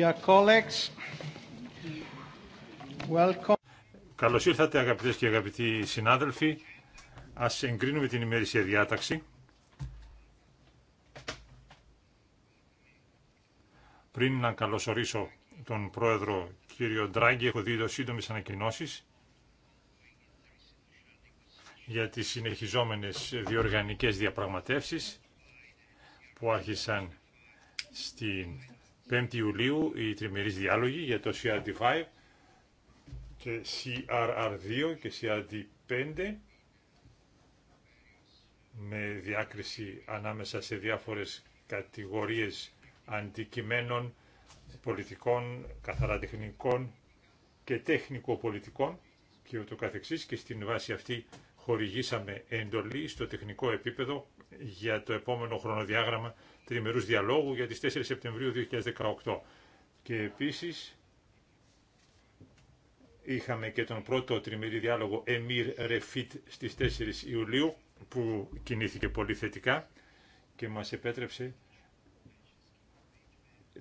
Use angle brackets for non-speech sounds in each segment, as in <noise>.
Καλώ Καλώς ήρθατε αγαπητές και αγαπητοί συνάδελφοι. Ας εγκρίνουμε την ημέρησια διάταξη. Πριν να καλωσορίσω τον πρόεδρο κύριο Ντράγκη, έχω το σύντομες ανακοινώσεις για τις συνεχιζόμενες διοργανικές διαπραγματεύσεις που άρχισαν στην 5η Ιουλίου οι τριμερείς διάλογοι για το CRD5 και CRR2 και CRD5 με διάκριση ανάμεσα σε διάφορες κατηγορίες αντικειμένων πολιτικών, καθαρά τεχνικών και τεχνικοπολιτικών και ούτω καθεξής και στην βάση αυτή χορηγήσαμε εντολή στο τεχνικό επίπεδο για το επόμενο χρονοδιάγραμμα τριμερούς διαλόγου για τις 4 Σεπτεμβρίου 2018. Και επίσης είχαμε και τον πρώτο τριμερή διάλογο Εμίρ Ρεφίτ στις 4 Ιουλίου που κινήθηκε πολύ θετικά και μας επέτρεψε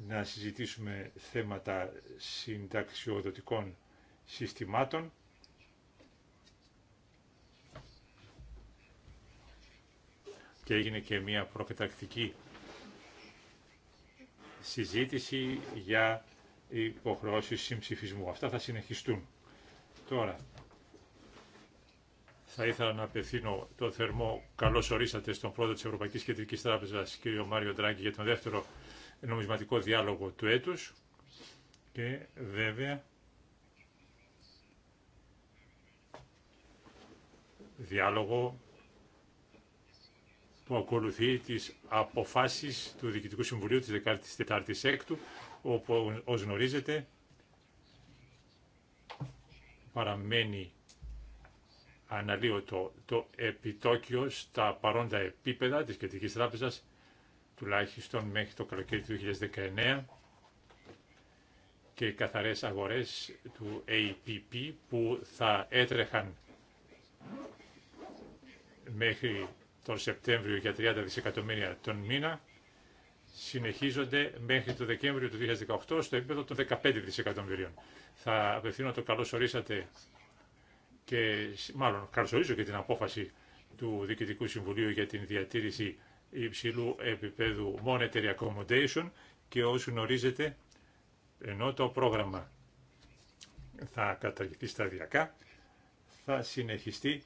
να συζητήσουμε θέματα συνταξιοδοτικών συστημάτων και έγινε και μια προκατακτική συζήτηση για υποχρεώσει συμψηφισμού. Αυτά θα συνεχιστούν. Τώρα, θα ήθελα να απευθύνω το θερμό καλώ ορίσατε στον πρόεδρο τη Ευρωπαϊκή Κεντρική Τράπεζα, κύριο Μάριο Ντράγκη, για τον δεύτερο νομισματικό διάλογο του έτου. Και βέβαια, διάλογο που ακολουθεί τις αποφάσεις του Διοικητικού Συμβουλίου της 14ης Έκτου, όπου ως γνωρίζετε παραμένει αναλύωτο το επιτόκιο στα παρόντα επίπεδα της Κεντρικής Τράπεζας, τουλάχιστον μέχρι το καλοκαίρι του 2019 και οι καθαρές αγορές του APP που θα έτρεχαν μέχρι τον Σεπτέμβριο για 30 δισεκατομμύρια τον μήνα συνεχίζονται μέχρι το Δεκέμβριο του 2018 στο επίπεδο των 15 δισεκατομμυρίων. Θα απευθύνω το καλώς ορίσατε και μάλλον καλωσορίζω και την απόφαση του Διοικητικού Συμβουλίου για την διατήρηση υψηλού επίπεδου Monetary Accommodation και όσοι γνωρίζετε ενώ το πρόγραμμα θα καταργηθεί σταδιακά θα συνεχιστεί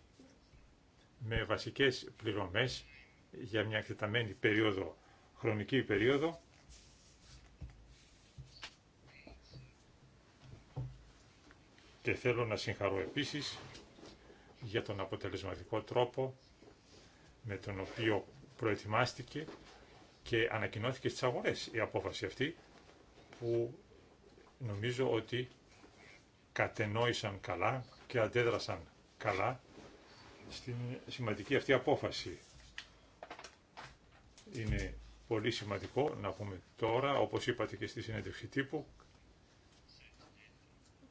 με βασικές πληρωμές για μια εκτεταμένη περίοδο, χρονική περίοδο, και θέλω να συγχαρώ επίσης για τον αποτελεσματικό τρόπο με τον οποίο προετοιμάστηκε και ανακοινώθηκε στις αγορές η απόφαση αυτή που νομίζω ότι κατενόησαν καλά και αντέδρασαν καλά στην σημαντική αυτή απόφαση. Είναι πολύ σημαντικό να πούμε τώρα, όπως είπατε και στη συνέντευξη τύπου,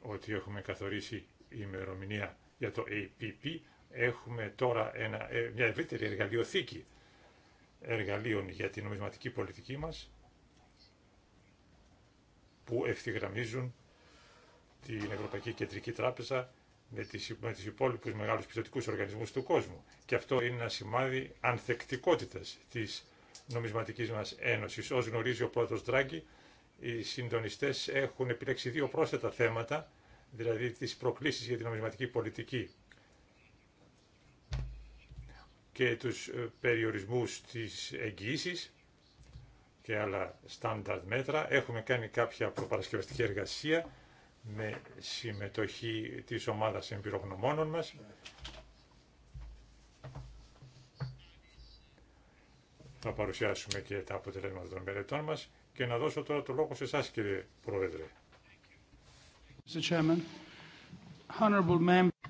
ότι έχουμε καθορίσει η ημερομηνία για το APP. Έχουμε τώρα ένα, ε, μια ευρύτερη εργαλειοθήκη εργαλείων για την νομισματική πολιτική μας που ευθυγραμμίζουν την Ευρωπαϊκή Κεντρική Τράπεζα με τις υπόλοιπους μεγάλους πιστοτικούς οργανισμούς του κόσμου. Και αυτό είναι ένα σημάδι ανθεκτικότητας της νομισματικής μας ένωσης. Ως γνωρίζει ο πρόεδρος Δράγκη, οι συντονιστές έχουν επιλέξει δύο πρόσθετα θέματα, δηλαδή τις προκλήσεις για την νομισματική πολιτική και τους ε, περιορισμούς της εγγύησης και άλλα στάνταρτ μέτρα. Έχουμε κάνει κάποια προπαρασκευαστική εργασία με συμμετοχή της ομάδας εμπειρογνωμόνων μας. Θα παρουσιάσουμε και τα αποτελέσματα των μελετών μας και να δώσω τώρα το λόγο σε εσάς κύριε Πρόεδρε.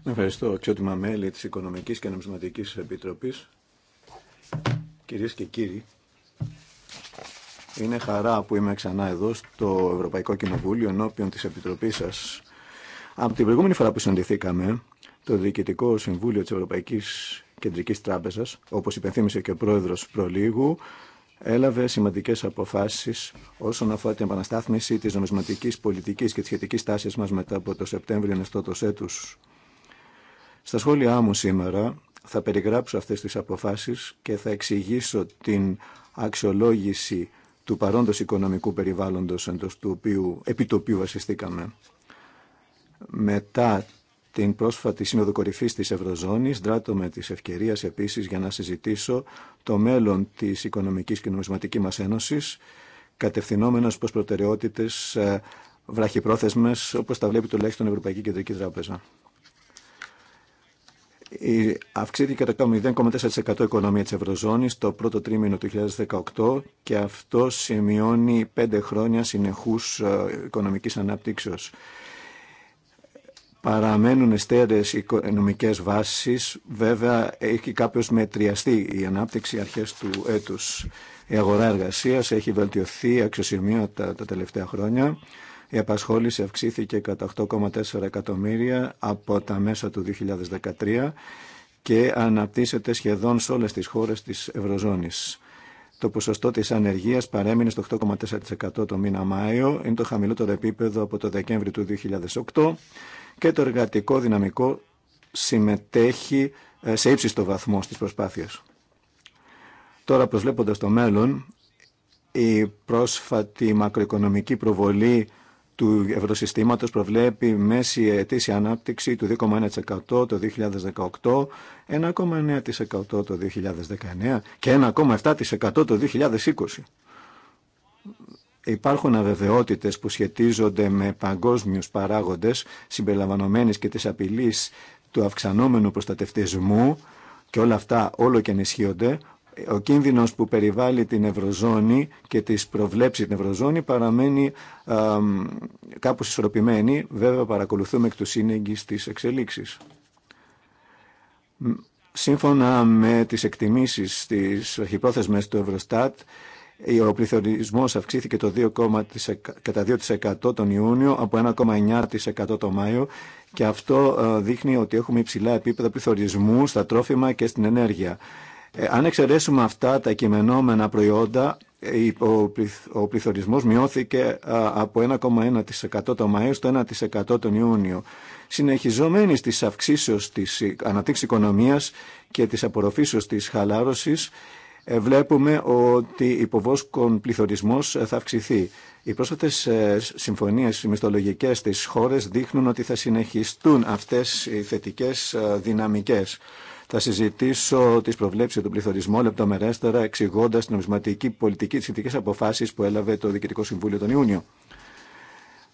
Ευχαριστώ, αξιότιμα μέλη της Οικονομικής και Νομισματικής Επιτροπής. Κυρίες και κύριοι, είναι χαρά που είμαι ξανά εδώ στο Ευρωπαϊκό Κοινοβούλιο ενώπιον της Επιτροπής σας. Από την προηγούμενη φορά που συναντηθήκαμε, το Διοικητικό Συμβούλιο της Ευρωπαϊκής Κεντρικής Τράπεζας, όπως υπενθύμησε και ο Πρόεδρος προλίγου, έλαβε σημαντικές αποφάσεις όσον αφορά την επαναστάθμιση της νομισματικής πολιτικής και της σχετικής τάσης μας μετά από το Σεπτέμβριο ενεστώτος έτους. Στα σχόλιά μου σήμερα θα περιγράψω αυτές τις αποφάσεις και θα εξηγήσω την αξιολόγηση του παρόντος οικονομικού περιβάλλοντος εντός του οποίου, επί του οποίου βασιστήκαμε. Μετά την πρόσφατη Σύνοδο Κορυφή τη Ευρωζώνη, δράτω με τη ευκαιρία επίση για να συζητήσω το μέλλον τη Οικονομική και Νομισματική μα Ένωση, κατευθυνόμενο προ προτεραιότητε βραχυπρόθεσμε, όπω τα βλέπει τουλάχιστον η Ευρωπαϊκή Κεντρική Τράπεζα αυξήθηκε κατά 0,4% η οικονομία της Ευρωζώνης το πρώτο τρίμηνο του 2018 και αυτό σημειώνει πέντε χρόνια συνεχούς ε, οικονομικής ανάπτυξης. Παραμένουν εστέρες οικονομικές βάσεις. Βέβαια, έχει κάποιος μετριαστεί η ανάπτυξη αρχές του έτους. Η αγορά εργασίας έχει βελτιωθεί αξιοσημείωτα τα τελευταία χρόνια. Η απασχόληση αυξήθηκε κατά 8,4 εκατομμύρια από τα μέσα του 2013 και αναπτύσσεται σχεδόν σε όλες τις χώρες της Ευρωζώνης. Το ποσοστό της ανεργίας παρέμεινε στο 8,4% το μήνα Μάιο, είναι το χαμηλότερο επίπεδο από το Δεκέμβρη του 2008 και το εργατικό δυναμικό συμμετέχει ε, σε ύψιστο βαθμό στις προσπάθειες. Τώρα προσβλέποντας το μέλλον, η πρόσφατη μακροοικονομική προβολή του ευρωσυστήματος προβλέπει μέση ετήσια ανάπτυξη του 2,1% το 2018, 1,9% το 2019 και 1,7% το 2020. Υπάρχουν αβεβαιότητες που σχετίζονται με παγκόσμιους παράγοντες συμπεριλαμβανομένες και της απειλής του αυξανόμενου προστατευτισμού και όλα αυτά όλο και ενισχύονται, ο κίνδυνος που περιβάλλει την Ευρωζώνη και τις προβλέψει την Ευρωζώνη παραμένει α, κάπως ισορροπημένη. Βέβαια παρακολουθούμε εκ του σύνεγγυς τις εξελίξεις. Σύμφωνα με τις εκτιμήσεις στις αρχιπρόθεσμες του Ευρωστάτ, ο πληθωρισμός αυξήθηκε το 2, κατά 2% τον Ιούνιο από 1,9% τον Μάιο και αυτό ε, δείχνει ότι έχουμε υψηλά επίπεδα πληθωρισμού στα τρόφιμα και στην ενέργεια. Ε, αν εξαιρέσουμε αυτά τα κειμενόμενα προϊόντα, ε, ο πληθωρισμός μειώθηκε από 1,1% το Μαΐο στο 1% τον Ιούνιο. Συνεχιζομένη στις αυξήσεις της ε, αναπτύξης οικονομίας και της απορροφήσεως της χαλάρωσης, βλέπουμε ότι η υποβόσκον πληθωρισμός θα αυξηθεί. Οι πρόσφατες συμφωνίες μισθολογικές στις χώρες δείχνουν ότι θα συνεχιστούν αυτές οι θετικές δυναμικές. Θα συζητήσω τι προβλέψει του πληθωρισμού λεπτομερέστερα, εξηγώντα την νομισματική πολιτική τη σχετική αποφάση που έλαβε το Διοικητικό Συμβούλιο τον Ιούνιο.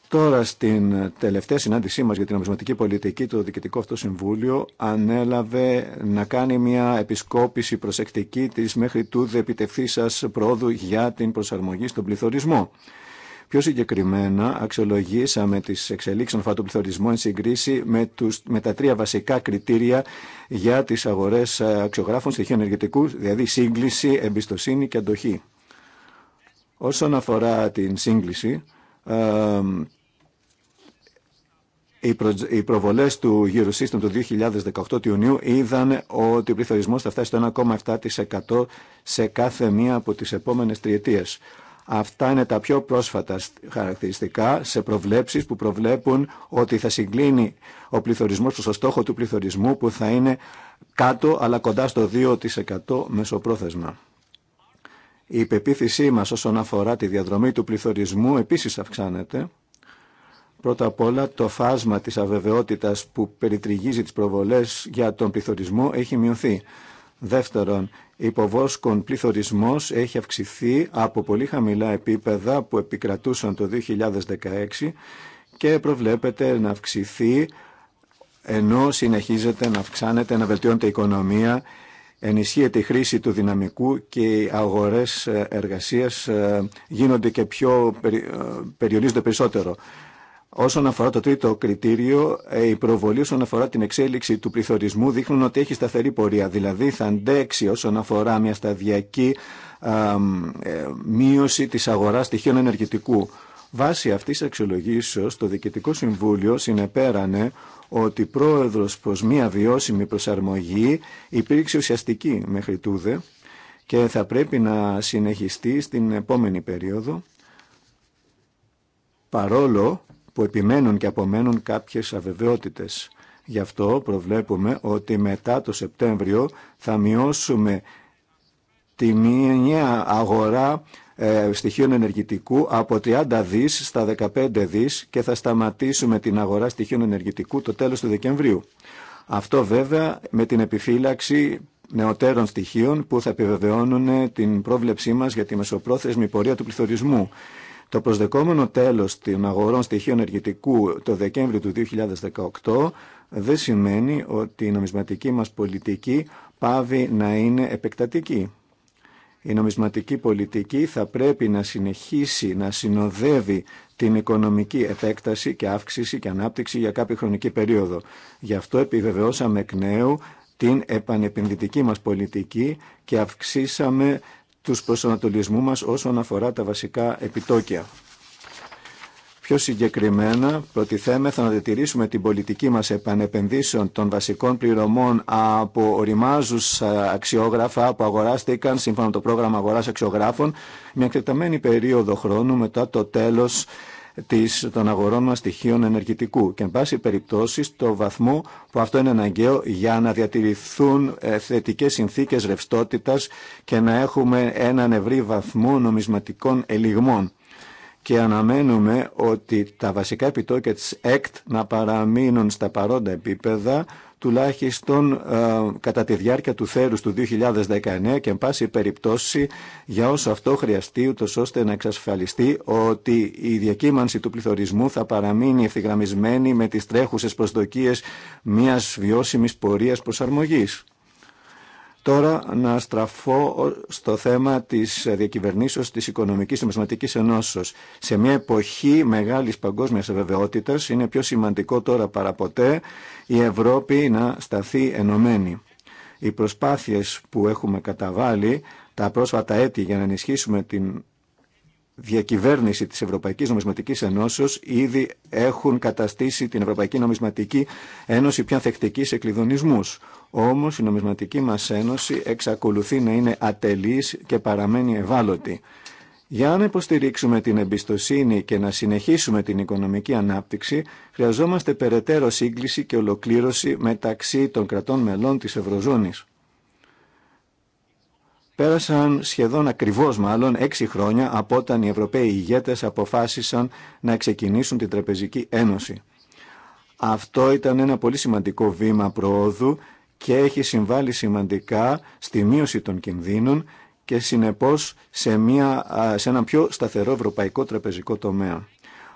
Τώρα, στην τελευταία συνάντησή μα για την νομισματική πολιτική, το Διοικητικό Αυτό ανέλαβε να κάνει μια επισκόπηση προσεκτική τη μέχρι τούδε επιτευχή σα πρόοδου για την προσαρμογή στον πληθωρισμό. Πιο συγκεκριμένα, αξιολογήσαμε τι εξελίξει των φατοπληθωρισμών εν συγκρίση με, τους, με τα τρία βασικά κριτήρια για τι αγορέ αξιογράφων στοιχείων ενεργητικού, δηλαδή σύγκληση, εμπιστοσύνη και αντοχή. Όσον αφορά την σύγκληση, οι, προ... οι προβολές του Eurosystem του 2018 του Ιουνίου είδαν ότι ο πληθωρισμός θα φτάσει στο 1,7% σε κάθε μία από τις επόμενες τριετίες. Αυτά είναι τα πιο πρόσφατα χαρακτηριστικά σε προβλέψεις που προβλέπουν ότι θα συγκλίνει ο πληθωρισμός στο στόχο του πληθωρισμού που θα είναι κάτω αλλά κοντά στο 2% μεσοπρόθεσμα. Η υπεποίθησή μας όσον αφορά τη διαδρομή του πληθωρισμού επίσης αυξάνεται. Πρώτα απ' όλα το φάσμα της αβεβαιότητας που περιτριγίζει τις προβολές για τον πληθωρισμό έχει μειωθεί. Δεύτερον, υποβόσκων πληθωρισμός έχει αυξηθεί από πολύ χαμηλά επίπεδα που επικρατούσαν το 2016 και προβλέπεται να αυξηθεί ενώ συνεχίζεται να αυξάνεται, να βελτιώνεται η οικονομία, ενισχύεται η χρήση του δυναμικού και οι αγορές ε, εργασίας ε, γίνονται και πιο, ε, περιορίζονται περισσότερο. Όσον αφορά το τρίτο κριτήριο, ε, η προβολή όσον αφορά την εξέλιξη του πληθωρισμού δείχνουν ότι έχει σταθερή πορεία. Δηλαδή θα αντέξει όσον αφορά μια σταδιακή ε, μείωση της αγοράς στοιχείων ενεργητικού. Βάσει αυτής της αξιολογήσεως, το Διοικητικό Συμβούλιο συνεπέρανε ότι πρόεδρος προς μια βιώσιμη προσαρμογή υπήρξε ουσιαστική μέχρι τούδε και θα πρέπει να συνεχιστεί στην επόμενη περίοδο παρόλο που επιμένουν και απομένουν κάποιες αβεβαιότητες. Γι' αυτό προβλέπουμε ότι μετά το Σεπτέμβριο θα μειώσουμε τη μία αγορά ε, στοιχείων ενεργητικού από 30 δις στα 15 δις και θα σταματήσουμε την αγορά στοιχείων ενεργητικού το τέλος του Δεκεμβρίου. Αυτό βέβαια με την επιφύλαξη νεωτέρων στοιχείων που θα επιβεβαιώνουν την πρόβλεψή μας για τη μεσοπρόθεσμη πορεία του πληθωρισμού. Το προσδεκόμενο τέλος των αγορών στοιχείων ενεργητικού το Δεκέμβριο του 2018 δεν σημαίνει ότι η νομισματική μας πολιτική πάβει να είναι επεκτατική. Η νομισματική πολιτική θα πρέπει να συνεχίσει να συνοδεύει την οικονομική επέκταση και αύξηση και ανάπτυξη για κάποια χρονική περίοδο. Γι' αυτό επιβεβαιώσαμε εκ νέου την επανεπενδυτική μας πολιτική και αυξήσαμε τους προσανατολισμού μας όσον αφορά τα βασικά επιτόκια. Πιο συγκεκριμένα, προτιθέμεθα να διατηρήσουμε την πολιτική μας επανεπενδύσεων των βασικών πληρωμών από οριμάζους αξιόγραφα που αγοράστηκαν σύμφωνα με το πρόγραμμα αγοράς αξιογράφων μια εκτεταμένη περίοδο χρόνου μετά το τέλος της, των αγορών μας στοιχείων ενεργητικού και εν πάση περιπτώσει το βαθμό που αυτό είναι αναγκαίο για να διατηρηθούν ε, θετικές συνθήκες ρευστότητας και να έχουμε έναν ευρύ βαθμό νομισματικών ελιγμών και αναμένουμε ότι τα βασικά επιτόκια της ΕΚΤ να παραμείνουν στα παρόντα επίπεδα τουλάχιστον ε, κατά τη διάρκεια του θέρους του 2019 και εν πάση περιπτώσει για όσο αυτό χρειαστεί ούτως ώστε να εξασφαλιστεί ότι η διακύμανση του πληθωρισμού θα παραμείνει ευθυγραμμισμένη με τις τρέχουσες προσδοκίες μιας βιώσιμης πορείας προσαρμογής. Τώρα να στραφώ στο θέμα της διακυβερνήσεως της οικονομικής και νομισματικής ενώσεως. Σε μια εποχή μεγάλης παγκόσμιας αβεβαιότητας είναι πιο σημαντικό τώρα παραποτέ η Ευρώπη να σταθεί ενωμένη. Οι προσπάθειες που έχουμε καταβάλει τα πρόσφατα έτη για να ενισχύσουμε την διακυβέρνηση της Ευρωπαϊκής Νομισματικής Ενώσεως ήδη έχουν καταστήσει την Ευρωπαϊκή Νομισματική Ένωση πια θεκτική σε κλειδονισμούς. Όμως η Νομισματική μας Ένωση εξακολουθεί να είναι ατελής και παραμένει ευάλωτη. Για να υποστηρίξουμε την εμπιστοσύνη και να συνεχίσουμε την οικονομική ανάπτυξη, χρειαζόμαστε περαιτέρω σύγκληση και ολοκλήρωση μεταξύ των κρατών μελών της Ευρωζώνης. Πέρασαν σχεδόν ακριβώς μάλλον έξι χρόνια από όταν οι Ευρωπαίοι ηγέτες αποφάσισαν να ξεκινήσουν την Τραπεζική Ένωση. Αυτό ήταν ένα πολύ σημαντικό βήμα προόδου και έχει συμβάλει σημαντικά στη μείωση των κινδύνων και συνεπώς σε, μια, σε ένα πιο σταθερό ευρωπαϊκό τραπεζικό τομέα.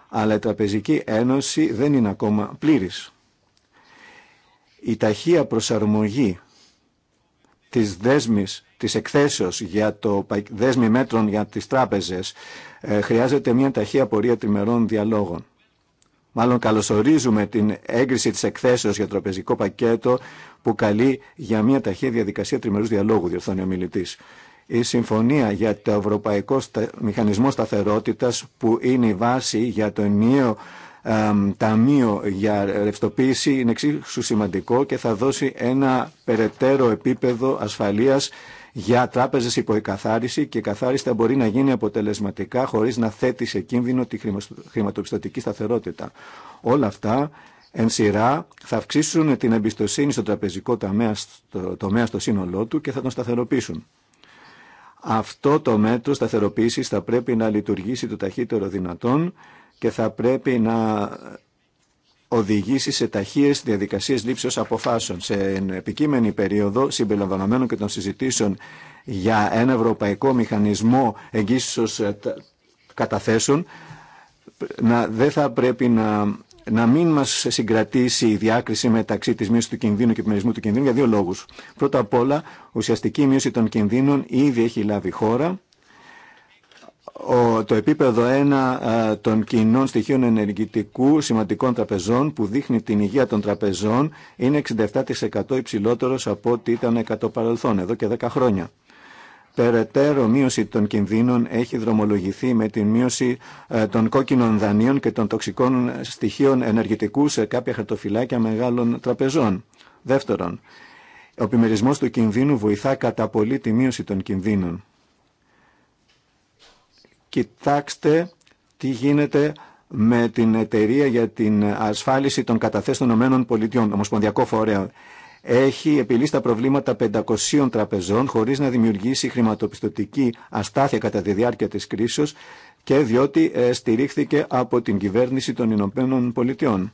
Αλλά η Τραπεζική Ένωση δεν είναι ακόμα πλήρης. Η ταχεία προσαρμογή της δέσμης της εκθέσεως για το δέσμι μέτρων για τις τράπεζες ε, χρειάζεται μια ταχεία πορεία τριμερών διαλόγων. Μάλλον καλωσορίζουμε την έγκριση της εκθέσεως για τραπεζικό πακέτο που καλεί για μια ταχεία διαδικασία τριμερούς διαλόγου, διορθώνει ο μιλητής. Η συμφωνία για το Ευρωπαϊκό Μηχανισμό Σταθερότητας που είναι η βάση για το ενιαίο ταμείο για ρευστοποίηση είναι εξίσου σημαντικό και θα δώσει ένα περαιτέρω επίπεδο ασφαλείας για τράπεζε υποεκαθάριση και η θα μπορεί να γίνει αποτελεσματικά χωρί να θέτει σε κίνδυνο τη χρηματοπιστωτική σταθερότητα. Όλα αυτά εν σειρά θα αυξήσουν την εμπιστοσύνη στο τραπεζικό τομέα στο, τομέα στο σύνολό του και θα τον σταθεροποιήσουν. Αυτό το μέτρο σταθεροποίηση θα πρέπει να λειτουργήσει το ταχύτερο δυνατόν και θα πρέπει να οδηγήσει σε ταχείε διαδικασίε λήψεω αποφάσεων. Σε επικείμενη περίοδο, συμπεριλαμβανομένων και των συζητήσεων για ένα ευρωπαϊκό μηχανισμό εγγύσεω ε, καταθέσεων, να, δεν θα πρέπει να, να μην μα συγκρατήσει η διάκριση μεταξύ τη μείωση του κινδύνου και του επιμερισμού του κινδύνου για δύο λόγου. Πρώτα απ' όλα, ουσιαστική μείωση των κινδύνων ήδη έχει λάβει χώρα το επίπεδο 1 ε, των κοινών στοιχείων ενεργητικού σημαντικών τραπεζών που δείχνει την υγεία των τραπεζών είναι 67% υψηλότερος από ό,τι ήταν 100 παρελθόν, εδώ και 10 χρόνια. Περαιτέρω μείωση των κινδύνων έχει δρομολογηθεί με τη μείωση ε, των κόκκινων δανείων και των τοξικών στοιχείων ενεργητικού σε κάποια χαρτοφυλάκια μεγάλων τραπεζών. Δεύτερον, ο επιμερισμό του κινδύνου βοηθά κατά πολύ τη μείωση των κινδύνων. Κοιτάξτε τι γίνεται με την εταιρεία για την ασφάλιση των καταθέσεων των ΗΠΑ, Ομοσπονδιακό Φορέα. Έχει επιλύσει τα προβλήματα 500 τραπεζών χωρίς να δημιουργήσει χρηματοπιστωτική αστάθεια κατά τη διάρκεια της κρίσης και διότι ε, στηρίχθηκε από την κυβέρνηση των Ηνωμένων Πολιτειών.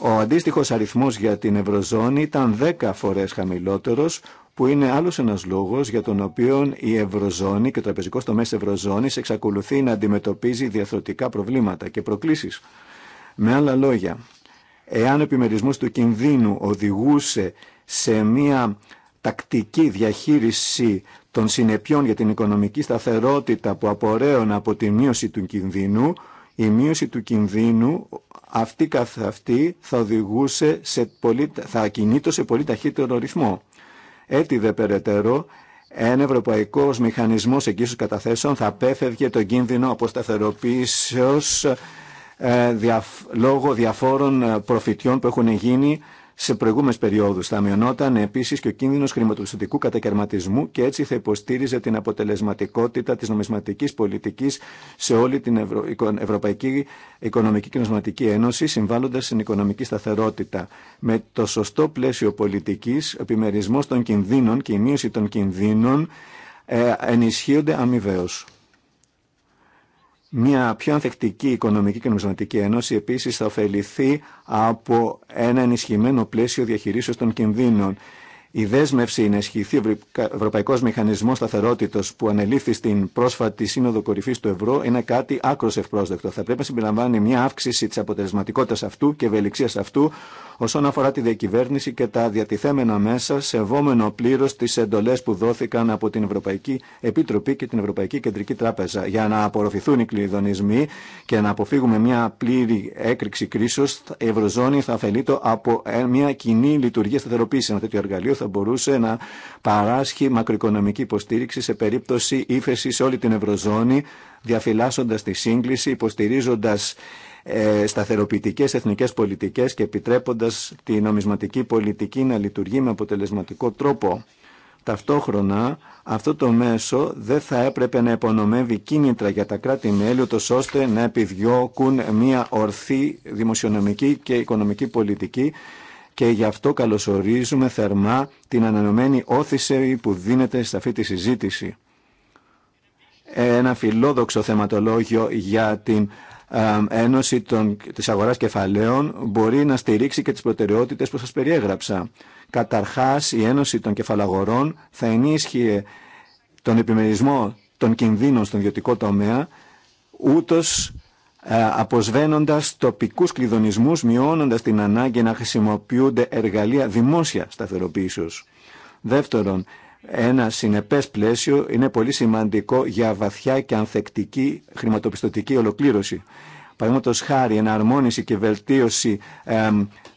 Ο αντίστοιχος αριθμός για την Ευρωζώνη ήταν 10 φορές χαμηλότερος, που είναι άλλος ένας λόγος για τον οποίο η Ευρωζώνη και ο τραπεζικό τομέα της Ευρωζώνης εξακολουθεί να αντιμετωπίζει διαθροτικά προβλήματα και προκλήσεις. Με άλλα λόγια, εάν ο επιμερισμός του κινδύνου οδηγούσε σε μια τακτική διαχείριση των συνεπιών για την οικονομική σταθερότητα που απορρέουν από τη μείωση του κινδύνου, η μείωση του κινδύνου αυτή καθ' αυτή θα οδηγούσε σε θα κινείται σε πολύ ταχύτερο ρυθμό. Έτσι δε περαιτέρω, ένα ευρωπαϊκό μηχανισμό εγγύηση καταθέσεων θα απέφευγε τον κίνδυνο αποσταθεροποίησεω ε, λόγω διαφόρων ε, προφητιών που έχουν γίνει σε προηγούμενε περιόδου. Θα μειωνόταν επίση και ο κίνδυνο χρηματοπιστωτικού κατακαιρματισμού και έτσι θα υποστήριζε την αποτελεσματικότητα τη νομισματική πολιτική σε όλη την Ευρωπαϊκή Οικονομική και Νομισματική Ένωση, συμβάλλοντα στην οικονομική σταθερότητα. Με το σωστό πλαίσιο πολιτική, ο επιμερισμό των κινδύνων και η μείωση των κινδύνων ε, ενισχύονται αμοιβαίω. Μια πιο ανθεκτική οικονομική και νομισματική ένωση επίσης θα ωφεληθεί από ένα ενισχυμένο πλαίσιο διαχειρίσεως των κινδύνων η δέσμευση να ισχυθεί ο Ευρωπαϊκό Μηχανισμό Σταθερότητα που ανελήφθη στην πρόσφατη Σύνοδο Κορυφή του Ευρώ είναι κάτι άκρο ευπρόσδεκτο. Θα πρέπει να συμπεριλαμβάνει μια αύξηση τη αποτελεσματικότητα αυτού και ευελιξία αυτού όσον αφορά τη διακυβέρνηση και τα διατηθέμενα μέσα, σεβόμενο πλήρω τι εντολέ που δόθηκαν από την Ευρωπαϊκή Επιτροπή και την Ευρωπαϊκή Κεντρική Τράπεζα. Για να απορροφηθούν οι κλειδονισμοί και να αποφύγουμε μια πλήρη έκρηξη κρίσεω, η Ευρωζώνη θα αφελείται από ε, μια κοινή λειτουργία σταθεροποίηση. Ένα τέτοιο εργαλείο μπορούσε να παράσχει μακροοικονομική υποστήριξη σε περίπτωση ύφεση σε όλη την Ευρωζώνη, διαφυλάσσοντα τη σύγκληση, υποστηρίζοντα ε, σταθεροποιητικέ εθνικέ πολιτικέ και επιτρέποντα τη νομισματική πολιτική να λειτουργεί με αποτελεσματικό τρόπο. Ταυτόχρονα, αυτό το μέσο δεν θα έπρεπε να υπονομεύει κίνητρα για τα κράτη-μέλη, ώστε να επιδιώκουν μια ορθή δημοσιονομική και οικονομική πολιτική και γι' αυτό καλωσορίζουμε θερμά την ανανομένη όθηση που δίνεται σε αυτή τη συζήτηση. Ένα φιλόδοξο θεματολόγιο για την Ένωση των, της Αγοράς Κεφαλαίων μπορεί να στηρίξει και τις προτεραιότητες που σας περιέγραψα. Καταρχάς, η Ένωση των Κεφαλαγορών θα ενίσχυε τον επιμερισμό των κινδύνων στον ιδιωτικό τομέα, ούτως ε, αποσβαίνοντας τοπικούς κλειδονισμούς, μειώνοντας την ανάγκη να χρησιμοποιούνται εργαλεία δημόσια σταθεροποίησεως. Δεύτερον, ένα συνεπές πλαίσιο είναι πολύ σημαντικό για βαθιά και ανθεκτική χρηματοπιστωτική ολοκλήρωση. Παραδείγματο χάρη, εναρμόνιση και βελτίωση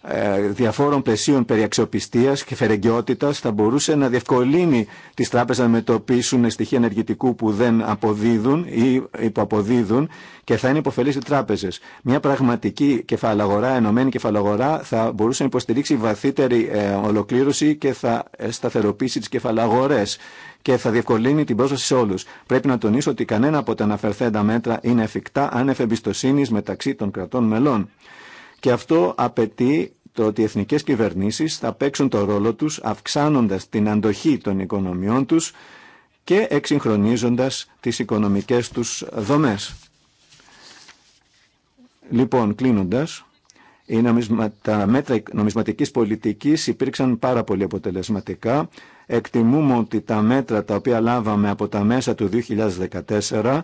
ε, διαφόρων πλαισίων περί αξιοπιστίας και φερεγγιότητας θα μπορούσε να διευκολύνει τις τράπεζες να μετωπίσουν στοιχεία ενεργητικού που δεν αποδίδουν ή που αποδίδουν και θα είναι υποφελής οι τράπεζες. Μια πραγματική κεφαλαγορά, ενωμένη κεφαλαγορά θα μπορούσε να υποστηρίξει βαθύτερη ε, ολοκλήρωση και θα σταθεροποιήσει τις κεφαλαγορές και θα διευκολύνει την πρόσβαση σε όλου. Πρέπει να τονίσω ότι κανένα από τα αναφερθέντα μέτρα είναι εφικτά αν μεταξύ των κρατών μελών. Και αυτό απαιτεί το ότι οι εθνικές κυβερνήσεις θα παίξουν το ρόλο τους αυξάνοντας την αντοχή των οικονομιών τους και εξυγχρονίζοντας τις οικονομικές τους δομές. Λοιπόν, κλείνοντας, τα μέτρα νομισματικής πολιτικής υπήρξαν πάρα πολύ αποτελεσματικά. Εκτιμούμε ότι τα μέτρα τα οποία λάβαμε από τα μέσα του 2014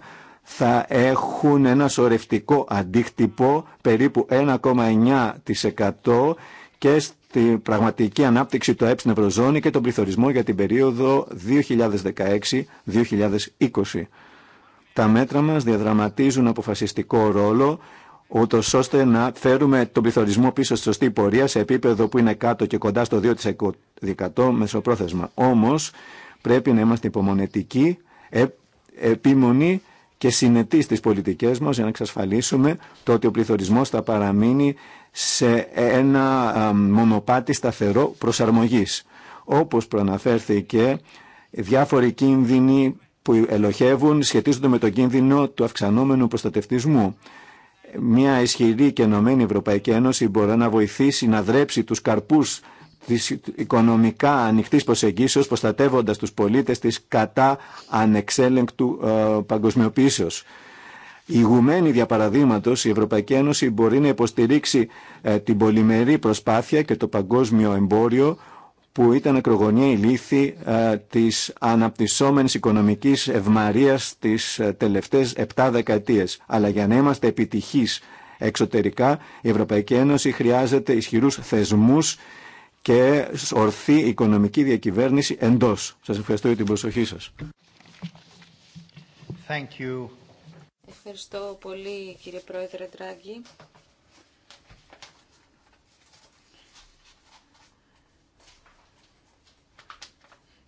θα έχουν ένα σωρευτικό αντίκτυπο περίπου 1,9% και στην πραγματική ανάπτυξη του ΑΕΠ στην Ευρωζώνη και τον πληθωρισμό για την περίοδο 2016-2020. Τα μέτρα μας διαδραματίζουν αποφασιστικό ρόλο ούτω ώστε να φέρουμε τον πληθωρισμό πίσω στη σωστή πορεία σε επίπεδο που είναι κάτω και κοντά στο 2% μεσοπρόθεσμα. Όμως πρέπει να είμαστε υπομονετικοί, επίμονοι και συνετή στις πολιτικές μας για να εξασφαλίσουμε το ότι ο πληθωρισμός θα παραμείνει σε ένα μονοπάτι σταθερό προσαρμογής. Όπως προαναφέρθηκε, διάφοροι κίνδυνοι που ελοχεύουν σχετίζονται με τον κίνδυνο του αυξανόμενου προστατευτισμού. Μια ισχυρή και ενωμένη Ευρωπαϊκή Ένωση μπορεί να βοηθήσει να δρέψει τους καρπούς της οικονομικά ανοιχτής προσεγγίσεως προστατεύοντας τους πολίτες της κατά ανεξέλεγκτου ε, παγκοσμιοποίησεως. Ηγουμένη παραδείγματος η Ευρωπαϊκή Ένωση μπορεί να υποστηρίξει ε, την πολυμερή προσπάθεια και το παγκόσμιο εμπόριο που ήταν ακρογωνία η λύθη ε, της αναπτυσσόμενης οικονομικής ευμαρίας τις ε, τελευταίες 7 δεκαετίες. Αλλά για να είμαστε επιτυχείς εξωτερικά η Ευρωπαϊκή Ένωση χρειάζεται ισχυρούς θεσμούς και ορθή οικονομική διακυβέρνηση εντός. Σας ευχαριστώ για την προσοχή σας. Thank you. Ευχαριστώ πολύ κύριε Πρόεδρε Τράγκη.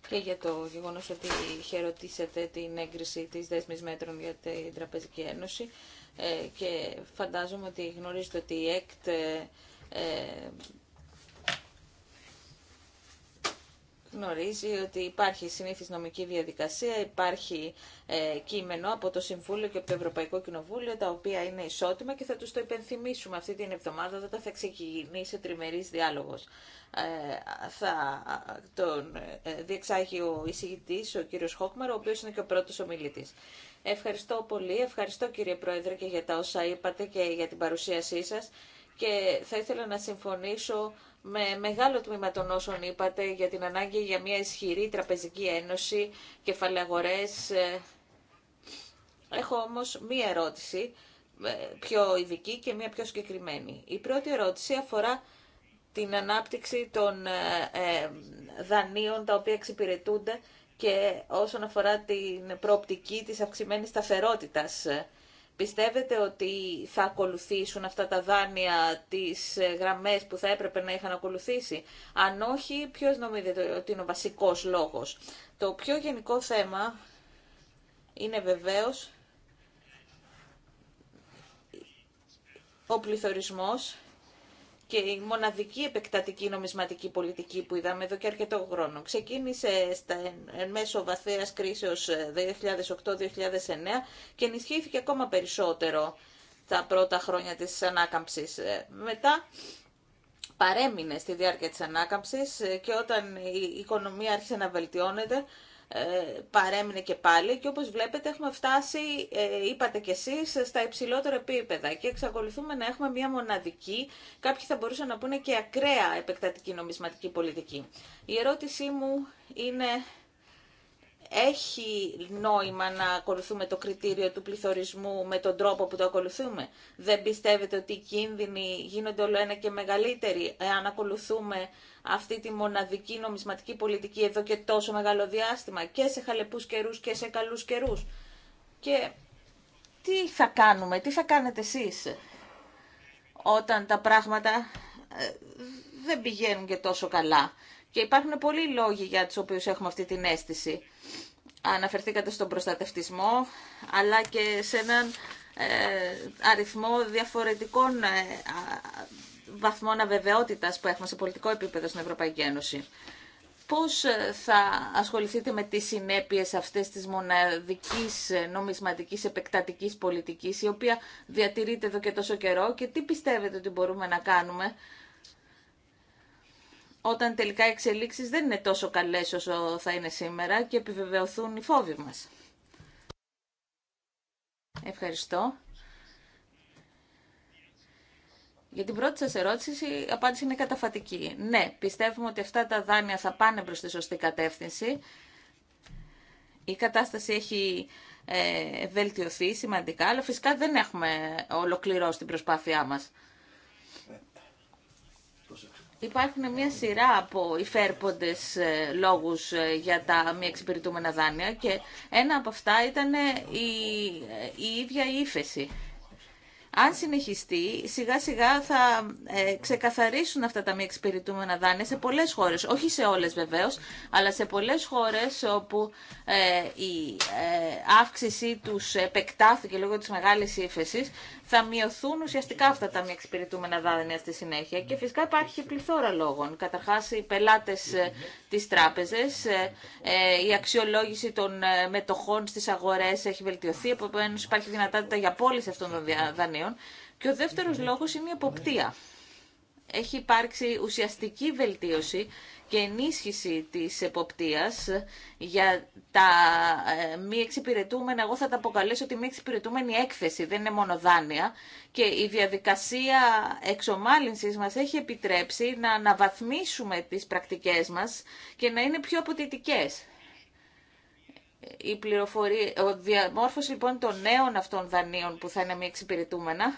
και για το γεγονός ότι χαιρετήσετε την έγκριση της δέσμης μέτρων για την Τραπεζική Ένωση ε, και φαντάζομαι ότι γνωρίζετε ότι η ΕΚΤ ε, ε, γνωρίζει ότι υπάρχει συνήθις νομική διαδικασία, υπάρχει ε, κείμενο από το Συμβούλιο και από το Ευρωπαϊκό Κοινοβούλιο, τα οποία είναι ισότιμα και θα τους το υπενθυμίσουμε αυτή την εβδομάδα όταν θα ξεκινήσει ο τριμερής διάλογος. Ε, θα τον ε, διεξάγει ο εισηγητής, ο κύριος Χόκμαρ, ο οποίος είναι και ο πρώτος ομιλητής. Ευχαριστώ πολύ, ευχαριστώ κύριε Πρόεδρε και για τα όσα είπατε και για την παρουσίασή σας και θα ήθελα να συμφωνήσω με μεγάλο τμήμα των όσων είπατε για την ανάγκη για μια ισχυρή τραπεζική ένωση, κεφαλαγορές. Ε, έχω όμως μία ερώτηση ε, πιο ειδική και μία πιο συγκεκριμένη. Η πρώτη ερώτηση αφορά την ανάπτυξη των ε, δανείων τα οποία εξυπηρετούνται και όσον αφορά την προοπτική της αυξημένης σταθερότητας Πιστεύετε ότι θα ακολουθήσουν αυτά τα δάνεια τις ε, γραμμές που θα έπρεπε να είχαν ακολουθήσει. Αν όχι, ποιος νομίζετε ότι είναι ο βασικός λόγος. Το πιο γενικό θέμα είναι βεβαίως ο πληθωρισμός και η μοναδική επεκτατική νομισματική πολιτική που είδαμε εδώ και αρκετό χρόνο. Ξεκίνησε στα εν μέσω βαθέας κρίσεως 2008-2009 ε, και ενισχύθηκε ακόμα περισσότερο τα πρώτα χρόνια της ανάκαμψης. Ε, μετά παρέμεινε στη διάρκεια της ανάκαμψης ε, και όταν η οικονομία άρχισε να βελτιώνεται ε, παρέμεινε και πάλι και όπως βλέπετε έχουμε φτάσει, ε, είπατε κι εσείς, στα υψηλότερα επίπεδα και εξακολουθούμε να έχουμε μια μοναδική, κάποιοι θα μπορούσαν να πούνε και ακραία επεκτατική νομισματική πολιτική. Η ερώτησή μου είναι έχει νόημα να ακολουθούμε το κριτήριο του πληθωρισμού με τον τρόπο που το ακολουθούμε. Δεν πιστεύετε ότι οι κίνδυνοι γίνονται όλο ένα και μεγαλύτεροι εάν ακολουθούμε αυτή τη μοναδική νομισματική πολιτική εδώ και τόσο μεγάλο διάστημα και σε χαλεπούς καιρούς και σε καλούς καιρούς. Και τι θα κάνουμε, τι θα κάνετε εσείς όταν τα πράγματα ε, δεν πηγαίνουν και τόσο καλά. Και υπάρχουν πολλοί λόγοι για τους οποίους έχουμε αυτή την αίσθηση. Αναφερθήκατε στον προστατευτισμό, αλλά και σε έναν ε, αριθμό διαφορετικών ε, βαθμών αβεβαιότητας που έχουμε σε πολιτικό επίπεδο στην Ευρωπαϊκή Ένωση. Πώς ε, θα ασχοληθείτε με τις συνέπειες αυτές της μοναδικής νομισματικής επεκτατικής πολιτικής, η οποία διατηρείται εδώ και τόσο καιρό και τι πιστεύετε ότι μπορούμε να κάνουμε όταν τελικά οι εξελίξεις δεν είναι τόσο καλές όσο θα είναι σήμερα και επιβεβαιωθούν οι φόβοι μας. Ευχαριστώ. Για την πρώτη σας ερώτηση η απάντηση είναι καταφατική. Ναι, πιστεύουμε ότι αυτά τα δάνεια θα πάνε προς τη σωστή κατεύθυνση. Η κατάσταση έχει ε, βελτιωθεί σημαντικά, αλλά φυσικά δεν έχουμε ολοκληρώσει την προσπάθειά μας. Υπάρχουν μια σειρά από υφέρποντες ε, λόγους ε, για τα μη εξυπηρετούμενα δάνεια και ένα από αυτά ήταν ε, η, η ίδια η ύφεση. Αν συνεχιστεί, σιγά σιγά θα ξεκαθαρίσουν αυτά τα μη εξυπηρετούμενα δάνεια σε πολλές χώρες. Όχι σε όλες βεβαίως, αλλά σε πολλές χώρες όπου η αύξησή τους επεκτάθηκε λόγω της μεγάλης ύφεσης θα μειωθούν ουσιαστικά αυτά τα μη εξυπηρετούμενα δάνεια στη συνέχεια. Και φυσικά υπάρχει πληθώρα λόγων. Καταρχά, οι πελάτε ε, τη τράπεζα, ε, ε, η αξιολόγηση των μετοχών στι αγορέ έχει βελτιωθεί, επομένω υπάρχει δυνατότητα για πώληση αυτών των δανείων. Και ο δεύτερο λόγο είναι η εποπτεία. Έχει υπάρξει ουσιαστική βελτίωση και ενίσχυση της εποπτείας για τα ε, μη εξυπηρετούμενα, εγώ θα τα αποκαλέσω ότι μη εξυπηρετούμενη έκθεση, δεν είναι μόνο δάνεια και η διαδικασία εξομάλυνσης μας έχει επιτρέψει να αναβαθμίσουμε τις πρακτικές μας και να είναι πιο αποτιτικές. Η πληροφορία, ο διαμόρφωση λοιπόν των νέων αυτών δανείων που θα είναι μη εξυπηρετούμενα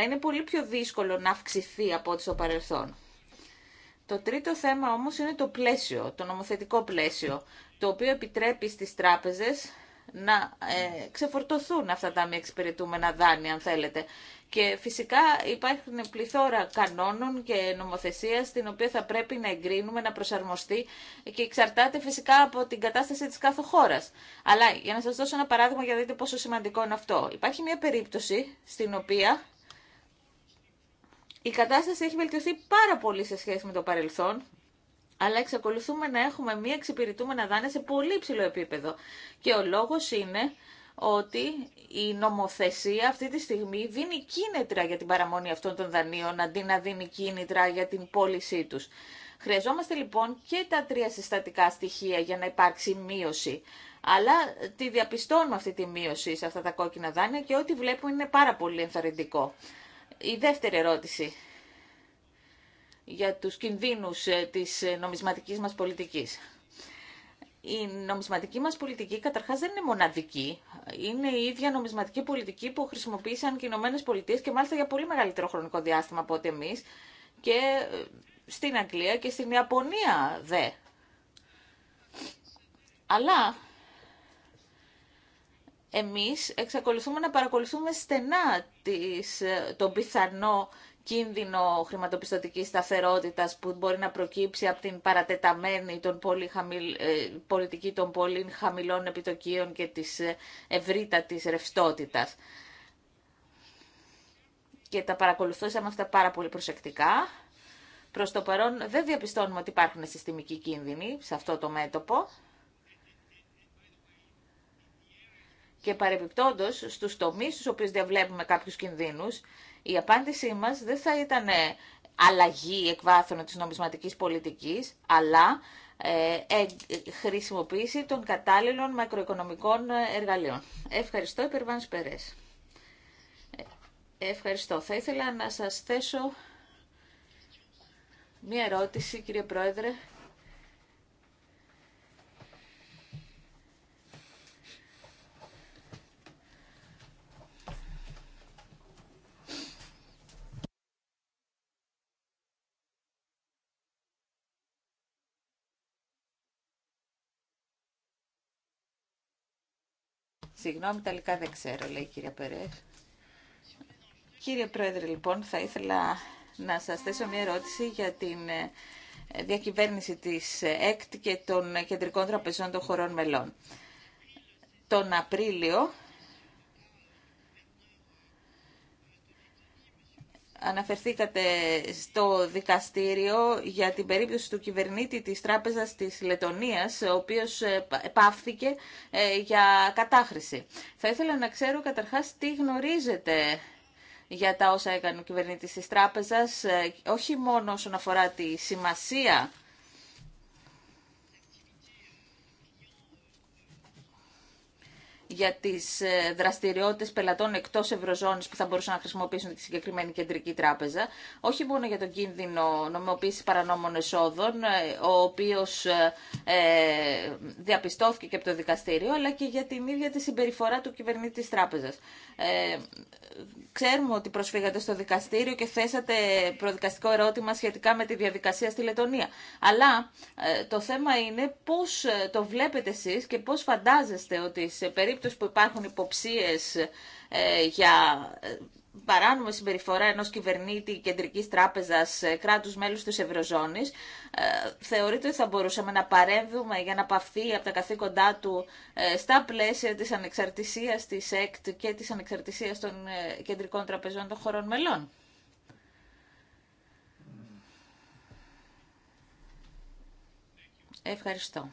θα είναι πολύ πιο δύσκολο να αυξηθεί από ό,τι στο παρελθόν. Το τρίτο θέμα όμως είναι το πλαίσιο, το νομοθετικό πλαίσιο, το οποίο επιτρέπει στις τράπεζες να ε, ξεφορτωθούν αυτά τα μη εξυπηρετούμενα δάνεια, αν θέλετε. Και φυσικά υπάρχουν πληθώρα κανόνων και νομοθεσία την οποία θα πρέπει να εγκρίνουμε, να προσαρμοστεί και εξαρτάται φυσικά από την κατάσταση της κάθε χώρας. Αλλά για να σας δώσω ένα παράδειγμα για να δείτε πόσο σημαντικό είναι αυτό. Υπάρχει μια περίπτωση στην οποία η κατάσταση έχει βελτιωθεί πάρα πολύ σε σχέση με το παρελθόν, αλλά εξακολουθούμε να έχουμε μία εξυπηρετούμενα δάνεια σε πολύ ψηλό επίπεδο. Και ο λόγος είναι ότι η νομοθεσία αυτή τη στιγμή δίνει κίνητρα για την παραμονή αυτών των δανείων, αντί να δίνει κίνητρα για την πώλησή τους. Χρειαζόμαστε λοιπόν και τα τρία συστατικά στοιχεία για να υπάρξει μείωση. Αλλά τη διαπιστώνουμε αυτή τη μείωση σε αυτά τα κόκκινα δάνεια και ό,τι βλέπουμε είναι πάρα πολύ ενθαρρυντικό η δεύτερη ερώτηση για τους κινδύνους ε, της ε, νομισματικής μας πολιτικής. Η νομισματική μας πολιτική καταρχάς δεν είναι μοναδική. Είναι η ίδια νομισματική πολιτική που χρησιμοποίησαν και οι Ηνωμένες Πολιτείες και μάλιστα για πολύ μεγαλύτερο χρονικό διάστημα από ό,τι εμείς και ε, στην Αγγλία και στην Ιαπωνία δε. Αλλά εμείς εξακολουθούμε να παρακολουθούμε στενά τις, ε, τον πιθανό κίνδυνο χρηματοπιστωτικής σταθερότητας που μπορεί να προκύψει από την παρατεταμένη των πολύ ε, πολιτική των πολύ χαμηλών επιτοκίων και της ε, ευρύτατης ρευστότητας. Και τα παρακολουθούσαμε αυτά πάρα πολύ προσεκτικά. Προς το παρόν δεν διαπιστώνουμε ότι υπάρχουν συστημικοί κίνδυνοι σε αυτό το μέτωπο. και παρεμπιπτόντως στους τομείς στους οποίους διαβλέπουμε κάποιους κινδύνους, η απάντησή μας δεν θα ήταν ε, αλλαγή εκβάθρων της νομισματικής πολιτικής, αλλά ε, ε, χρησιμοποίηση των κατάλληλων μακροοικονομικών εργαλείων. Ευχαριστώ, Υπερβάνης Περές. Ε, ευχαριστώ. Θα ήθελα να σας θέσω μία ερώτηση, κύριε Πρόεδρε, Συγγνώμη, τελικά δεν ξέρω, λέει η κυρία Περέ. Κύριε Πρόεδρε, λοιπόν, θα ήθελα να σας θέσω μια ερώτηση για την ε, διακυβέρνηση της ε, ΕΚΤ και των ε, κεντρικών τραπεζών των χωρών μελών. Τον Απρίλιο αναφερθήκατε στο δικαστήριο για την περίπτωση του κυβερνήτη της Τράπεζας της Λετωνίας, ο οποίος ε, επάφθηκε ε, για κατάχρηση. Θα ήθελα να ξέρω καταρχάς τι γνωρίζετε για τα όσα έκανε ο κυβερνήτης της Τράπεζας, ε, όχι μόνο όσον αφορά τη σημασία για τι ε, δραστηριότητε πελατών εκτό Ευρωζώνη που θα μπορούσαν να χρησιμοποιήσουν τη συγκεκριμένη κεντρική τράπεζα, όχι μόνο για τον κίνδυνο νομιμοποίηση παρανόμων εσόδων, ε, ο οποίο ε, διαπιστώθηκε και από το δικαστήριο, αλλά και για την ίδια τη συμπεριφορά του κυβερνήτη τη Τράπεζα. ξέρουμε ότι προσφύγατε στο δικαστήριο και θέσατε προδικαστικό ερώτημα σχετικά με τη διαδικασία στη Λετωνία. Αλλά το θέμα είναι πώ το βλέπετε εσεί και πώ φαντάζεστε ότι σε περίπτωση περίπτωση που υπάρχουν υποψίες ε, για ε, παράνομη συμπεριφορά ενός κυβερνήτη κεντρικής τράπεζας ε, κράτους μέλους της Ευρωζώνης, ε, θεωρείται ότι θα μπορούσαμε να παρέμβουμε για να παυθεί από τα καθήκοντά του στα πλαίσια της ανεξαρτησίας της ΕΚΤ και της ανεξαρτησίας των κεντρικών τραπεζών των χωρών μελών. Ευχαριστώ.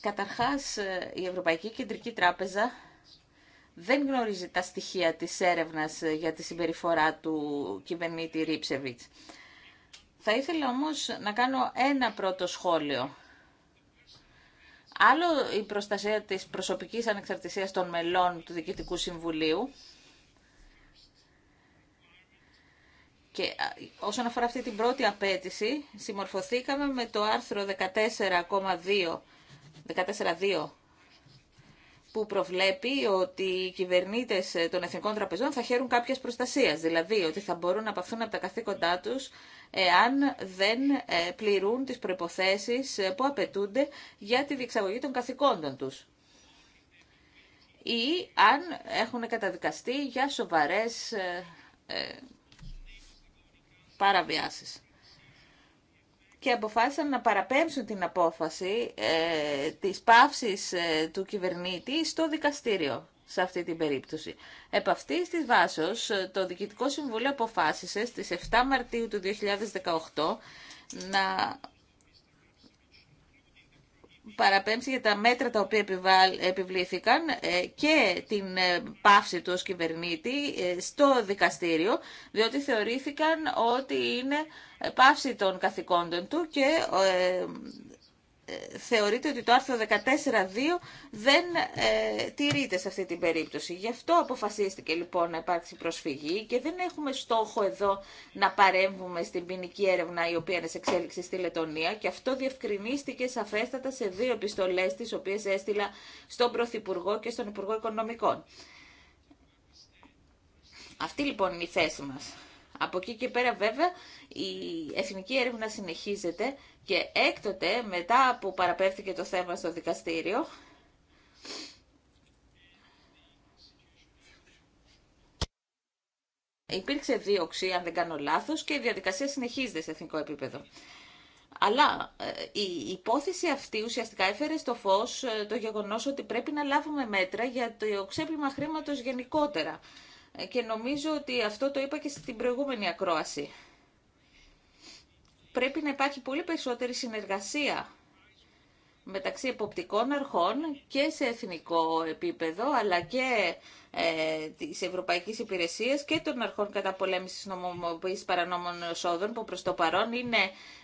Καταρχάς, ε, η Ευρωπαϊκή Κεντρική Τράπεζα δεν γνωρίζει τα στοιχεία της έρευνας ε, για τη συμπεριφορά του κυβερνήτη Ρίψεβιτς. Θα ήθελα όμως να κάνω ένα πρώτο σχόλιο. Άλλο η προστασία της προσωπικής ανεξαρτησίας των μελών του Διοικητικού Συμβουλίου και όσον αφορά αυτή την πρώτη απέτηση συμμορφωθήκαμε με το άρθρο 14,2 14.2 που προβλέπει ότι οι κυβερνήτες των εθνικών τραπεζών θα χαίρουν κάποιες προστασίες, Δηλαδή ότι θα μπορούν να απαυθούν από τα καθήκοντά τους εάν δεν ε, πληρούν τις προϋποθέσεις ε, που απαιτούνται για τη διεξαγωγή των καθηκόντων τους ή αν έχουν καταδικαστεί για σοβαρές ε, παραβιάσεις και αποφάσισαν να παραπέμψουν την απόφαση ε, της πάυσης ε, του κυβερνήτη στο δικαστήριο σε αυτή την περίπτωση. Επ' αυτή τη βάση, ε, το Διοικητικό Συμβούλιο αποφάσισε στις 7 Μαρτίου του 2018 να παραπέμψει για τα μέτρα τα οποία επιβλήθηκαν ε, και την ε, πάυση του ως κυβερνήτη ε, στο δικαστήριο, διότι θεωρήθηκαν ότι είναι πάυση των καθηκόντων του και θεωρείται ότι το άρθρο 14.2 δεν ε, τηρείται σε αυτή την περίπτωση. Γι' αυτό αποφασίστηκε λοιπόν να υπάρξει προσφυγή και δεν έχουμε στόχο εδώ να παρέμβουμε στην ποινική έρευνα η οποία είναι σε εξέλιξη στη Λετωνία και αυτό διευκρινίστηκε σαφέστατα σε δύο επιστολές τις οποίες έστειλα στον Πρωθυπουργό και στον Υπουργό Οικονομικών. Αυτή λοιπόν είναι η θέση μας. Από εκεί και πέρα βέβαια η εθνική έρευνα συνεχίζεται και έκτοτε μετά που παραπέφθηκε το θέμα στο δικαστήριο υπήρξε δίωξη αν δεν κάνω λάθος και η διαδικασία συνεχίζεται σε εθνικό επίπεδο. Αλλά ε, η υπόθεση αυτή ουσιαστικά έφερε στο φως ε, το γεγονός ότι πρέπει να λάβουμε μέτρα για το ξέπλυμα χρήματος γενικότερα και νομίζω ότι αυτό το είπα και στην προηγούμενη ακρόαση. Πρέπει να υπάρχει πολύ περισσότερη συνεργασία μεταξύ εποπτικών αρχών και σε εθνικό επίπεδο, αλλά και ε, της Ευρωπαϊκής Υπηρεσίας και των αρχών καταπολέμησης νομοποίησης παρανόμων εσόδων που προς το παρόν είναι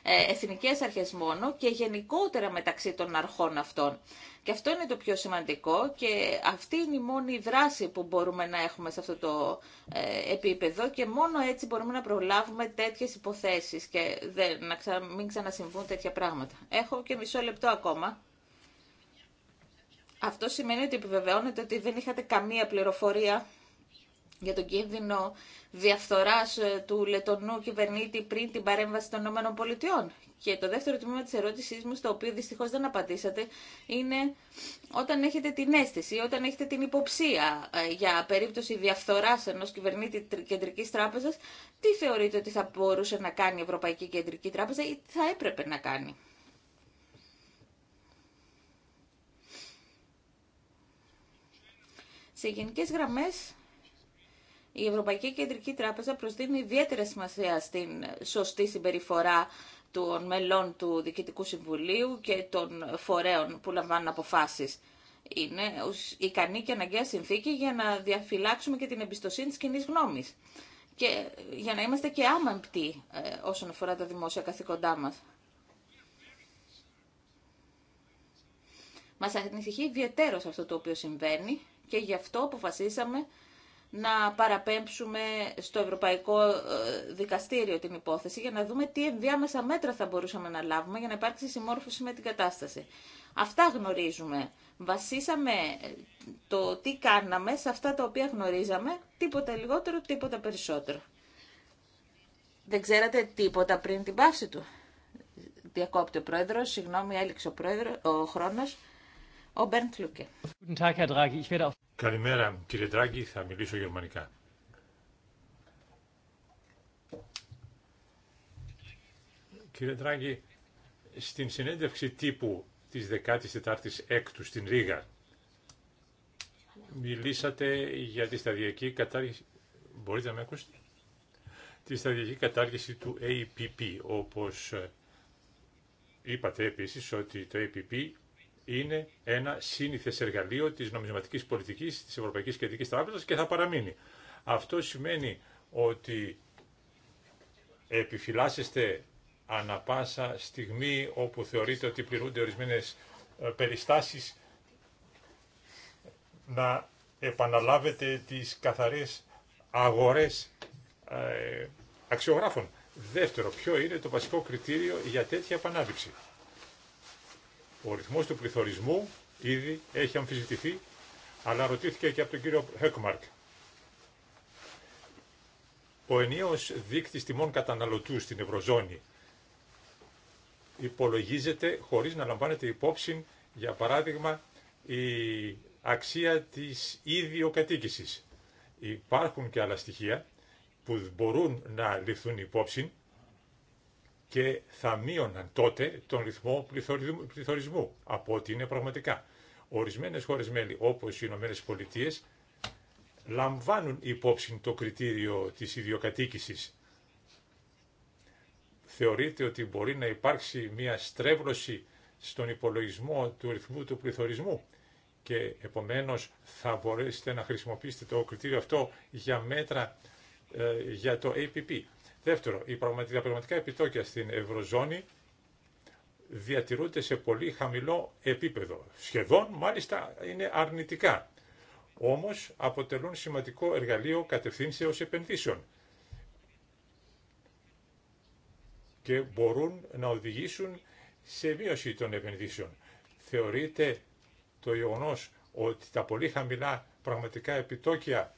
ε, εθνικές αρχές μόνο και γενικότερα μεταξύ των αρχών αυτών. Και αυτό είναι το πιο σημαντικό και αυτή είναι η μόνη δράση που μπορούμε να έχουμε σε αυτό το ε, επίπεδο και μόνο έτσι μπορούμε να προλάβουμε τέτοιες υποθέσεις και να μην ξανασυμβούν τέτοια πράγματα. Έχω και μισό λεπτό ακόμα. Αυτό σημαίνει ότι επιβεβαιώνεται ότι δεν είχατε καμία πληροφορία για τον κίνδυνο διαφθοράς ε, του λετωνού κυβερνήτη πριν την παρέμβαση των ΗΠΑ. Και το δεύτερο τμήμα της ερώτησής μου, στο οποίο δυστυχώς δεν απαντήσατε, είναι όταν έχετε την αίσθηση, όταν έχετε την υποψία ε, για περίπτωση διαφθοράς ενός κυβερνήτη κεντρικής τράπεζας, τι θεωρείτε ότι θα μπορούσε να κάνει η Ευρωπαϊκή Κεντρική Τράπεζα ή θα έπρεπε να κάνει. Σε γενικές γραμμές, η Ευρωπαϊκή Κεντρική Τράπεζα προσδίδει ιδιαίτερη σημασία στην σωστή συμπεριφορά των μελών του Διοικητικού Συμβουλίου και των φορέων που λαμβάνουν αποφάσεις. Είναι ικανή και αναγκαία συνθήκη για να διαφυλάξουμε και την εμπιστοσύνη της κοινή γνώμης και για να είμαστε και άμαμπτοι ε, όσον αφορά τα δημόσια καθήκοντά μας. Μας ανησυχεί ιδιαίτερος αυτό το οποίο συμβαίνει και γι' αυτό αποφασίσαμε να παραπέμψουμε στο Ευρωπαϊκό ε, Δικαστήριο την υπόθεση για να δούμε τι ενδιάμεσα μέτρα θα μπορούσαμε να λάβουμε για να υπάρξει συμμόρφωση με την κατάσταση. Αυτά γνωρίζουμε. Βασίσαμε ε, το τι κάναμε σε αυτά τα οποία γνωρίζαμε, τίποτα λιγότερο, τίποτα περισσότερο. Δεν ξέρατε τίποτα πριν την πάυση του. Διακόπτει ο πρόεδρος, συγγνώμη, έληξε ο, ο χρόνος. Ο Μπέρντ Λούκε. Καλημέρα κύριε Ντράγκη. θα μιλήσω γερμανικά. Κύριε Ντράγκη, στην συνέντευξη τύπου της 14ης έκτου στην Ρήγα, μιλήσατε για τη σταδιακή κατάργηση... Μπορείτε να με ακούσετε? Τη σταδιακή κατάργηση του APP, όπως ε, είπατε επίσης ότι το APP είναι ένα σύνηθε εργαλείο της νομισματικής πολιτικής της Ευρωπαϊκής Κεντρικής Τράπεζας και θα παραμείνει. Αυτό σημαίνει ότι επιφυλάσσεστε ανα πάσα στιγμή όπου θεωρείτε ότι πληρούνται ορισμένε ε, περιστάσεις να επαναλάβετε τις καθαρές αγορές ε, αξιογράφων. Δεύτερο, ποιο είναι το βασικό κριτήριο για τέτοια επανάληψη. Ο ρυθμός του πληθωρισμού ήδη έχει αμφισβητηθεί, αλλά ρωτήθηκε και από τον κύριο Χέκμαρκ. Ο ενίο δείκτη τιμών καταναλωτού στην Ευρωζώνη υπολογίζεται χωρίς να λαμβάνεται υπόψη, για παράδειγμα, η αξία της κατοίκησης. Υπάρχουν και άλλα στοιχεία που μπορούν να ληφθούν υπόψη και θα μείωναν τότε τον ρυθμό πληθωρισμού από ό,τι είναι πραγματικά. Ορισμένες χώρες μέλη όπως οι Ηνωμένες Πολιτείες λαμβάνουν υπόψη το κριτήριο της ιδιοκατοίκησης. Θεωρείται ότι μπορεί να υπάρξει μια στρέβλωση στον υπολογισμό του ρυθμού του πληθωρισμού και επομένως θα μπορέσετε να χρησιμοποιήσετε το κριτήριο αυτό για μέτρα ε, για το APP. Δεύτερο, τα πραγματικά, πραγματικά επιτόκια στην Ευρωζώνη διατηρούνται σε πολύ χαμηλό επίπεδο. Σχεδόν μάλιστα είναι αρνητικά. Όμως αποτελούν σημαντικό εργαλείο κατευθύνσεως επενδύσεων και μπορούν να οδηγήσουν σε μείωση των επενδύσεων. Θεωρείται το γεγονό ότι τα πολύ χαμηλά πραγματικά επιτόκια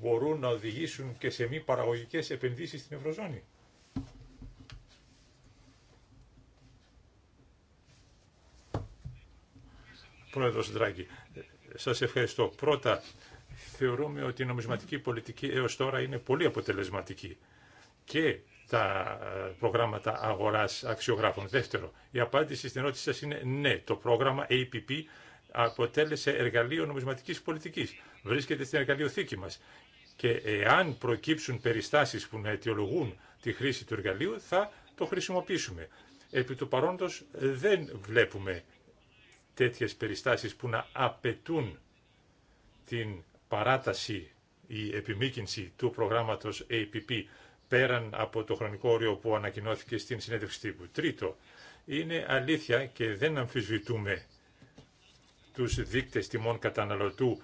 μπορούν να οδηγήσουν και σε μη παραγωγικές επενδύσεις στην Ευρωζώνη. Πρόεδρος Ντράγκη, σας ευχαριστώ. Πρώτα, θεωρούμε ότι η νομισματική πολιτική έως τώρα είναι πολύ αποτελεσματική και τα προγράμματα αγοράς αξιογράφων. Δεύτερο, η απάντηση στην ερώτηση σας είναι ναι. Το πρόγραμμα APP αποτέλεσε εργαλείο νομισματικής πολιτικής. Βρίσκεται στην εργαλειοθήκη μας και εάν προκύψουν περιστάσεις που να αιτιολογούν τη χρήση του εργαλείου θα το χρησιμοποιήσουμε. Επί του παρόντος δεν βλέπουμε τέτοιες περιστάσεις που να απαιτούν την παράταση ή επιμήκυνση του προγράμματος APP πέραν από το χρονικό όριο που ανακοινώθηκε στην συνέντευξη τύπου. Τρίτο, είναι αλήθεια και δεν αμφισβητούμε τους δείκτες τιμών καταναλωτού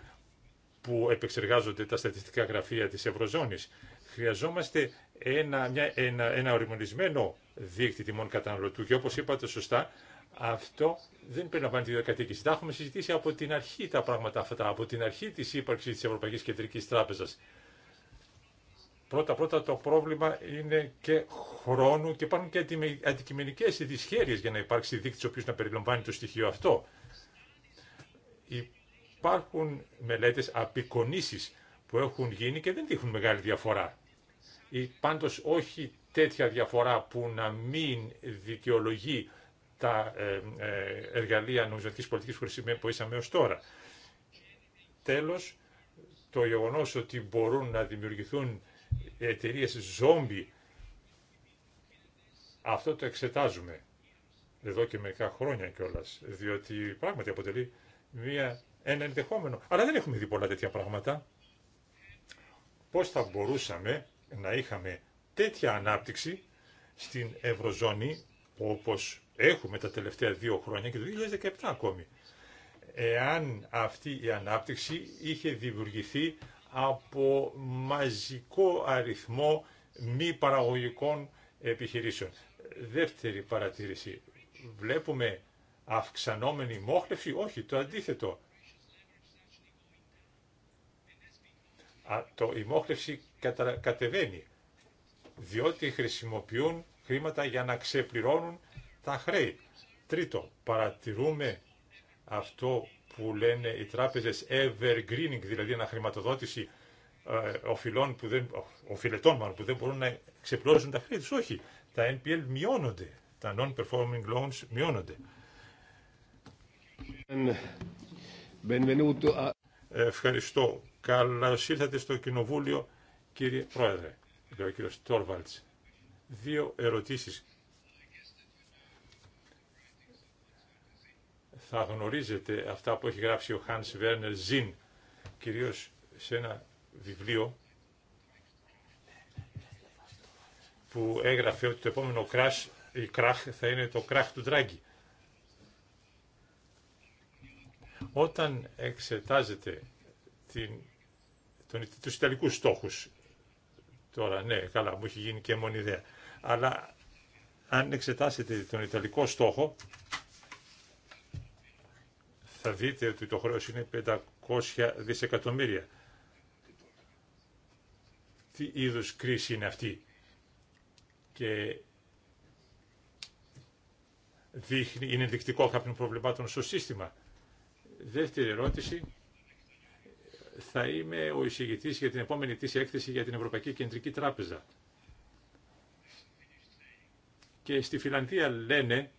που επεξεργάζονται τα στατιστικά γραφεία της Ευρωζώνης. Χρειαζόμαστε ένα, μια, ένα, ένα οριμονισμένο δίκτυ τιμών καταναλωτού και όπως είπατε σωστά, αυτό δεν περιλαμβάνει τη διακατοίκηση. Τα έχουμε συζητήσει από την αρχή τα πράγματα αυτά, από την αρχή της ύπαρξης της Ευρωπαϊκής Κεντρικής Τράπεζας. Πρώτα-πρώτα το πρόβλημα είναι και χρόνου και υπάρχουν και αντικειμενικές δυσχέρειες για να υπάρξει δίκτυς ο οποίος να περιλαμβάνει το στοιχείο αυτό. Υπάρχουν μελέτες απεικονίσεις που έχουν γίνει και δεν δείχνουν μεγάλη διαφορά. Ή πάντως όχι τέτοια διαφορά που να μην δικαιολογεί τα ε, ε, εργαλεία νομισματικής πολιτικής που είσαμε ως τώρα. Τέλος, το γεγονός ότι μπορούν να δημιουργηθούν εταιρείε ζόμπι, αυτό το εξετάζουμε εδώ και μερικά χρόνια κιόλα, διότι πράγματι αποτελεί μια ένα ενδεχόμενο. Αλλά δεν έχουμε δει πολλά τέτοια πράγματα. Πώς θα μπορούσαμε να είχαμε τέτοια ανάπτυξη στην Ευρωζώνη, όπως έχουμε τα τελευταία δύο χρόνια και το 2017 ακόμη, εάν αυτή η ανάπτυξη είχε δημιουργηθεί από μαζικό αριθμό μη παραγωγικών επιχειρήσεων. Δεύτερη παρατήρηση. Βλέπουμε αυξανόμενη μόχλευση. Όχι, το αντίθετο. το, η μόχλευση κατεβαίνει, διότι χρησιμοποιούν χρήματα για να ξεπληρώνουν τα χρέη. Τρίτο, παρατηρούμε αυτό που λένε οι τράπεζες evergreening, δηλαδή χρηματοδότηση χρηματοδότηση ε, που δεν, οφειλετών μάλλον, που δεν μπορούν να ξεπληρώσουν τα χρέη τους. Όχι, τα NPL μειώνονται, τα non-performing loans μειώνονται. Ευχαριστώ Καλώ ήρθατε στο Κοινοβούλιο, κύριε Πρόεδρε, λέει ο κύριο Δύο ερωτήσεις. Θα γνωρίζετε αυτά που έχει γράψει ο Hans Βέρνερ Zinn, κυρίως σε ένα βιβλίο που έγραφε ότι το επόμενο κράχ, η κράχ θα είναι το κράχ του Ντράγκη. Όταν εξετάζετε την, τον, τους ιταλικούς στόχους. Τώρα, ναι, καλά, μου έχει γίνει και μόνη ιδέα. Αλλά αν εξετάσετε τον ιταλικό στόχο, θα δείτε ότι το χρέος είναι 500 δισεκατομμύρια. Τι είδους κρίση είναι αυτή. Και δείχνει, είναι δεικτικό κάποιων προβλημάτων στο σύστημα. Δεύτερη ερώτηση θα είμαι ο εισηγητής για την επόμενη τήση έκθεση για την Ευρωπαϊκή Κεντρική Τράπεζα. Και στη Φιλανδία λένε,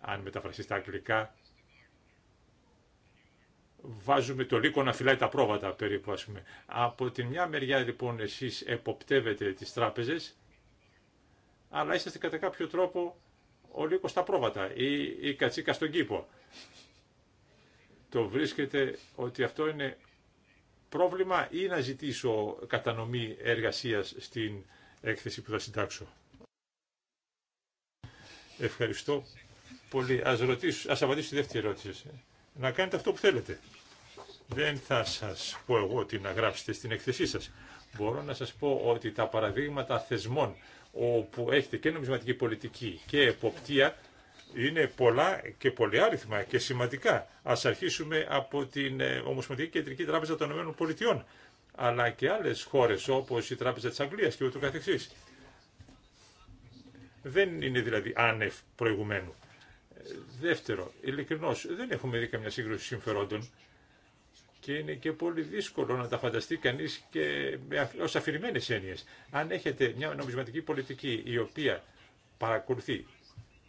αν μεταφραστεί στα αγγλικά, βάζουμε το λύκο να φυλάει τα πρόβατα περίπου ας πούμε. Από τη μια μεριά λοιπόν εσείς εποπτεύετε τις τράπεζες, αλλά είσαστε κατά κάποιο τρόπο ο λύκος στα πρόβατα ή η κατσίκα στον κήπο. Το βρίσκεται ότι αυτό είναι πρόβλημα ή να ζητήσω κατανομή εργασίας στην έκθεση που θα συντάξω. Ευχαριστώ πολύ. Ας, ρωτήσω, ας απαντήσω στη δεύτερη ερώτηση. Να κάνετε αυτό που θέλετε. Δεν θα σας πω εγώ ότι να γράψετε στην έκθεσή σας. Μπορώ να σας πω ότι τα παραδείγματα θεσμών όπου έχετε και νομισματική πολιτική και εποπτεία είναι πολλά και πολυάριθμα και σημαντικά. Ας αρχίσουμε από την ε, Ομοσπονδιακή Κεντρική Τράπεζα των ΗΠΑ, αλλά και άλλες χώρες όπως η Τράπεζα τη Αγγλία και ούτω καθεξής. Δεν είναι δηλαδή άνευ προηγουμένου. Δεύτερο, ειλικρινώς, δεν έχουμε δει καμιά σύγκρουση συμφερόντων και είναι και πολύ δύσκολο να τα φανταστεί κανεί και ω αφηρημένε έννοιε. Αν έχετε μια νομισματική πολιτική η οποία παρακολουθεί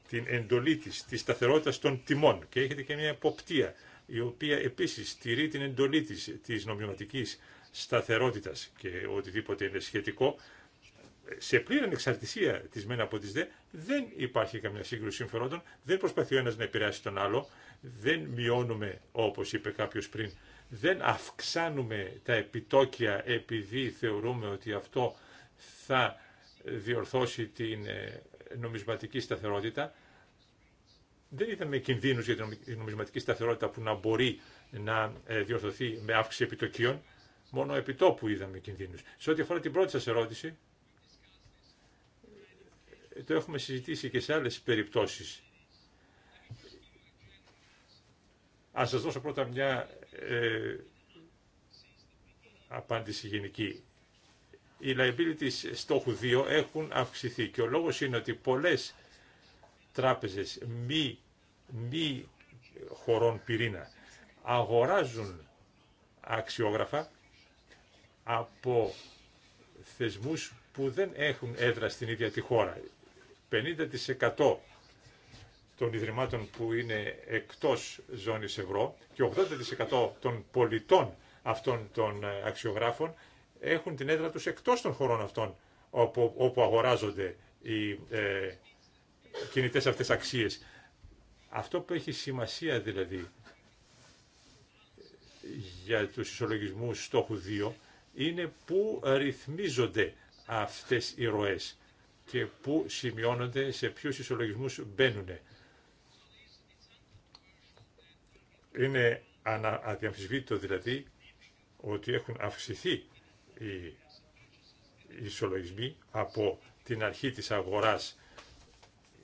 την εντολή της, τη σταθερότητα των τιμών και έχετε και μια εποπτεία η οποία επίσης στηρεί την εντολή της, της νομιματικής σταθερότητας και οτιδήποτε είναι σχετικό, σε πλήρη ανεξαρτησία της ΜΕΝΑ από τις δε, δεν υπάρχει καμιά σύγκρουση συμφερόντων, δεν προσπαθεί ο ένας να επηρεάσει τον άλλο, δεν μειώνουμε, όπως είπε κάποιος πριν, δεν αυξάνουμε τα επιτόκια επειδή θεωρούμε ότι αυτό θα διορθώσει την ε, νομισματική σταθερότητα. Δεν είδαμε κινδύνους για την νομισματική σταθερότητα που να μπορεί να ε, διορθωθεί με αύξηση επιτοκίων. Μόνο επιτόπου είδαμε κινδύνους. Σε ό,τι αφορά την πρώτη σα ερώτηση, το έχουμε συζητήσει και σε άλλες περιπτώσεις. Ας σα δώσω πρώτα μια ε, απάντηση γενική οι liabilities στόχου 2 έχουν αυξηθεί και ο λόγος είναι ότι πολλές τράπεζες μη, μη χωρών πυρήνα αγοράζουν αξιόγραφα από θεσμούς που δεν έχουν έδρα στην ίδια τη χώρα. 50% των ιδρυμάτων που είναι εκτός ζώνης ευρώ και 80% των πολιτών αυτών των αξιογράφων έχουν την έδρα τους εκτός των χωρών αυτών όπου, αγοράζονται οι ε, κινητές αυτές αξίες. Αυτό που έχει σημασία δηλαδή για τους ισολογισμούς στόχου 2 είναι πού ρυθμίζονται αυτές οι ροές και πού σημειώνονται, σε ποιους ισολογισμούς μπαίνουν. Είναι αδιαμφισβήτητο δηλαδή ότι έχουν αυξηθεί οι ισολογισμοί από την αρχή της αγοράς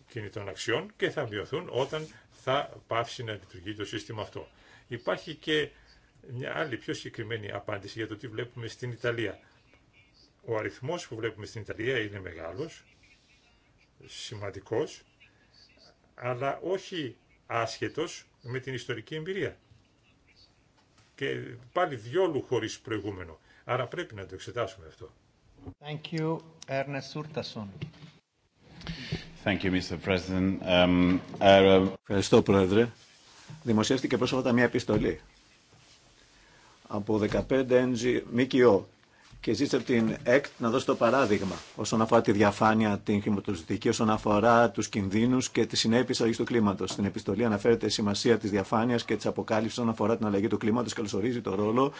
κινητών αξιών και θα μειωθούν όταν θα πάψει να λειτουργεί το σύστημα αυτό. Υπάρχει και μια άλλη πιο συγκεκριμένη απάντηση για το τι βλέπουμε στην Ιταλία. Ο αριθμός που βλέπουμε στην Ιταλία είναι μεγάλος, σημαντικός, αλλά όχι άσχετος με την ιστορική εμπειρία. Και πάλι διόλου χωρίς προηγούμενο. Άρα πρέπει να το εξετάσουμε αυτό. Thank you, Ernest Thank you, Mr. President. Um, uh, Ευχαριστώ, Πρόεδρε. Δημοσιεύτηκε πρόσφατα μια επιστολή από 15 NG, ΜΚΟ και ζήτησε από την ΕΚΤ να δώσει το παράδειγμα όσον αφορά τη διαφάνεια, την χρηματοδοτική, όσον αφορά του κινδύνου και τη συνέπειε αλλαγή του κλίματο. Στην επιστολή αναφέρεται η σημασία τη διαφάνεια και τη αποκάλυψη όσον αφορά την αλλαγή του κλίματο και καλωσορίζει το ρόλο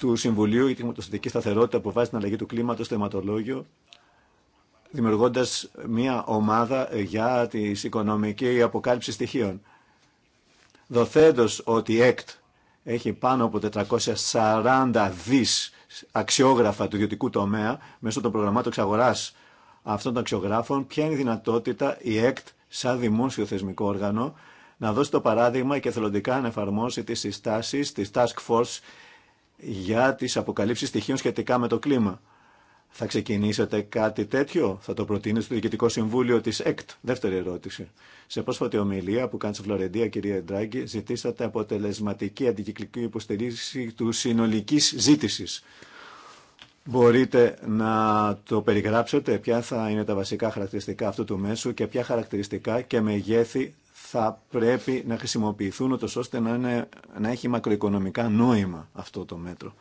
του Συμβουλίου για τη Χρηματοστατική Σταθερότητα που βάζει την αλλαγή του κλίματος στο αιματολόγιο, δημιουργώντας μια ομάδα για τη οικονομική αποκάλυψη στοιχείων. Δοθέντος ότι η ΕΚΤ έχει πάνω από 440 δις αξιόγραφα του ιδιωτικού τομέα μέσω των προγραμμάτων εξαγορά αυτών των αξιογράφων, ποια είναι η δυνατότητα η ΕΚΤ σαν δημόσιο θεσμικό όργανο να δώσει το παράδειγμα και θελοντικά να εφαρμόσει τις συστάσεις της Task Force για τις αποκαλύψεις στοιχείων σχετικά με το κλίμα. Θα ξεκινήσετε κάτι τέτοιο, θα το προτείνετε στο Διοικητικό Συμβούλιο τη ΕΚΤ. Δεύτερη ερώτηση. Σε πρόσφατη ομιλία που κάνει στη Φλωρεντία, κυρία Ντράγκη, ζητήσατε αποτελεσματική αντικυκλική υποστηρίξη του συνολική ζήτηση. Μπορείτε να το περιγράψετε, ποια θα είναι τα βασικά χαρακτηριστικά αυτού του μέσου και ποια χαρακτηριστικά και μεγέθη θα πρέπει να χρησιμοποιηθούν ούτως ώστε να, είναι, να έχει μακροοικονομικά νόημα αυτό το μέτρο.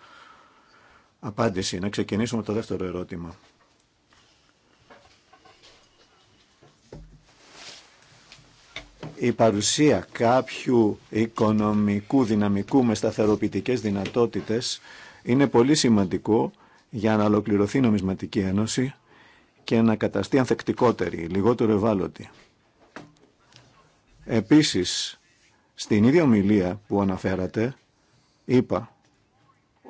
Απάντηση. Να ξεκινήσουμε το δεύτερο ερώτημα. Η παρουσία κάποιου οικονομικού δυναμικού με σταθεροποιητικές δυνατότητες είναι πολύ σημαντικό για να ολοκληρωθεί η νομισματική ένωση και να καταστεί ανθεκτικότερη, λιγότερο ευάλωτη. Επίσης, στην ίδια ομιλία που αναφέρατε, είπα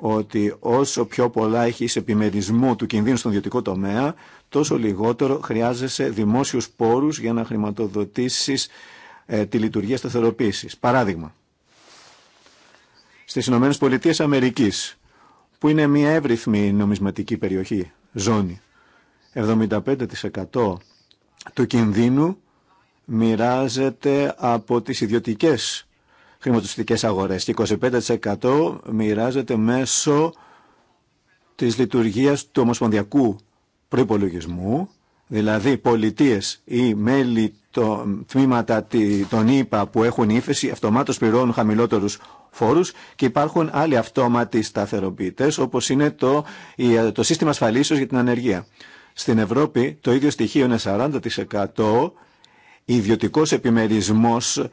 ότι όσο πιο πολλά έχει επιμερισμού του κινδύνου στον ιδιωτικό τομέα, τόσο λιγότερο χρειάζεσαι δημόσιους πόρους για να χρηματοδοτήσεις ε, τη λειτουργία σταθεροποίησης. Παράδειγμα, στις Ηνωμένες Πολιτείες Αμερικής, που είναι μια εύρυθμη νομισματική περιοχή, ζώνη, 75% του κινδύνου μοιράζεται από τις ιδιωτικές χρηματοστικές αγορές και 25% μοιράζεται μέσω της λειτουργίας του ομοσπονδιακού προϋπολογισμού, δηλαδή πολιτείες ή μέλη το, τμήματα των ΙΠΑ που έχουν ύφεση αυτομάτως πληρώνουν χαμηλότερους φόρους και υπάρχουν άλλοι αυτόματοι σταθεροποιητές όπως είναι το, το σύστημα ασφαλίσεως για την ανεργία. Στην Ευρώπη το ίδιο στοιχείο είναι 40% Ιδιωτικό επιμερισμός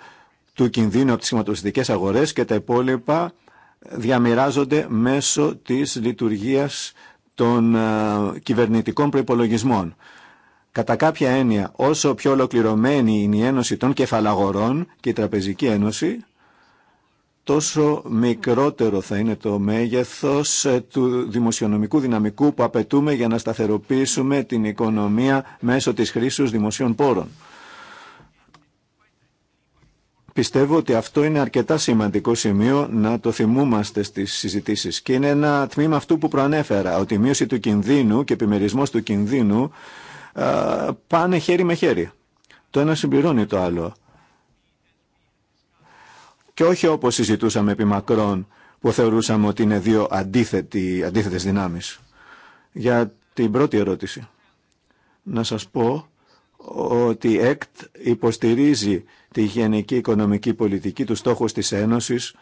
του κινδύνου από τις χρηματοπιστικές αγορές και τα υπόλοιπα διαμοιράζονται μέσω της λειτουργίας των ε, κυβερνητικών προπολογισμών. Κατά κάποια έννοια, όσο πιο ολοκληρωμένη είναι η Ένωση των Κεφαλαγορών και η Τραπεζική Ένωση, τόσο μικρότερο θα είναι το μέγεθος ε, του δημοσιονομικού δυναμικού που απαιτούμε για να σταθεροποιήσουμε την οικονομία μέσω της χρήσης δημοσίων πόρων. Πιστεύω ότι αυτό είναι αρκετά σημαντικό σημείο να το θυμούμαστε στι συζητήσει. Και είναι ένα τμήμα αυτού που προανέφερα, ότι η μείωση του κινδύνου και επιμερισμό του κινδύνου πάνε χέρι με χέρι. Το ένα συμπληρώνει το άλλο. Και όχι όπως συζητούσαμε επί Μακρόν, που θεωρούσαμε ότι είναι δύο αντίθετε αντίθετες δυνάμεις. Για την πρώτη ερώτηση, να σας πω ότι η ΕΚΤ υποστηρίζει τη γενική οικονομική πολιτική, του στόχους της Ένωσης,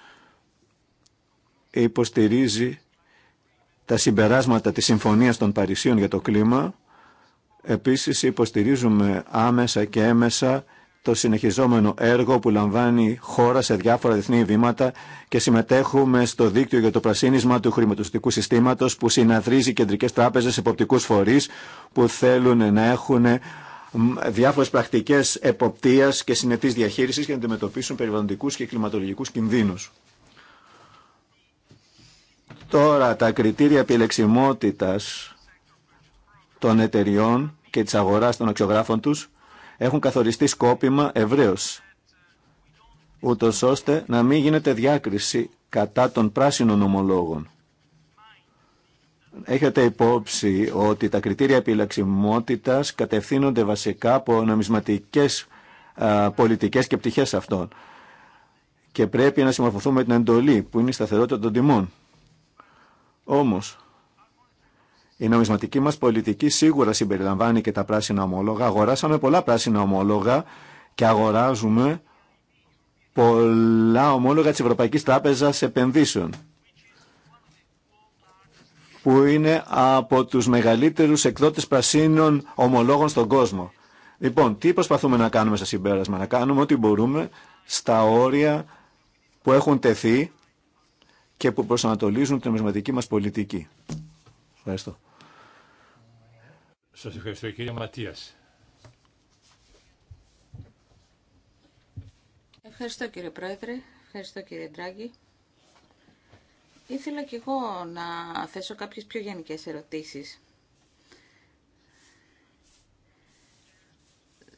υποστηρίζει τα συμπεράσματα της Συμφωνίας των Παρισίων για το κλίμα. Επίσης υποστηρίζουμε άμεσα και έμεσα το συνεχιζόμενο έργο που λαμβάνει χώρα σε διάφορα διεθνή βήματα και συμμετέχουμε στο δίκτυο για το πρασίνισμα του χρηματοστικού συστήματος που συναδρίζει κεντρικές τράπεζες, εποπτικούς φορείς που θέλουν να έχουν διάφορες πρακτικές εποπτείας και συνετής διαχείρισης για να αντιμετωπίσουν περιβαλλοντικούς και κλιματολογικούς κινδύνους. Τώρα τα κριτήρια επιλεξιμότητας των εταιριών και της αγοράς των αξιογράφων τους έχουν καθοριστεί σκόπιμα ευρέως, ούτως ώστε να μην γίνεται διάκριση κατά των πράσινων ομολόγων Έχετε υπόψη ότι τα κριτήρια επιλεξιμότητας κατευθύνονται βασικά από νομισματικές πολιτικές και πτυχές αυτών και πρέπει να συμμορφωθούμε με την εντολή που είναι η σταθερότητα των τιμών. Όμως, η νομισματική μας πολιτική σίγουρα συμπεριλαμβάνει και τα πράσινα ομόλογα. Αγοράσαμε πολλά πράσινα ομόλογα και αγοράζουμε πολλά ομόλογα της Ευρωπαϊκής Τράπεζας Επενδύσεων που είναι από τους μεγαλύτερους εκδότες πρασίνων ομολόγων στον κόσμο. Λοιπόν, τι προσπαθούμε να κάνουμε στα συμπέρασμα. Να κάνουμε ό,τι μπορούμε στα όρια που έχουν τεθεί και που προσανατολίζουν την νομισματική μας πολιτική. Ευχαριστώ. Σας ευχαριστώ κύριε Ματίας. Ευχαριστώ κύριε Πρόεδρε, ευχαριστώ κύριε Ντράγκη. Ήθελα κι εγώ να θέσω κάποιες πιο γενικές ερωτήσεις.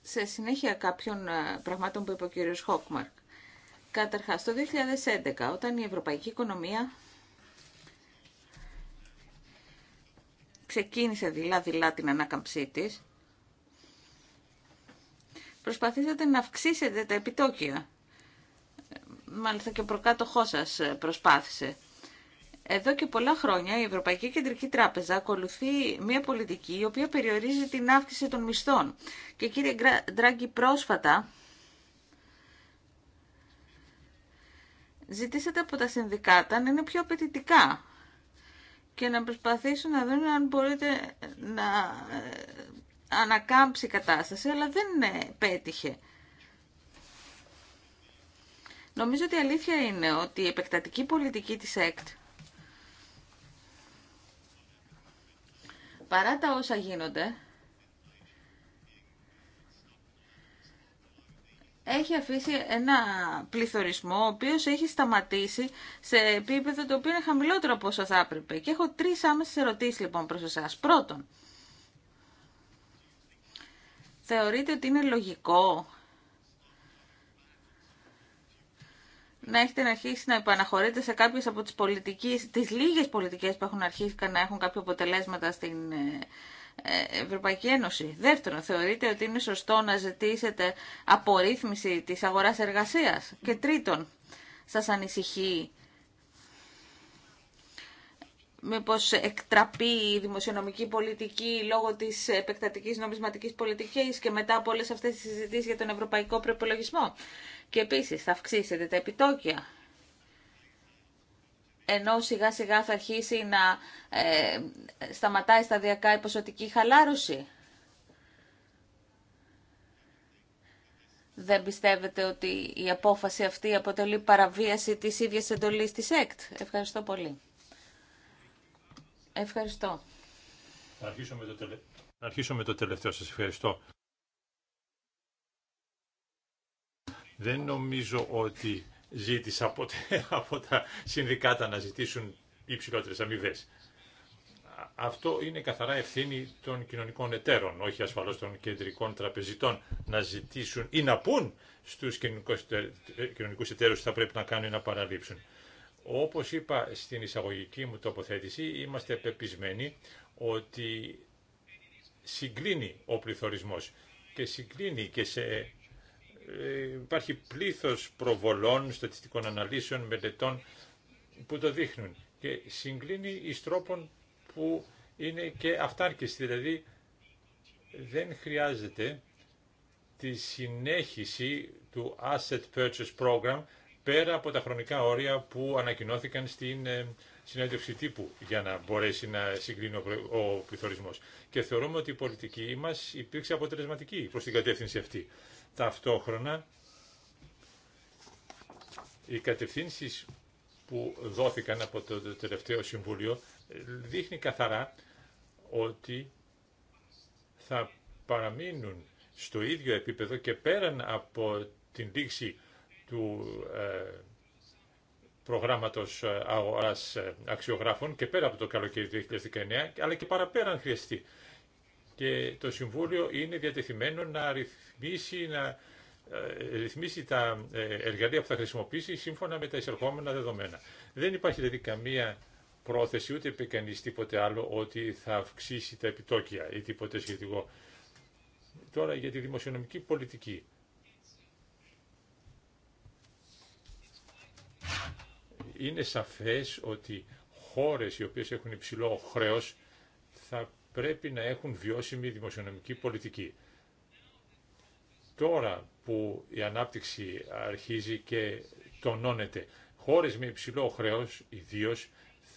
Σε συνέχεια κάποιων ε, πραγμάτων που είπε ο κ. Χόκμαρκ. Καταρχάς, το 2011, όταν η ευρωπαϊκή οικονομία ξεκίνησε δειλά-δειλά την ανάκαμψή της, προσπαθήσατε να αυξήσετε τα επιτόκια. Ε, μάλιστα και ο προκάτοχός σας ε, προσπάθησε. Εδώ και πολλά χρόνια η Ευρωπαϊκή Κεντρική Τράπεζα ακολουθεί μια πολιτική η οποία περιορίζει την αύξηση των μισθών. Και κύριε Ντράγκη πρόσφατα ζητήσατε από τα συνδικάτα να είναι πιο απαιτητικά και να προσπαθήσουν να δουν αν μπορείτε να ε, ανακάμψει η κατάσταση, αλλά δεν ε, πέτυχε. Νομίζω ότι η αλήθεια είναι ότι η επεκτατική πολιτική της ΕΚΤ παρά τα όσα γίνονται, έχει αφήσει ένα πληθωρισμό ο οποίος έχει σταματήσει σε επίπεδο το οποίο είναι χαμηλότερο από όσο θα έπρεπε. Και έχω τρεις άμεσες ερωτήσεις λοιπόν προς εσάς. Πρώτον, θεωρείτε ότι είναι λογικό να έχετε να αρχίσει να επαναχωρείτε σε κάποιες από τις πολιτικές, τις λίγες πολιτικές που έχουν αρχίσει να έχουν κάποια αποτελέσματα στην ε, ε, Ευρωπαϊκή Ένωση. Δεύτερον, θεωρείτε ότι είναι σωστό να ζητήσετε απορρίθμιση της αγοράς εργασίας. Και τρίτον, σας ανησυχεί μήπως εκτραπεί η δημοσιονομική πολιτική λόγω της επεκτατικής νομισματικής πολιτικής και μετά από όλες αυτές τις συζητήσεις για τον ευρωπαϊκό προπολογισμό. Και επίσης θα αυξήσετε τα επιτόκια ενώ σιγά σιγά θα αρχίσει να ε, σταματάει σταδιακά η ποσοτική χαλάρωση. Δεν πιστεύετε ότι η απόφαση αυτή αποτελεί παραβίαση της ίδιας εντολής της ΕΚΤ. Ευχαριστώ πολύ. Ευχαριστώ. Θα αρχίσω με το, τελε... Θα αρχίσω με το τελευταίο σας. Ευχαριστώ. Δεν νομίζω ότι ζήτησα ποτέ <laughs> από τα συνδικάτα να ζητήσουν υψηλότερε αμοιβέ. Αυτό είναι καθαρά ευθύνη των κοινωνικών εταίρων, όχι ασφαλώ των κεντρικών τραπεζιτών, να ζητήσουν ή να πούν στους κοινωνικούς εταίρου τι θα πρέπει να κάνουν ή να παραλείψουν. Όπως είπα στην εισαγωγική μου τοποθέτηση, είμαστε πεπισμένοι ότι συγκλίνει ο πληθωρισμός και συγκλίνει και σε υπάρχει πλήθος προβολών, στατιστικών αναλύσεων, μελετών που το δείχνουν και συγκλίνει εις τρόπον που είναι και στη δηλαδή δεν χρειάζεται τη συνέχιση του Asset Purchase Program πέρα από τα χρονικά όρια που ανακοινώθηκαν στην ε, συνέντευξη τύπου για να μπορέσει να συγκλίνει ο πληθωρισμός. Και θεωρούμε ότι η πολιτική μας υπήρξε αποτελεσματική προς την κατεύθυνση αυτή. Ταυτόχρονα, οι κατευθύνσεις που δόθηκαν από το τελευταίο Συμβούλιο ε, δείχνει καθαρά ότι θα παραμείνουν στο ίδιο επίπεδο και πέραν από την λήξη του ε, προγράμματος ε, αγοράς αξιογράφων και πέρα από το καλοκαίρι 2019, αλλά και παραπέραν χρειαστεί. Και το Συμβούλιο είναι διατεθειμένο να ρυθμίσει, να ε, ρυθμίσει τα ε, εργαλεία που θα χρησιμοποιήσει σύμφωνα με τα εισερχόμενα δεδομένα. Δεν υπάρχει δηλαδή καμία πρόθεση, ούτε είπε κανεί τίποτε άλλο ότι θα αυξήσει τα επιτόκια ή τίποτε σχετικό. Τώρα για τη δημοσιονομική πολιτική. Είναι σαφές ότι χώρες οι οποίες έχουν υψηλό χρέος θα πρέπει να έχουν βιώσιμη δημοσιονομική πολιτική. Τώρα που η ανάπτυξη αρχίζει και τονώνεται, χώρες με υψηλό χρέος ιδίω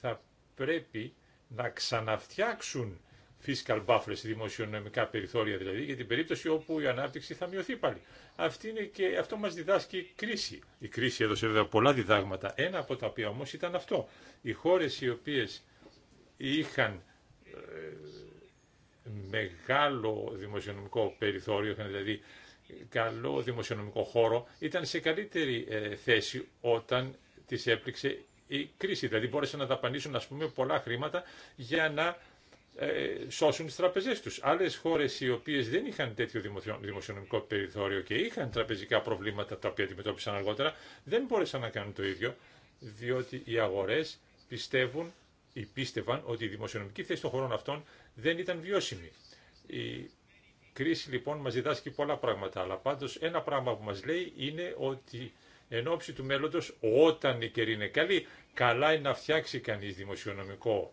θα πρέπει να ξαναφτιάξουν fiscal buffers, δημοσιονομικά περιθώρια δηλαδή, για την περίπτωση όπου η ανάπτυξη θα μειωθεί πάλι. Αυτή είναι και, αυτό μας διδάσκει η κρίση. Η κρίση έδωσε βέβαια πολλά διδάγματα. Ένα από τα οποία όμως ήταν αυτό. Οι χώρες οι οποίες είχαν ε, μεγάλο δημοσιονομικό περιθώριο, δηλαδή καλό δημοσιονομικό χώρο ήταν σε καλύτερη ε, θέση όταν τις έπληξε η κρίση. Δηλαδή μπόρεσαν να δαπανίσουν ας πούμε πολλά χρήματα για να ε, σώσουν τις τραπεζές τους. Άλλες χώρες οι οποίες δεν είχαν τέτοιο δημοσιονομικό περιθώριο και είχαν τραπεζικά προβλήματα τα οποία αντιμετώπισαν αργότερα δεν μπόρεσαν να κάνουν το ίδιο διότι οι αγορές πιστεύουν ή πίστευαν ότι η δημοσιονομική θέση των χωρών αυτών δεν ήταν βιώσιμη. η δημοσιονομικη θεση των χωρων αυτων δεν ηταν βιωσιμη κρίση λοιπόν μας διδάσκει πολλά πράγματα, αλλά πάντως ένα πράγμα που μας λέει είναι ότι εν ώψη του μέλλοντος, όταν η καιρή είναι καλή, καλά είναι να φτιάξει κανείς δημοσιονομικό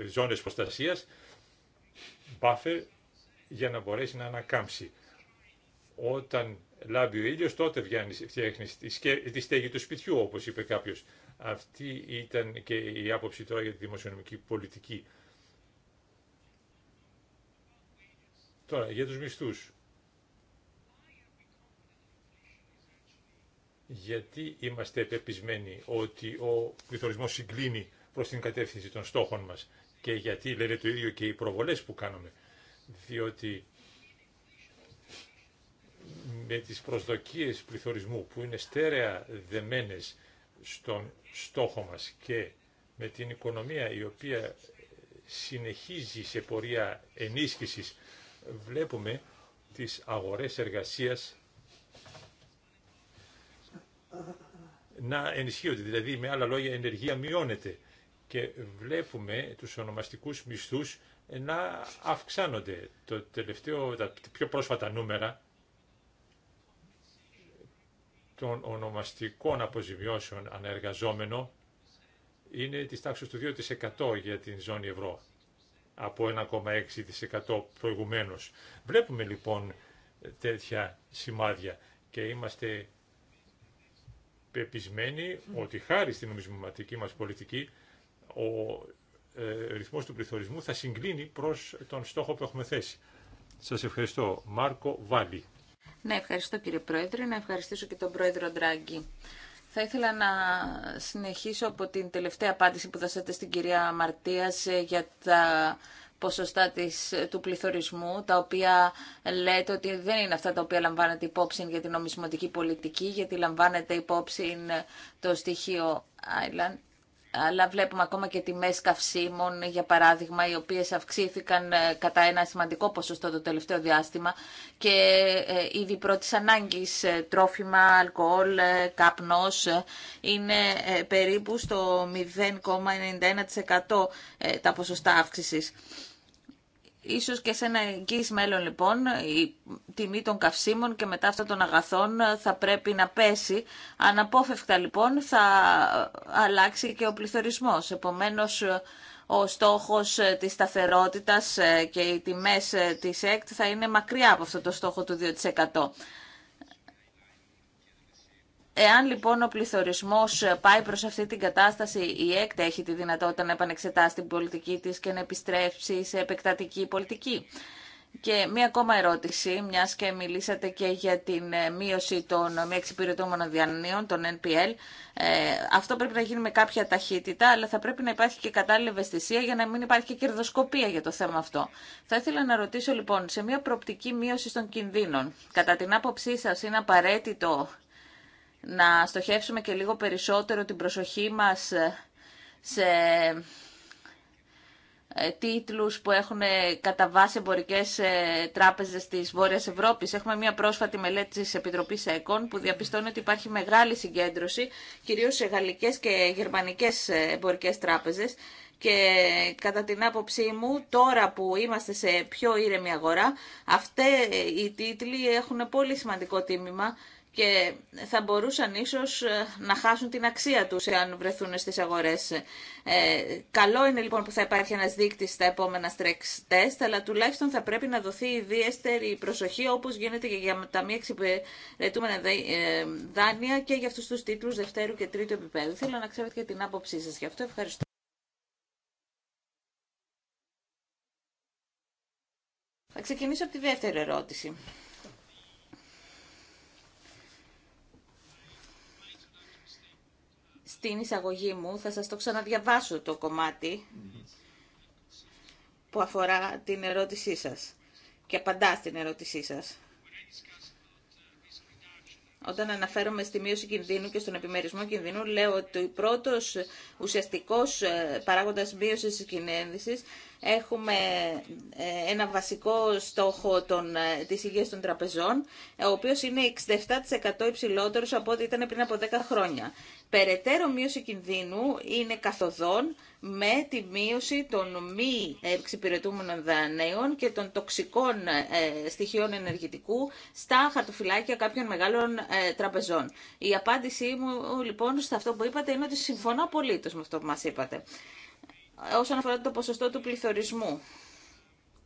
ε, ζώνες προστασίας, buffer, για να μπορέσει να ανακάμψει. Όταν λάβει ο ήλιος, τότε βγαίνει, φτιάχνεις τη στέγη του σπιτιού, όπως είπε κάποιος. Αυτή ήταν και η άποψη τώρα για τη δημοσιονομική πολιτική. Τώρα, για τους μισθούς. Γιατί είμαστε επεπισμένοι ότι ο πληθωρισμός συγκλίνει προς την κατεύθυνση των στόχων μας και γιατί λένε το ίδιο και οι προβολές που κάνουμε. Διότι με τις προσδοκίες πληθωρισμού που είναι στέρεα δεμένες στον στόχο μας και με την οικονομία η οποία συνεχίζει σε πορεία ενίσχυσης βλέπουμε τις αγορές εργασίας να ενισχύονται. Δηλαδή, με άλλα λόγια, η ενεργεία μειώνεται και βλέπουμε τους ονομαστικούς μισθούς να αυξάνονται. Το τελευταίο, τα πιο πρόσφατα νούμερα των ονομαστικών αποζημιώσεων ανεργαζόμενο είναι της τάξης του 2% για την ζώνη ευρώ από 1,6% προηγουμένως. Βλέπουμε λοιπόν τέτοια σημάδια και είμαστε πεπισμένοι ότι χάρη στην νομισματική μας πολιτική ο ε, ρυθμός του πληθωρισμού θα συγκλίνει προς τον στόχο που έχουμε θέσει. Σας ευχαριστώ. Μάρκο Βάλι. Ναι, ευχαριστώ κύριε Πρόεδρε. Να ευχαριστήσω και τον Πρόεδρο Ντράγκη θα ήθελα να συνεχίσω από την τελευταία απάντηση που δώσατε στην κυρία Μαρτίας ε, για τα ποσοστά της, ε, του πληθωρισμού, τα οποία λέτε ότι δεν είναι αυτά τα οποία λαμβάνετε υπόψη για την νομισματική πολιτική, γιατί λαμβάνετε υπόψη ε, το στοιχείο Island αλλά βλέπουμε ακόμα και τιμέ καυσίμων, για παράδειγμα, οι οποίες αυξήθηκαν ε, κατά ένα σημαντικό ποσοστό το τελευταίο διάστημα και ε, ήδη πρώτη ανάγκη ε, τρόφιμα, αλκοόλ, καπνός είναι περίπου στο 0,91% τα ποσοστά αύξησης. Ίσως και σε ένα εγγύης μέλλον λοιπόν η τιμή των καυσίμων και μετά αυτών των αγαθών θα πρέπει να πέσει. Αναπόφευκτα λοιπόν θα αλλάξει και ο πληθωρισμός. Επομένως ο στόχος της σταθερότητας και οι τιμές της ΕΚΤ θα είναι μακριά από αυτό το στόχο του 2%. Εάν λοιπόν ο πληθωρισμός πάει προς αυτή την κατάσταση, η ΕΚΤ έχει τη δυνατότητα να επανεξετάσει την πολιτική της και να επιστρέψει σε επεκτατική πολιτική. Και μία ακόμα ερώτηση, μιας και μιλήσατε και για την ε, μείωση των ε, μη εξυπηρετούμενων διανύων, των NPL. Ε, αυτό πρέπει να γίνει με κάποια ταχύτητα, αλλά θα πρέπει να υπάρχει και κατάλληλη ευαισθησία για να μην υπάρχει και κερδοσκοπία για το θέμα αυτό. Θα ήθελα να ρωτήσω λοιπόν, σε μία προοπτική μείωση των κινδύνων, κατά την άποψή σα είναι απαραίτητο να στοχεύσουμε και λίγο περισσότερο την προσοχή μας σε ε, τίτλους που έχουν ε, κατά βάση εμπορικέ ε, τράπεζες της Βόρειας Ευρώπης. Έχουμε μια πρόσφατη μελέτη της Επιτροπής ΕΚΟΝ που διαπιστώνει ότι υπάρχει μεγάλη συγκέντρωση κυρίως σε γαλλικές και γερμανικές εμπορικές τράπεζες και κατά την άποψή μου τώρα που είμαστε σε πιο ήρεμη αγορά αυτοί οι τίτλοι έχουν πολύ σημαντικό τίμημα και θα μπορούσαν ίσως ε, να χάσουν την αξία τους εάν βρεθούν στις αγορές. Ε, καλό είναι λοιπόν που θα υπάρχει ένας δείκτης στα επόμενα stretch test, αλλά τουλάχιστον θα πρέπει να δοθεί ιδιαίτερη προσοχή όπως γίνεται και για τα μη εξυπηρετούμενα ε, δάνεια και για αυτούς τους τίτλους δευτέρου και τρίτου επίπεδου. Θέλω να ξέρετε και την άποψή σας γι' αυτό. Ευχαριστώ. Θα ξεκινήσω από τη δεύτερη ερώτηση. στην εισαγωγή μου, θα σας το ξαναδιαβάσω το κομμάτι που αφορά την ερώτησή σας και απαντά στην ερώτησή σας. Όταν αναφέρομαι στη μείωση κινδύνου και στον επιμερισμό κινδύνου, λέω ότι ο πρώτος ουσιαστικός ε, παράγοντας μείωση τη έχουμε ε, ένα βασικό στόχο των, ε, της υγείας των τραπεζών, ο οποίος είναι 67% υψηλότερος από ό,τι ήταν πριν από 10 χρόνια. Περαιτέρω μείωση κινδύνου είναι καθοδόν, με τη μείωση των μη εξυπηρετούμενων δανείων και των τοξικών ε, στοιχείων ενεργητικού στα χαρτοφυλάκια κάποιων μεγάλων ε, τραπεζών. Η απάντησή μου λοιπόν σε αυτό που είπατε είναι ότι συμφωνώ απολύτως με αυτό που μας είπατε. Όσον αφορά το ποσοστό του πληθωρισμού,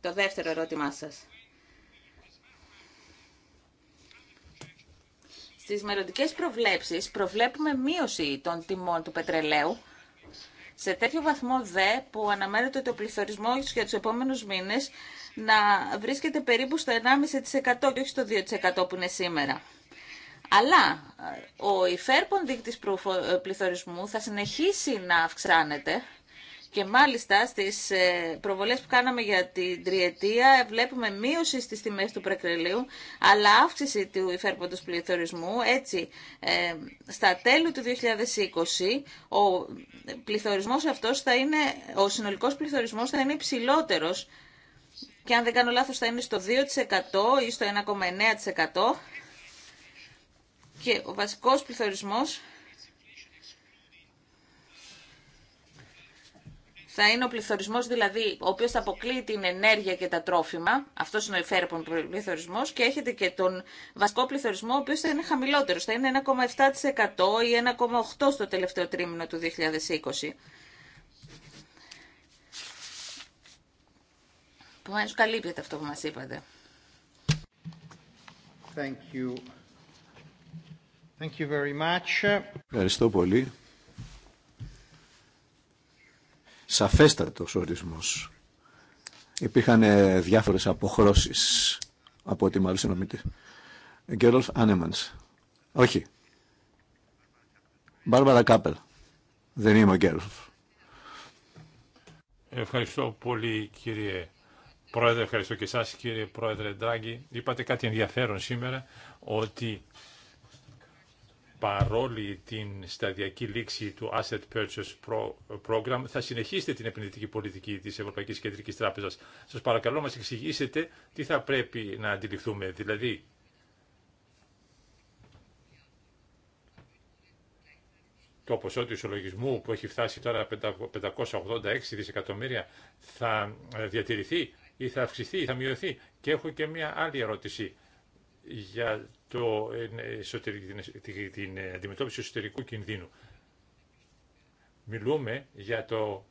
το δεύτερο ερώτημά σας. Στις μελλοντικέ προβλέψεις προβλέπουμε μείωση των τιμών του πετρελαίου σε τέτοιο βαθμό δε που αναμένεται ότι ο πληθωρισμό για του επόμενου μήνε να βρίσκεται περίπου στο 1,5% και όχι στο 2% που είναι σήμερα. Αλλά ε, ο υφέρπον δείκτης ε, πληθωρισμού θα συνεχίσει να αυξάνεται και μάλιστα στις ε, προβολές που κάναμε για την τριετία βλέπουμε μείωση στις τιμές του πρεκρελίου αλλά αύξηση του υφέρποντος πληθωρισμού. Έτσι, ε, στα τέλη του 2020 ο πληθωρισμός αυτός θα είναι, ο συνολικός πληθωρισμός θα είναι υψηλότερος και αν δεν κάνω λάθος θα είναι στο 2% ή στο 1,9% και ο βασικός πληθωρισμός Θα είναι ο πληθωρισμός δηλαδή, ο οποίος θα αποκλείει την ενέργεια και τα τρόφιμα. Αυτός είναι ο υφέρπον πληθωρισμός και έχετε και τον βασικό πληθωρισμό, ο οποίος θα είναι χαμηλότερος. Θα είναι 1,7% ή 1,8% στο τελευταίο τρίμηνο του 2020. Επομένως καλύπτεται αυτό που μας είπατε. Thank you. Thank you very much. Ευχαριστώ πολύ σαφέστατος ορισμός. Υπήρχαν ε, διάφορες αποχρώσεις από ό,τι μάλλον συνομιτή. Γκέρολφ Άνεμανς. Όχι. Μπάρμπαρα Κάπελ. Δεν είμαι ο Ευχαριστώ πολύ κύριε Πρόεδρε, ευχαριστώ και εσάς κύριε Πρόεδρε Ντράγκη. Είπατε κάτι ενδιαφέρον σήμερα, ότι παρόλη την σταδιακή λήξη του Asset Purchase Program, θα συνεχίσετε την επενδυτική πολιτική της Ευρωπαϊκής Κεντρικής Τράπεζας. Σας παρακαλώ μας εξηγήσετε τι θα πρέπει να αντιληφθούμε. Δηλαδή, το ποσό του ισολογισμού που έχει φτάσει τώρα 586 δισεκατομμύρια θα ε, διατηρηθεί ή θα αυξηθεί ή θα μειωθεί. Και έχω και μια άλλη ερώτηση για το, ε, ε, την, ε, την αντιμετώπιση εσωτερικού κινδύνου. Μιλούμε για το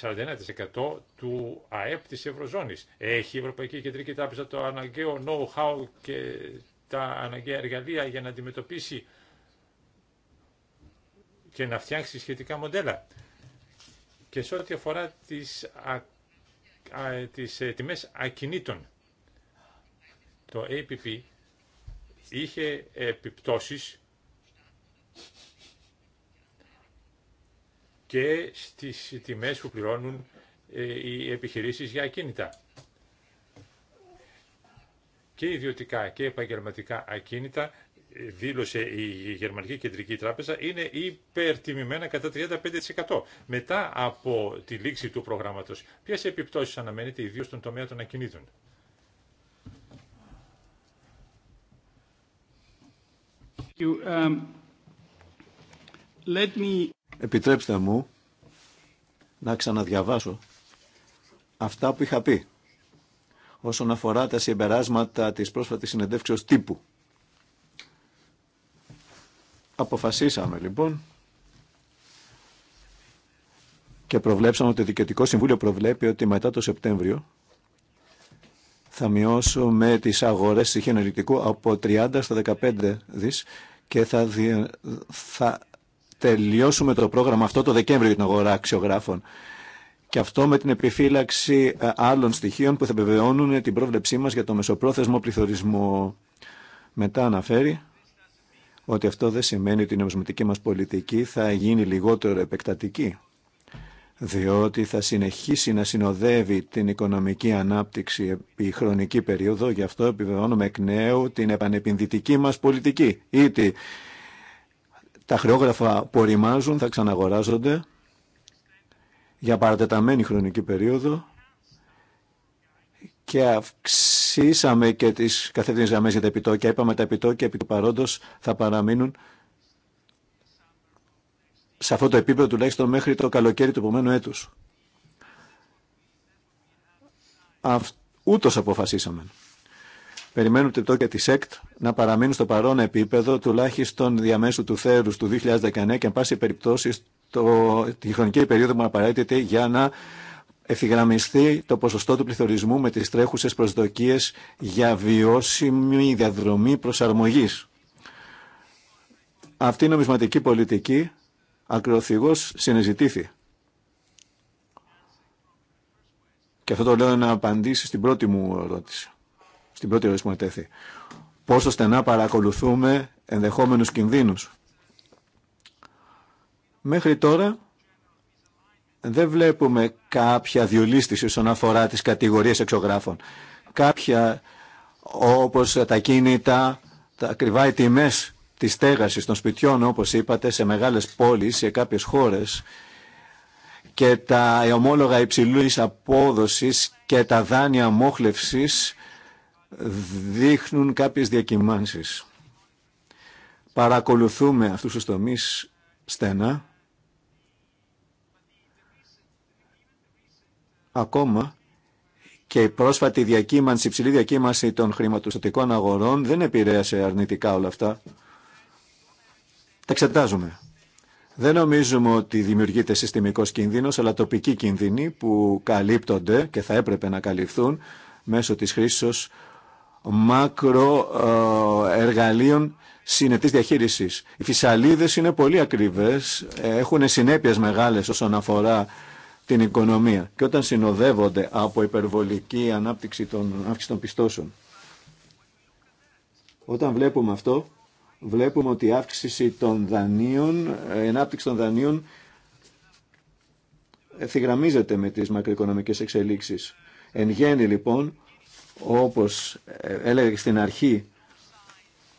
41% του ΑΕΠ της Ευρωζώνης. Έχει η Ευρωπαϊκή Κεντρική Τράπεζα το αναγκαίο know-how και τα αναγκαία εργαλεία για να αντιμετωπίσει και να φτιάξει σχετικά μοντέλα. Και σε ό,τι αφορά τις, α, τις τιμές ακινήτων, το APP είχε επιπτώσεις και στις τιμές που πληρώνουν ε, οι επιχειρήσεις για ακίνητα. Και ιδιωτικά και επαγγελματικά ακίνητα, ε, δήλωσε η Γερμανική Κεντρική Τράπεζα, είναι υπερτιμημένα κατά 35% μετά από τη λήξη του προγράμματος. Ποιες επιπτώσεις αναμένεται ιδίως στον τομέα των ακινήτων. Um, Επιτρέψτε μου να ξαναδιαβάσω αυτά που είχα πει όσον αφορά τα συμπεράσματα της πρόσφατης συνεντεύξεως τύπου. Αποφασίσαμε λοιπόν και προβλέψαμε ότι το Δικαιωτικό Συμβούλιο προβλέπει ότι μετά το Σεπτέμβριο θα μειώσουμε τις αγορές στοιχείων από 30 στα 15 δις και θα, τελειώσουμε το πρόγραμμα αυτό το Δεκέμβριο για την αγορά αξιογράφων. Και αυτό με την επιφύλαξη ε, άλλων στοιχείων που θα επιβεβαιώνουν την πρόβλεψή μας για το μεσοπρόθεσμο πληθωρισμό. Μετά αναφέρει ότι αυτό δεν σημαίνει ότι η νομισματική μας πολιτική θα γίνει λιγότερο επεκτατική διότι θα συνεχίσει να συνοδεύει την οικονομική ανάπτυξη επί χρονική περίοδο, γι' αυτό επιβεβαιώνουμε εκ νέου την επανεπινδυτική μας πολιτική. Ήτι τα χρεόγραφα που οριμάζουν θα ξαναγοράζονται για παρατεταμένη χρονική περίοδο και αυξήσαμε και τις καθεύθυνες γραμμές για τα επιτόκια. Είπαμε τα επιτόκια επί του παρόντος θα παραμείνουν σε αυτό το επίπεδο τουλάχιστον μέχρι το καλοκαίρι του επόμενου έτους. Ούτω Ούτως αποφασίσαμε. Περιμένουμε το και τη ΣΕΚΤ να παραμείνουν στο παρόν επίπεδο τουλάχιστον διαμέσου του θέρους του 2019 και εν πάση περιπτώσει το... τη χρονική περίοδο που απαραίτηται για να ευθυγραμμιστεί το ποσοστό του πληθωρισμού με τις τρέχουσες προσδοκίες για βιώσιμη διαδρομή προσαρμογής. Αυτή η νομισματική πολιτική ακροθυγός συνεζητήθη. Και αυτό το λέω να απαντήσει στην πρώτη μου ερώτηση. Στην πρώτη ερώτηση που ετέθη. Πόσο στενά παρακολουθούμε ενδεχόμενους κινδύνους. Μέχρι τώρα δεν βλέπουμε κάποια διολίστηση όσον αφορά τις κατηγορίες εξωγράφων. Κάποια όπως τα κίνητα, τα οι τιμές Τη στέγασης των σπιτιών, όπως είπατε, σε μεγάλες πόλεις, σε κάποιες χώρες και τα ομόλογα υψηλού απόδοσης και τα δάνεια μόχλευσης δείχνουν κάποιες διακυμάνσεις. Παρακολουθούμε αυτούς τους τομείς στενά. Ακόμα και η πρόσφατη διακύμανση, η υψηλή διακύμανση των χρηματοστατικών αγορών δεν επηρέασε αρνητικά όλα αυτά τα εξετάζουμε. Δεν νομίζουμε ότι δημιουργείται συστημικός κίνδυνος, αλλά τοπικοί κίνδυνοι που καλύπτονται και θα έπρεπε να καλυφθούν μέσω της μακρο μακροεργαλείων ε, συνετής διαχείρισης. Οι φυσαλίδες είναι πολύ ακριβές, έχουν συνέπειες μεγάλες όσον αφορά την οικονομία και όταν συνοδεύονται από υπερβολική ανάπτυξη των αύξηση των πιστώσεων. Όταν βλέπουμε αυτό, βλέπουμε ότι η αύξηση των δανείων, ε, η ανάπτυξη των δανείων ευθυγραμμίζεται με τις μακροοικονομικές εξελίξεις. Εν γέννη λοιπόν, όπως ε, έλεγα στην αρχή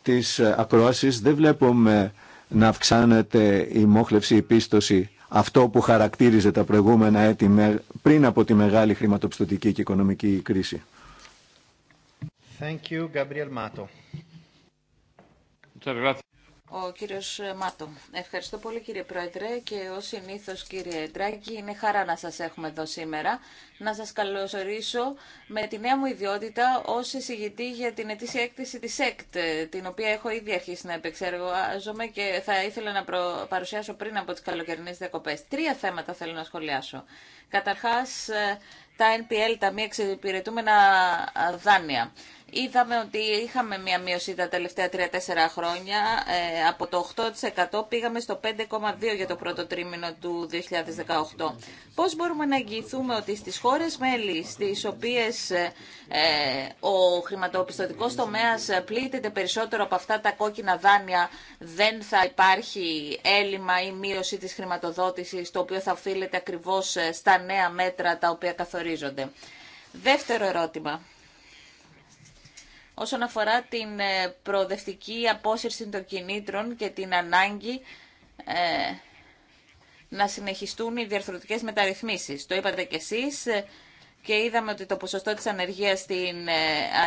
της ακρόασης, δεν βλέπουμε να αυξάνεται η μόχλευση, η πίστοση, αυτό που χαρακτήριζε τα προηγούμενα έτη πριν από τη μεγάλη χρηματοπιστωτική και οικονομική κρίση. Thank you, Gabriel Mato. Ο κύριος Μάτο. Ευχαριστώ πολύ κύριε Πρόεδρε και ως συνήθως κύριε Ντράκη είναι χαρά να σας έχουμε εδώ σήμερα. Να σας καλωσορίσω με τη νέα μου ιδιότητα ως εισηγητή για την ετήσια έκθεση της ΕΚΤ, την οποία έχω ήδη αρχίσει να επεξεργάζομαι και θα ήθελα να προ... παρουσιάσω πριν από τις καλοκαιρινές διακοπές. Τρία θέματα θέλω να σχολιάσω. Καταρχάς ε, τα NPL, τα μη εξυπηρετούμενα ε, δάνεια. Είδαμε ότι είχαμε μία μείωση τα τελευταία 3-4 χρόνια. Ε, από το 8% πήγαμε στο 5,2% για το πρώτο τρίμηνο του 2018. Πώς μπορούμε να εγγυηθούμε ότι στις χώρες μέλη, στις οποίες ε, ο χρηματοπιστωτικός τομέας πλήττεται περισσότερο από αυτά τα κόκκινα δάνεια, δεν θα υπάρχει έλλειμμα ή μείωση της χρηματοδότησης, το οποίο θα οφείλεται ακριβώς ε, στα νέα μέτρα τα οποία καθορίζονται. Δεύτερο ερώτημα όσον αφορά την ε, προοδευτική απόσυρση των κινήτρων και την ανάγκη ε, να συνεχιστούν οι διαρθρωτικές μεταρρυθμίσεις. Το είπατε κι εσείς ε, και είδαμε ότι το ποσοστό της ανεργίας στην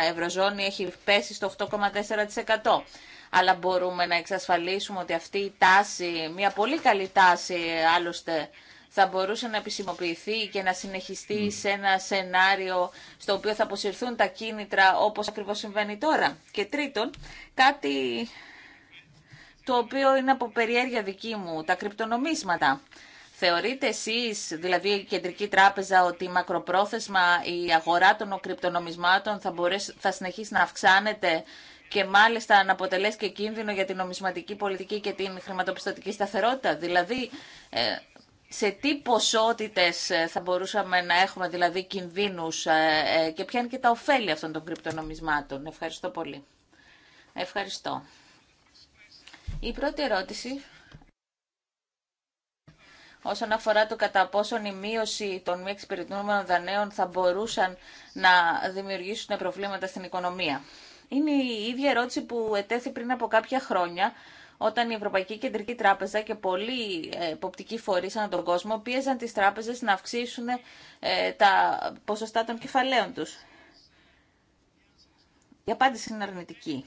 Ευρωζώνη έχει πέσει στο 8,4%. Αλλά μπορούμε να εξασφαλίσουμε ότι αυτή η τάση, μια πολύ καλή τάση άλλωστε, θα μπορούσε να επισημοποιηθεί και να συνεχιστεί σε ένα σενάριο στο οποίο θα αποσυρθούν τα κίνητρα όπως ακριβώς συμβαίνει τώρα. Και τρίτον, κάτι το οποίο είναι από περιέργεια δική μου, τα κρυπτονομίσματα. Θεωρείτε εσείς, δηλαδή η Κεντρική Τράπεζα, ότι μακροπρόθεσμα η αγορά των κρυπτονομισμάτων θα, μπορέσει, θα συνεχίσει να αυξάνεται και μάλιστα να αποτελέσει και κίνδυνο για την νομισματική πολιτική και την χρηματοπιστωτική σταθερότητα. Δηλαδή, ε, σε τι ποσότητες ε, θα μπορούσαμε να έχουμε δηλαδή κινδύνους ε, ε, και ποια είναι και τα ωφέλη αυτών των κρυπτονομισμάτων. Ευχαριστώ πολύ. Ευχαριστώ. Η πρώτη ερώτηση όσον αφορά το κατά πόσον η μείωση των μη εξυπηρετούμενων δανέων θα μπορούσαν να δημιουργήσουν προβλήματα στην οικονομία. Είναι η ίδια ερώτηση που ετέθη πριν από κάποια χρόνια όταν η Ευρωπαϊκή Κεντρική Τράπεζα και πολλοί ε, εποπτικοί φορεί ανά τον κόσμο πίεζαν τι τράπεζε να αυξήσουν ε, τα ποσοστά των κεφαλαίων του. Η απάντηση είναι αρνητική.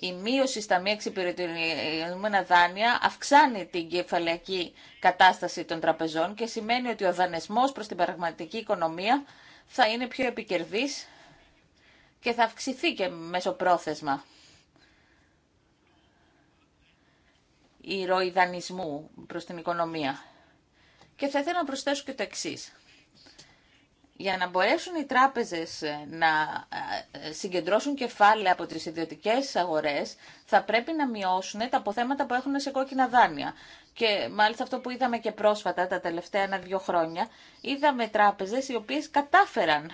Η μείωση στα μη εξυπηρετούμενα δάνεια αυξάνει την κεφαλαϊκή κατάσταση των τραπεζών και σημαίνει ότι ο δανεισμό προς την πραγματική οικονομία θα είναι πιο επικερδής και θα αυξηθεί και μέσω πρόθεσμα. η προς την οικονομία. Και θα ήθελα να προσθέσω και το εξή. Για να μπορέσουν οι τράπεζες να ε, ε, συγκεντρώσουν κεφάλαια από τις ιδιωτικές αγορές, θα πρέπει να μειώσουν τα αποθέματα που έχουν σε κόκκινα δάνεια. Και μάλιστα αυτό που είδαμε και πρόσφατα τα τελευταία ένα-δύο χρόνια, είδαμε τράπεζες οι οποίες κατάφεραν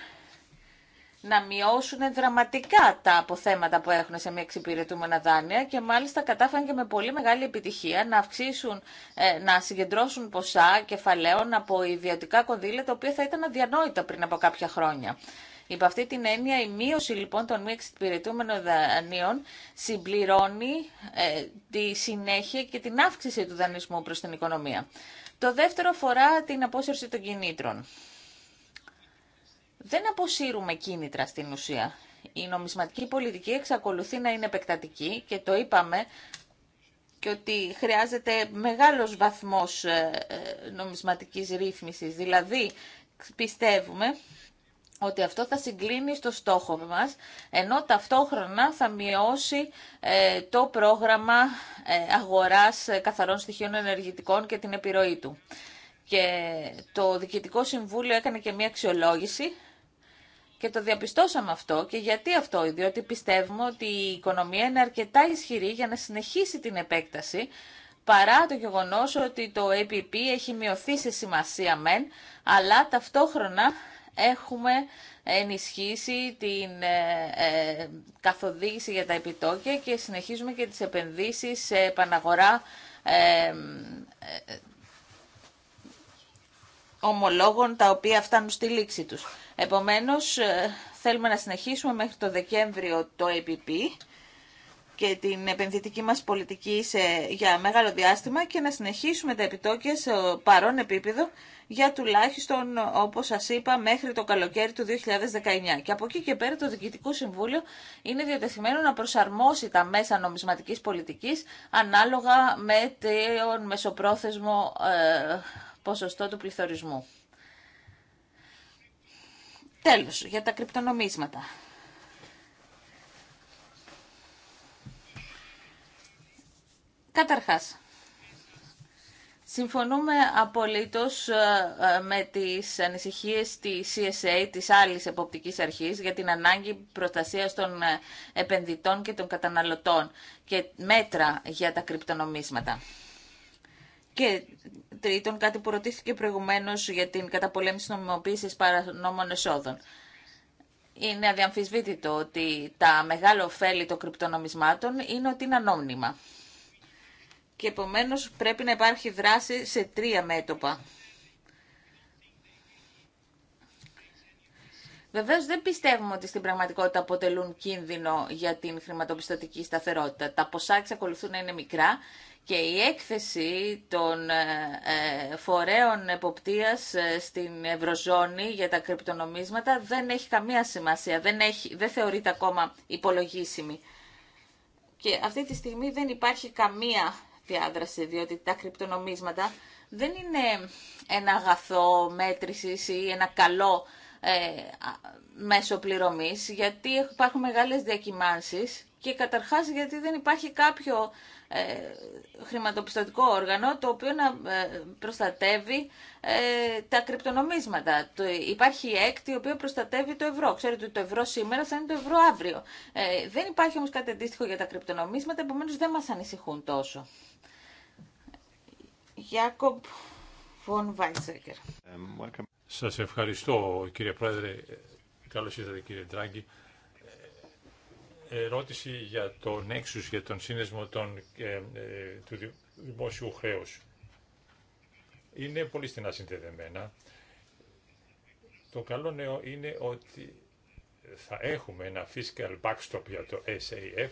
να μειώσουν δραματικά τα αποθέματα που έχουν σε μη εξυπηρετούμενα δάνεια και μάλιστα κατάφεραν και με πολύ μεγάλη επιτυχία να αυξήσουν, ε, να συγκεντρώσουν ποσά κεφαλαίων από ιδιωτικά κονδύλια τα οποία θα ήταν αδιανόητα πριν από κάποια χρόνια. Υπ' αυτή την έννοια η μείωση λοιπόν των μη εξυπηρετούμενων δανείων συμπληρώνει ε, τη συνέχεια και την αύξηση του δανεισμού προς την οικονομία. Το δεύτερο φορά την απόσυρση των κινήτρων δεν αποσύρουμε κίνητρα στην ουσία. Η νομισματική πολιτική εξακολουθεί να είναι επεκτατική και το είπαμε και ότι χρειάζεται μεγάλος βαθμός ε, ε, νομισματικής ρύθμισης. Δηλαδή, πιστεύουμε ότι αυτό θα συγκλίνει στο στόχο μας, ενώ ταυτόχρονα θα μειώσει ε, το πρόγραμμα ε, αγοράς καθαρών στοιχείων ενεργητικών και την επιρροή του. Και το Διοικητικό Συμβούλιο έκανε και μία αξιολόγηση και το διαπιστώσαμε αυτό και γιατί αυτό, διότι πιστεύουμε ότι η οικονομία είναι αρκετά ισχυρή για να συνεχίσει την επέκταση, παρά το γεγονός ότι το ΕΠΠ έχει μειωθεί σε σημασία μεν, αλλά ταυτόχρονα έχουμε ενισχύσει την ε, ε, καθοδήγηση για τα επιτόκια και συνεχίζουμε και τις επενδύσεις σε επαναγορά ε, ομολόγων τα οποία φτάνουν στη λήξη τους. Επομένως, ε, θέλουμε να συνεχίσουμε μέχρι το Δεκέμβριο το ΕΠΠ και την επενδυτική μας πολιτική για μεγάλο διάστημα και να συνεχίσουμε τα επιτόκια σε παρόν επίπεδο για τουλάχιστον, όπως σας είπα, μέχρι το καλοκαίρι του 2019. Και από εκεί και πέρα το Διοικητικό Συμβούλιο είναι διατεθειμένο να προσαρμόσει τα μέσα νομισματικής πολιτικής ανάλογα με το μεσοπρόθεσμο ε, ποσοστό του πληθωρισμού. Τέλος, για τα κρυπτονομίσματα. Καταρχάς, συμφωνούμε απολύτως ε, ε, με τις ανησυχίες της CSA, της άλλης εποπτικής αρχής, για την ανάγκη προστασίας των ε, επενδυτών και των καταναλωτών και μέτρα για τα κρυπτονομίσματα. Και τρίτον, κάτι που ρωτήθηκε προηγουμένως για την καταπολέμηση νομιμοποίηση παρανόμων εσόδων. Είναι αδιαμφισβήτητο ότι τα μεγάλα ωφέλη των κρυπτονομισμάτων είναι ότι είναι ανώνυμα. Και επομένως πρέπει να υπάρχει δράση σε τρία μέτωπα. Βεβαίω δεν πιστεύουμε ότι στην πραγματικότητα αποτελούν κίνδυνο για την χρηματοπιστωτική σταθερότητα. Τα ποσά εξακολουθούν να είναι μικρά και η έκθεση των ε, ε, φορέων εποπτείας ε, στην Ευρωζώνη για τα κρυπτονομίσματα δεν έχει καμία σημασία, δεν, έχει, δεν θεωρείται ακόμα υπολογίσιμη. Και αυτή τη στιγμή δεν υπάρχει καμία διάδραση, διότι τα κρυπτονομίσματα δεν είναι ένα αγαθό μέτρησης ή ένα καλό ε, μέσω πληρωμής, γιατί υπάρχουν μεγάλες διακυμάνσεις και καταρχάς γιατί δεν υπάρχει κάποιο ε, χρηματοπιστωτικό όργανο το οποίο να ε, προστατεύει ε, τα κρυπτονομίσματα. υπάρχει η έκτη, η οποία προστατεύει το ευρώ. Ξέρετε ότι το ευρώ σήμερα θα είναι το ευρώ αύριο. δεν υπάρχει όμως κάτι αντίστοιχο για τα κρυπτονομίσματα, επομένως δεν μας ανησυχούν τόσο. Jakob von Weizsäcker. Σας ευχαριστώ κύριε Πρόεδρε. Καλώς ήρθατε κύριε Ντράγκη. Ε, ερώτηση για το Nexus, για τον σύνδεσμο των, ε, ε, του δημόσιου χρέους. Είναι πολύ στενά συνδεδεμένα. Το καλό νέο είναι ότι θα έχουμε ένα fiscal backstop για το SAF.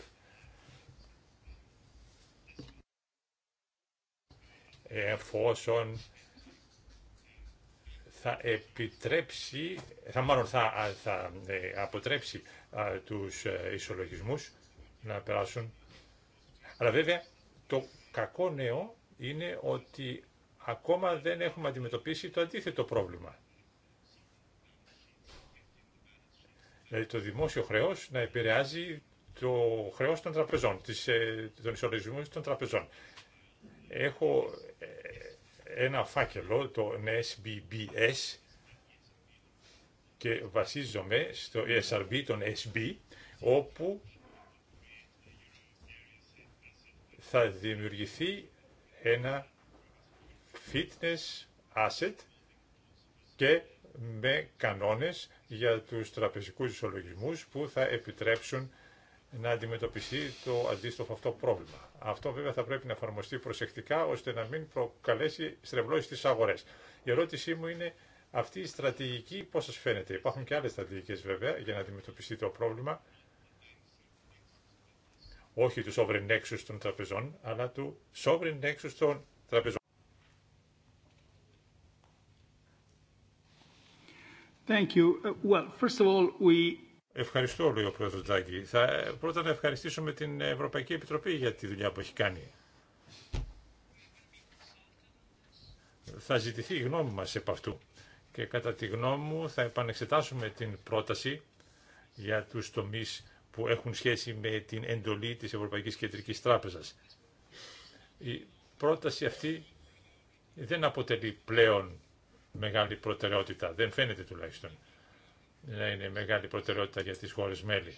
Εφόσον θα επιτρέψει, θα μάλλον θα, ε, αποτρέψει α, τους ε, ισολογισμούς να περάσουν. Αλλά βέβαια το κακό νέο είναι ότι ακόμα δεν έχουμε αντιμετωπίσει το αντίθετο πρόβλημα. Δηλαδή το δημόσιο χρέος να επηρεάζει το χρέος των τραπεζών, τις, ε, των των τραπεζών. Έχω ένα φάκελο, το NSBBS, και βασίζομαι στο SRB, τον SB, όπου θα δημιουργηθεί ένα fitness asset και με κανόνες για τους τραπεζικούς ισολογισμούς που θα επιτρέψουν να αντιμετωπιστεί το αντίστοιχο αυτό πρόβλημα. Αυτό βέβαια θα πρέπει να εφαρμοστεί προσεκτικά ώστε να μην προκαλέσει στρεβλώσει στι αγορές. Η ερώτησή μου είναι αυτή η στρατηγική πώς σα φαίνεται. Υπάρχουν και άλλες στρατηγικές βέβαια για να αντιμετωπιστεί το πρόβλημα. Όχι του sovereign nexus των τραπεζών, αλλά του sovereign nexus των τραπεζών. Thank you. Uh, well, first of all, we Ευχαριστώ, λέει ο πρόεδρο Τζάκη. Θα ε, πρώτα να ευχαριστήσουμε την Ευρωπαϊκή Επιτροπή για τη δουλειά που έχει κάνει. Θα ζητηθεί η γνώμη μας επ' αυτού και κατά τη γνώμη μου θα επανεξετάσουμε την πρόταση για τους τομείς που έχουν σχέση με την εντολή της Ευρωπαϊκής Κεντρικής Τράπεζας. Η πρόταση αυτή δεν αποτελεί πλέον μεγάλη προτεραιότητα, δεν φαίνεται τουλάχιστον να είναι μεγάλη προτεραιότητα για τις χώρες μέλη.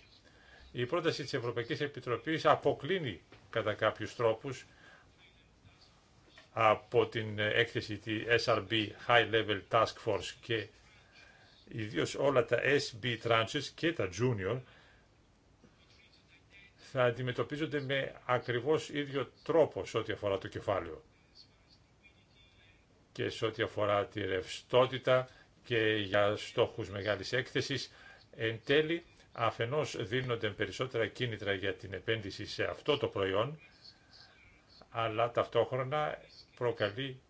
Η πρόταση της Ευρωπαϊκής Επιτροπής αποκλίνει κατά κάποιους τρόπους από την έκθεση τη SRB High Level Task Force και ιδίως όλα τα SB tranches και τα junior θα αντιμετωπίζονται με ακριβώς ίδιο τρόπο σε ό,τι αφορά το κεφάλαιο και σε ό,τι αφορά τη ρευστότητα και για στόχους μεγάλης έκθεσης. Εν τέλει, αφενός δίνονται περισσότερα κίνητρα για την επένδυση σε αυτό το προϊόν, αλλά ταυτόχρονα προκαλεί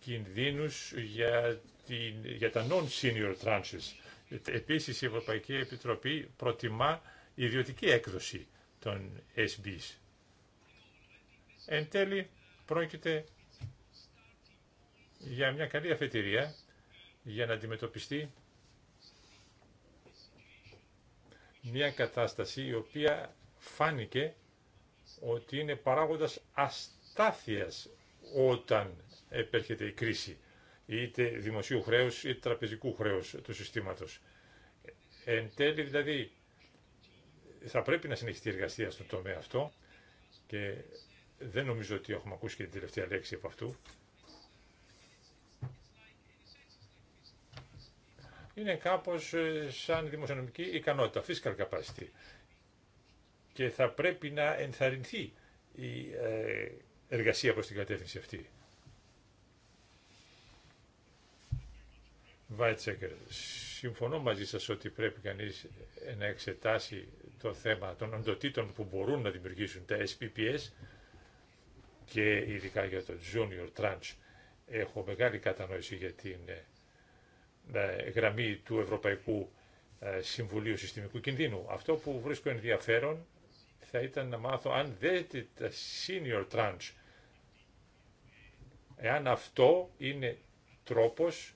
κινδύνους για, την, για τα non-senior tranches. Επίσης, η Ευρωπαϊκή Επιτροπή προτιμά ιδιωτική έκδοση των SBs. Εν τέλει, πρόκειται για μια καλή αφετηρία για να αντιμετωπιστεί μια κατάσταση η οποία φάνηκε ότι είναι παράγοντας αστάθειας όταν επέρχεται η κρίση είτε δημοσίου χρέους είτε τραπεζικού χρέους του συστήματος. Εν τέλει δηλαδή θα πρέπει να συνεχιστεί η εργασία στον τομέα αυτό και δεν νομίζω ότι έχουμε ακούσει και την τελευταία λέξη από αυτού. είναι κάπως ε, σαν δημοσιονομική ικανότητα, fiscal capacity. Και θα πρέπει να ενθαρρυνθεί η ε, εργασία προς την κατεύθυνση αυτή. Βάιτσεκερ, συμφωνώ μαζί σας ότι πρέπει κανείς να εξετάσει το θέμα των αντοτήτων που μπορούν να δημιουργήσουν τα SPPS και ειδικά για το Junior Tranche. Έχω μεγάλη κατανόηση για την ε, γραμμή του Ευρωπαϊκού ε, Συμβουλίου Συστημικού Κινδύνου. Αυτό που βρίσκω ενδιαφέρον θα ήταν να μάθω αν δέτε τα senior tranche, εάν αυτό είναι τρόπος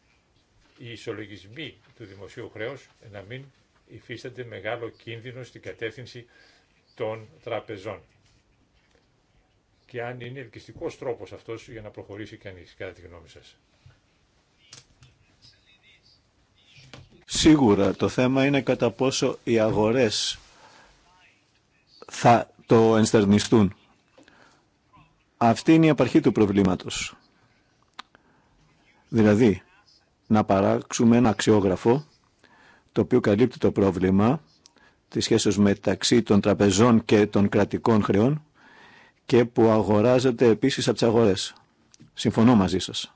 οι ισολογισμοί του δημοσίου χρέους να μην υφίστανται μεγάλο κίνδυνο στην κατεύθυνση των τραπεζών. Και αν είναι ελκυστικός τρόπος αυτός για να προχωρήσει κανείς, κατά τη γνώμη σας. Σίγουρα το θέμα είναι κατά πόσο οι αγορές θα το ενστερνιστούν. Αυτή είναι η απαρχή του προβλήματος. Δηλαδή, να παράξουμε ένα αξιόγραφο το οποίο καλύπτει το πρόβλημα της σχέσης μεταξύ των τραπεζών και των κρατικών χρεών και που αγοράζεται επίσης από τις αγορές. Συμφωνώ μαζί σας.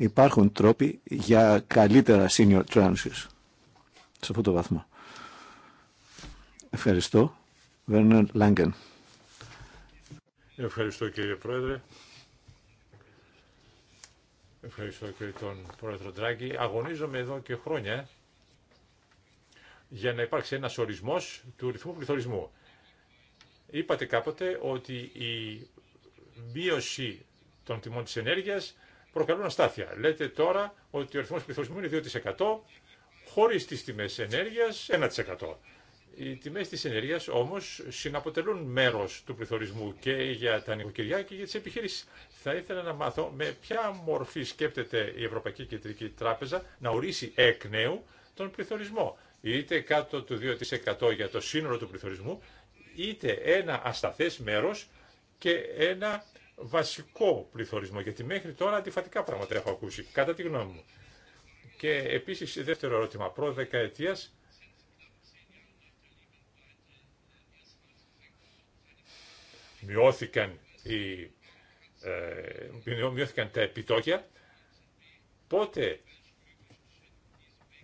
Υπάρχουν τρόποι για καλύτερα senior transfers σε αυτό το βαθμό. Ευχαριστώ. Βέρνερ Λάγκεν. Ευχαριστώ κύριε Πρόεδρε. Ευχαριστώ και τον Πρόεδρο Ντράγκη. Αγωνίζομαι εδώ και χρόνια για να υπάρξει ένας ορισμός του ρυθμού πληθωρισμού. Είπατε κάποτε ότι η μείωση των τιμών της ενέργειας προκαλούν αστάθεια. Λέτε τώρα ότι ο αριθμός πληθωρισμού είναι 2% χωρίς τις τιμές ενέργειας 1%. Οι τιμές της ενέργειας όμως συναποτελούν μέρος του πληθωρισμού και για τα νοικοκυριά και για τις επιχειρήσεις. Θα ήθελα να μάθω με ποια μορφή σκέπτεται η Ευρωπαϊκή Κεντρική Τράπεζα να ορίσει εκ νέου τον πληθωρισμό. Είτε κάτω του 2% για το σύνολο του πληθωρισμού, είτε ένα ασταθές μέρος και ένα βασικό πληθωρισμό, γιατί μέχρι τώρα αντιφατικά πράγματα έχω ακούσει, κατά τη γνώμη μου. Και επίσης, δεύτερο ερώτημα, προ δεκαετίας, μειώθηκαν, οι, ε, μειώθηκαν τα επιτόκια, πότε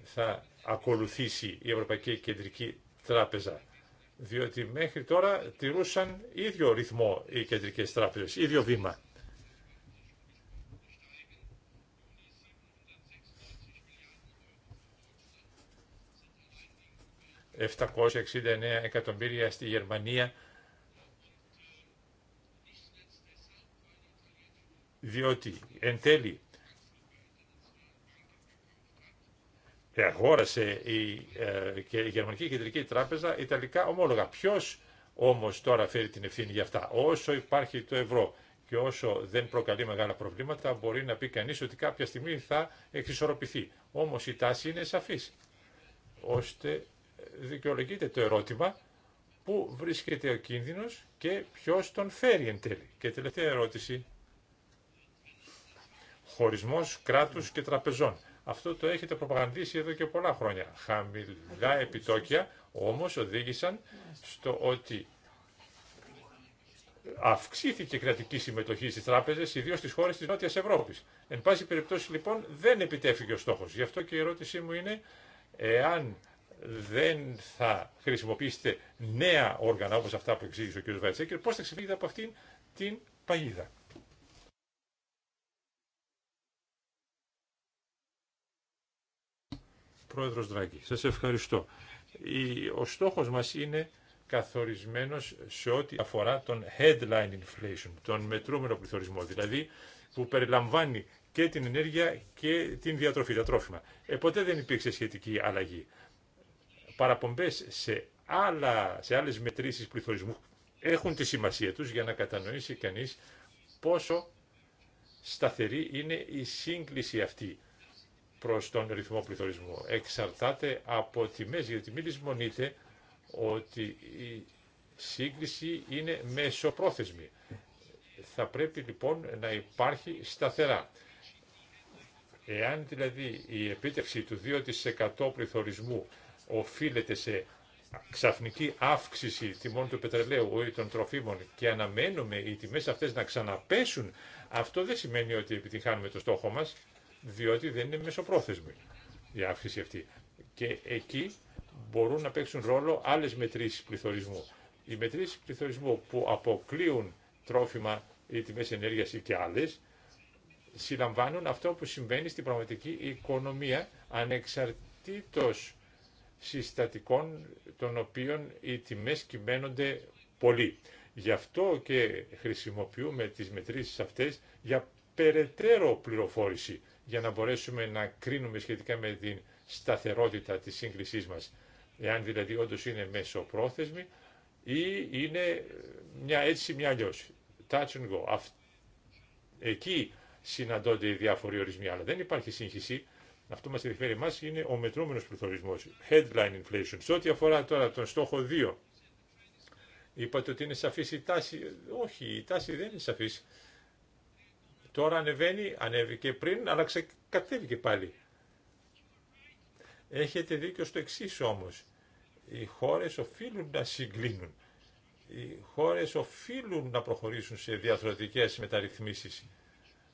θα ακολουθήσει η Ευρωπαϊκή Κεντρική Τράπεζα διότι μέχρι τώρα τηρούσαν ίδιο ρυθμό οι κεντρικές τράπεζες, ίδιο βήμα. ...769 εκατομμύρια στη Γερμανία... ...διότι εν τέλει αγόρασε η, ε, Γερμανική Κεντρική Τράπεζα ιταλικά ομόλογα. Ποιο όμω τώρα φέρει την ευθύνη για αυτά. Όσο υπάρχει το ευρώ και όσο δεν προκαλεί μεγάλα προβλήματα, μπορεί να πει κανεί ότι κάποια στιγμή θα εξισορροπηθεί. Όμω η τάση είναι σαφή. ώστε δικαιολογείται το ερώτημα πού βρίσκεται ο κίνδυνο και ποιο τον φέρει εν τέλει. Και τελευταία ερώτηση. Χωρισμός κράτους και τραπεζών. Αυτό το έχετε προπαγανδίσει εδώ και πολλά χρόνια. Χαμηλά επιτόκια όμως οδήγησαν στο ότι αυξήθηκε η κρατική συμμετοχή στις τράπεζες, ιδίως στις χώρες της Νότιας Ευρώπης. Εν πάση περιπτώσει λοιπόν δεν επιτεύχθηκε ο στόχος. Γι' αυτό και η ερώτησή μου είναι εάν δεν θα χρησιμοποιήσετε νέα όργανα όπως αυτά που εξήγησε ο κ. Βαϊτσέκερ, πώς θα ξεφύγετε από αυτήν την παγίδα. Πρόεδρος Δράκη. Σας ευχαριστώ. Ο στόχος μας είναι καθορισμένος σε ό,τι αφορά τον headline inflation, τον μετρούμενο πληθωρισμό, δηλαδή που περιλαμβάνει και την ενέργεια και την διατροφή, τα τρόφιμα. Εποτέ δεν υπήρξε σχετική αλλαγή. Παραπομπές σε, άλλα, σε άλλες μετρήσεις πληθωρισμού έχουν τη σημασία τους για να κατανοήσει κανείς πόσο σταθερή είναι η σύγκληση αυτή προς τον ρυθμό πληθωρισμού. Εξαρτάται από τιμές, γιατί μην λησμονείτε ότι η σύγκριση είναι μεσοπρόθεσμη. Θα πρέπει λοιπόν να υπάρχει σταθερά. Εάν δηλαδή η επίτευξη του 2% πληθωρισμού οφείλεται σε ξαφνική αύξηση τιμών του πετρελαίου ή των τροφίμων και αναμένουμε οι τιμές αυτές να ξαναπέσουν, αυτό δεν σημαίνει ότι επιτυχάνουμε το στόχο μας διότι δεν είναι μεσοπρόθεσμη η αύξηση αυτή. Και εκεί μπορούν να παίξουν ρόλο άλλες μετρήσεις πληθωρισμού. Οι μετρήσεις πληθωρισμού που αποκλείουν τρόφιμα ή τιμές ενέργειας ή και άλλες, συλλαμβάνουν αυτό που συμβαίνει στην πραγματική οικονομία, ανεξαρτήτως συστατικών των οποίων οι τιμές κυμαίνονται πολύ. Γι' αυτό και χρησιμοποιούμε τις μετρήσεις αυτές για περαιτέρω πληροφόρηση για να μπορέσουμε να κρίνουμε σχετικά με την σταθερότητα της σύγκρισής μας. Εάν δηλαδή όντως είναι μεσοπρόθεσμη ή είναι μια έτσι μια αλλιώ. Touch and go. Εκεί συναντώνται οι διάφοροι ορισμοί, αλλά δεν υπάρχει σύγχυση. Αυτό μας ενδιαφέρει εμά είναι ο μετρούμενος πληθωρισμός, headline inflation. Σε ό,τι αφορά τώρα τον στόχο 2, είπατε ότι είναι σαφής η τάση. Όχι, η τάση δεν είναι σαφής. Τώρα ανεβαίνει, ανέβηκε πριν, αλλά ξεκατέβηκε πάλι. Έχετε δίκιο στο εξή όμως. Οι χώρες οφείλουν να συγκλίνουν. Οι χώρες οφείλουν να προχωρήσουν σε διαθροτικές μεταρρυθμίσεις.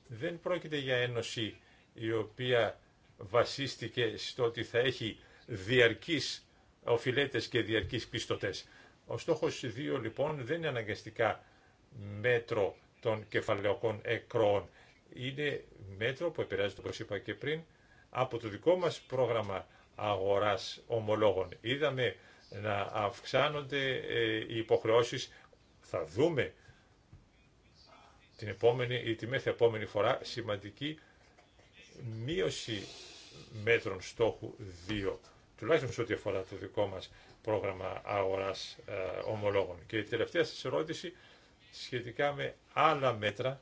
Δεν πρόκειται για ένωση η οποία βασίστηκε στο ότι θα έχει διαρκείς οφειλέτες και διαρκείς πίστοτες. Ο στόχος 2 λοιπόν δεν είναι αναγκαστικά μέτρο των κεφαλαιοκών εκρόων. Είναι μέτρο που επηρεάζεται, όπως είπα και πριν, από το δικό μας πρόγραμμα αγοράς ομολόγων. Είδαμε να αυξάνονται ε, οι υποχρεώσεις. Θα δούμε την επόμενη ή τη μέθη επόμενη φορά σημαντική μείωση μέτρων στόχου 2, τουλάχιστον σε ό,τι αφορά το δικό μας πρόγραμμα αγοράς ε, ομολόγων. Και η τελευταία σας ερώτηση σχετικά με άλλα μέτρα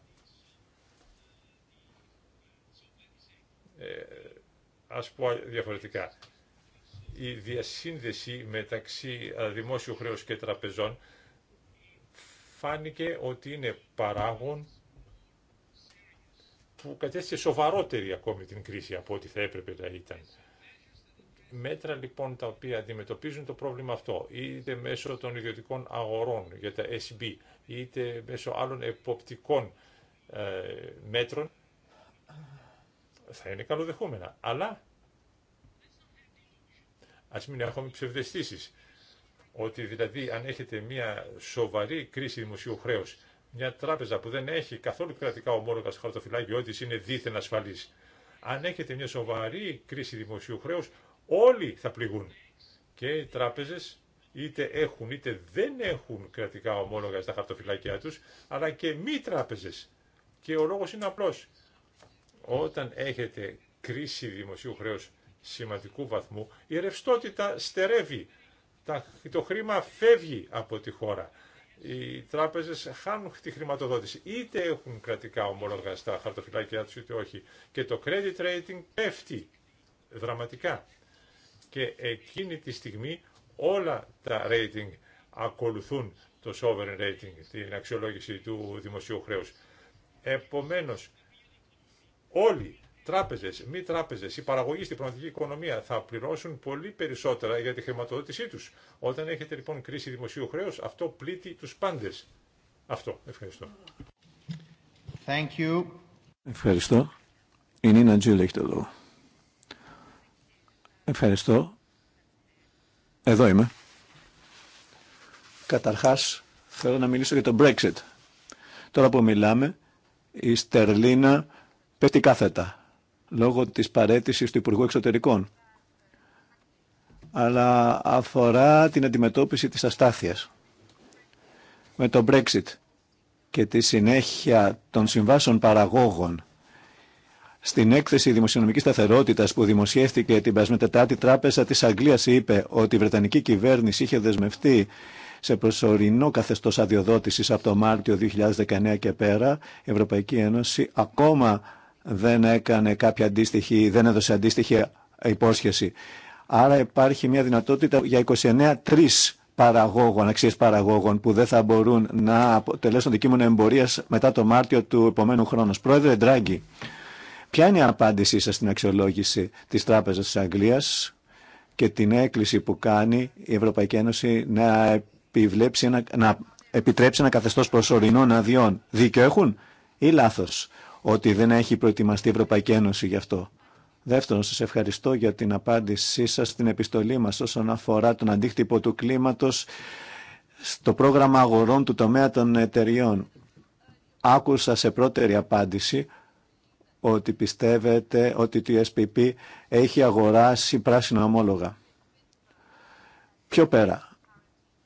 ε, ας πω διαφορετικά η διασύνδεση μεταξύ δημόσιου χρέους και τραπεζών φάνηκε ότι είναι παράγον που κατέστησε σοβαρότερη ακόμη την κρίση από ό,τι θα έπρεπε να ήταν. Μέτρα λοιπόν τα οποία αντιμετωπίζουν το πρόβλημα αυτό, είτε μέσω των ιδιωτικών αγορών για τα SB, είτε μέσω άλλων εποπτικών ε, μέτρων, θα είναι καλοδεχούμενα. Αλλά ας μην έχουμε ψευδεστήσεις, ότι δηλαδή αν έχετε μια σοβαρή κρίση δημοσίου χρέους, μια τράπεζα που δεν έχει καθόλου κρατικά ομόλογα στο χαρτοφυλάκιό ό,τι είναι δίθεν ασφαλής. Αν έχετε μια σοβαρή κρίση δημοσίου χρέους, Όλοι θα πληγούν. Και οι τράπεζες είτε έχουν είτε δεν έχουν κρατικά ομόλογα στα χαρτοφυλάκια τους, αλλά και μη τράπεζες. Και ο λόγος είναι απλός. Όταν έχετε κρίση δημοσίου χρέους σημαντικού βαθμού, η ρευστότητα στερεύει. Το χρήμα φεύγει από τη χώρα. Οι τράπεζες χάνουν τη χρηματοδότηση. Είτε έχουν κρατικά ομόλογα στα χαρτοφυλάκια του είτε όχι. Και το credit rating πέφτει δραματικά και εκείνη τη στιγμή όλα τα rating ακολουθούν το sovereign rating, την αξιολόγηση του δημοσίου χρέους. Επομένως, όλοι, τράπεζες, μη τράπεζες, οι παραγωγοί στην πραγματική οικονομία θα πληρώσουν πολύ περισσότερα για τη χρηματοδότησή τους. Όταν έχετε λοιπόν κρίση δημοσίου χρέους, αυτό πλήττει τους πάντες. Αυτό. Ευχαριστώ. Thank you. Ευχαριστώ. Η Νίνα Τζίλ λόγο. Ευχαριστώ. Εδώ είμαι. Καταρχάς, θέλω να μιλήσω για το Brexit. Τώρα που μιλάμε, η Στερλίνα πέφτει κάθετα, λόγω της παρέτησης του Υπουργού Εξωτερικών. Αλλά αφορά την αντιμετώπιση της αστάθειας. Με το Brexit και τη συνέχεια των συμβάσεων παραγόγων στην έκθεση δημοσιονομική σταθερότητα που δημοσιεύτηκε την περασμένη Τετάρτη, Τράπεζα τη Αγγλία είπε ότι η Βρετανική κυβέρνηση είχε δεσμευτεί σε προσωρινό καθεστώ αδειοδότηση από το Μάρτιο 2019 και πέρα. Η Ευρωπαϊκή Ένωση ακόμα δεν έκανε κάποια αντίστοιχη, δεν έδωσε αντίστοιχη υπόσχεση. Άρα υπάρχει μια δυνατότητα για 29 3 παραγόγων, αξίες παραγόγων που δεν θα μπορούν να αποτελέσουν αντικείμενο εμπορίας μετά το Μάρτιο του επόμενου χρόνου. Πρόεδρε Ντράγκη, Ποια είναι η απάντησή σας στην αξιολόγηση της Τράπεζας της Αγγλίας και την έκκληση που κάνει η Ευρωπαϊκή Ένωση να, επιβλέψει να επιτρέψει ένα καθεστώς προσωρινών αδειών. Δίκιο έχουν ή λάθος ότι δεν έχει προετοιμαστεί η Ευρωπαϊκή Ένωση γι' αυτό. Δεύτερον, σας ευχαριστώ για την απάντησή σας στην επιστολή μας όσον αφορά τον αντίκτυπο του κλίματος στο πρόγραμμα αγορών του τομέα των εταιριών. Άκουσα σε πρώτερη απάντηση ότι πιστεύετε ότι το SPP έχει αγοράσει πράσινα ομόλογα. Πιο πέρα,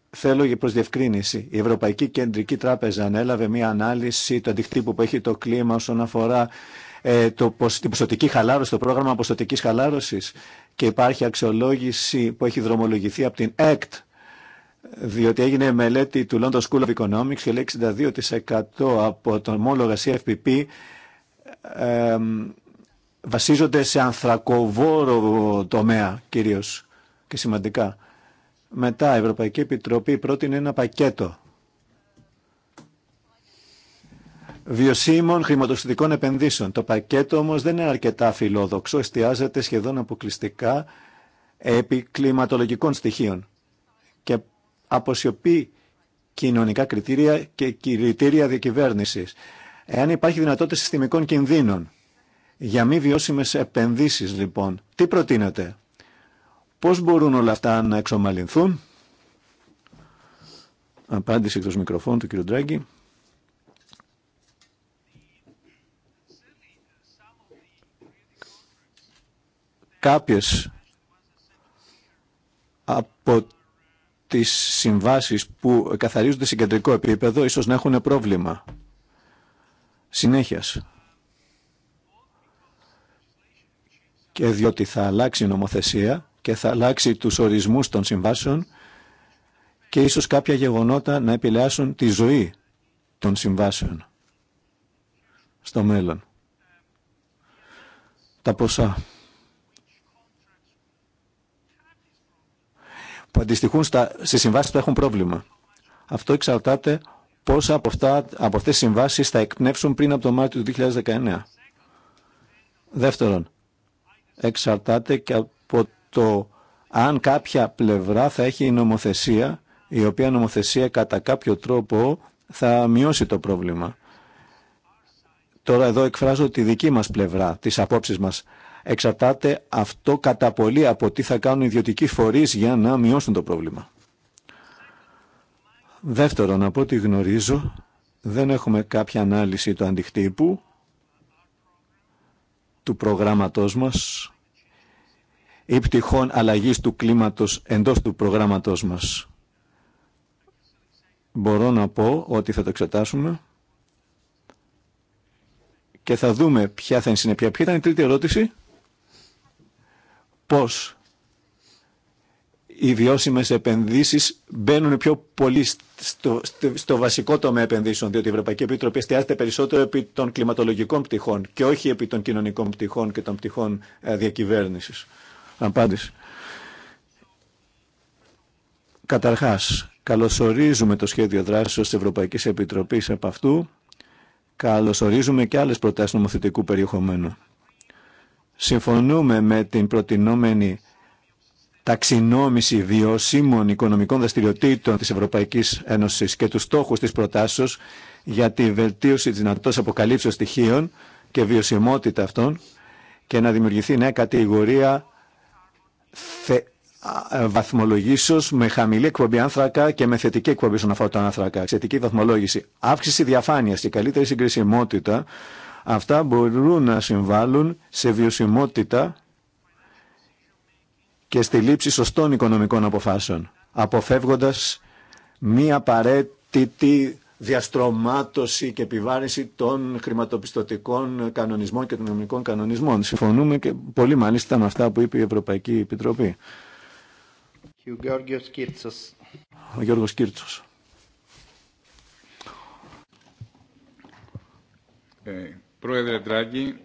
θέλω για προς διευκρίνηση. Η Ευρωπαϊκή Κεντρική Τράπεζα ανέλαβε μια ανάλυση του αντικτύπου που έχει το κλίμα όσον αφορά ε, το, την ποσοτική χαλάρωση, το πρόγραμμα ποσοτικής χαλάρωσης και υπάρχει αξιολόγηση που έχει δρομολογηθεί από την ΕΚΤ διότι έγινε μελέτη του London School of Economics και λέει 62% από τον ομόλογα CFPP ε, βασίζονται σε ανθρακοβόρο τομέα κυρίως και σημαντικά. Μετά η Ευρωπαϊκή Επιτροπή πρότεινε ένα πακέτο βιωσίμων χρηματοστητικών επενδύσεων. Το πακέτο όμως δεν είναι αρκετά φιλόδοξο, εστιάζεται σχεδόν αποκλειστικά επί κλιματολογικών στοιχείων και αποσιωπεί κοινωνικά κριτήρια και κριτήρια διακυβέρνησης. Εάν υπάρχει δυνατότητα συστημικών κινδύνων για μη βιώσιμες επενδύσεις λοιπόν, τι προτείνετε, πώς μπορούν όλα αυτά να εξομαλυνθούν. Απάντηση εκτός μικροφώνου του κ. Ντράγκη. Κάποιες από τις συμβάσεις που καθαρίζονται σε κεντρικό επίπεδο ίσως να έχουν πρόβλημα συνέχειας. Και διότι θα αλλάξει η νομοθεσία και θα αλλάξει τους ορισμούς των συμβάσεων και ίσως κάποια γεγονότα να επηρεάσουν τη ζωή των συμβάσεων στο μέλλον. Τα ποσά που αντιστοιχούν στα, στις συμβάσεις που έχουν πρόβλημα. Αυτό εξαρτάται πόσα από, αυτά, από αυτές τις συμβάσεις θα εκπνεύσουν πριν από το Μάρτιο του 2019. Δεύτερον, εξαρτάται και από το αν κάποια πλευρά θα έχει νομοθεσία, η οποία νομοθεσία κατά κάποιο τρόπο θα μειώσει το πρόβλημα. Τώρα εδώ εκφράζω τη δική μας πλευρά, τις απόψεις μας. Εξαρτάται αυτό κατά πολύ από τι θα κάνουν οι ιδιωτικοί φορείς για να μειώσουν το πρόβλημα. Δεύτερον, από ό,τι γνωρίζω, δεν έχουμε κάποια ανάλυση του αντιχτύπου του προγράμματός μας ή πτυχών αλλαγής του κλίματος εντός του προγράμματός μας. Μπορώ να πω ότι θα το εξετάσουμε και θα δούμε ποια θα είναι συνέπεια. Ποια ήταν η τρίτη ερώτηση. Πώς οι βιώσιμες επενδύσεις μπαίνουν πιο πολύ στο, στο, βασικό τομέα επενδύσεων, διότι η Ευρωπαϊκή Επιτροπή εστιάζεται περισσότερο επί των κλιματολογικών πτυχών και όχι επί των κοινωνικών πτυχών και των πτυχών ε, διακυβέρνησης. Απάντηση. Καταρχάς, καλωσορίζουμε το σχέδιο δράσης της Ευρωπαϊκής Επιτροπής από αυτού. Καλωσορίζουμε και άλλες προτάσεις νομοθετικού περιεχομένου. Συμφωνούμε με την προτινόμενη ταξινόμηση βιώσιμων οικονομικών δραστηριοτήτων της Ευρωπαϊκής Ένωσης και τους στόχους της προτάσεως για τη βελτίωση της δυνατότητας αποκαλύψεως στοιχείων και βιωσιμότητα αυτών και να δημιουργηθεί νέα κατηγορία θε... Ε, βαθμολογήσεως με χαμηλή εκπομπή άνθρακα και με θετική εκπομπή στον αφορά άνθρακα, θετική βαθμολόγηση, αύξηση διαφάνειας και καλύτερη συγκρισιμότητα, αυτά μπορούν να συμβάλλουν σε βιωσιμότητα και στη λήψη σωστών οικονομικών αποφάσεων, αποφεύγοντας μία απαραίτητη διαστρωμάτωση και επιβάρηση των χρηματοπιστωτικών κανονισμών και των νομικών κανονισμών. Συμφωνούμε και πολύ μάλιστα με αυτά που είπε η Ευρωπαϊκή Επιτροπή. Ο Γιώργος Κύρτσος. Ε, πρόεδρε Τράγκη,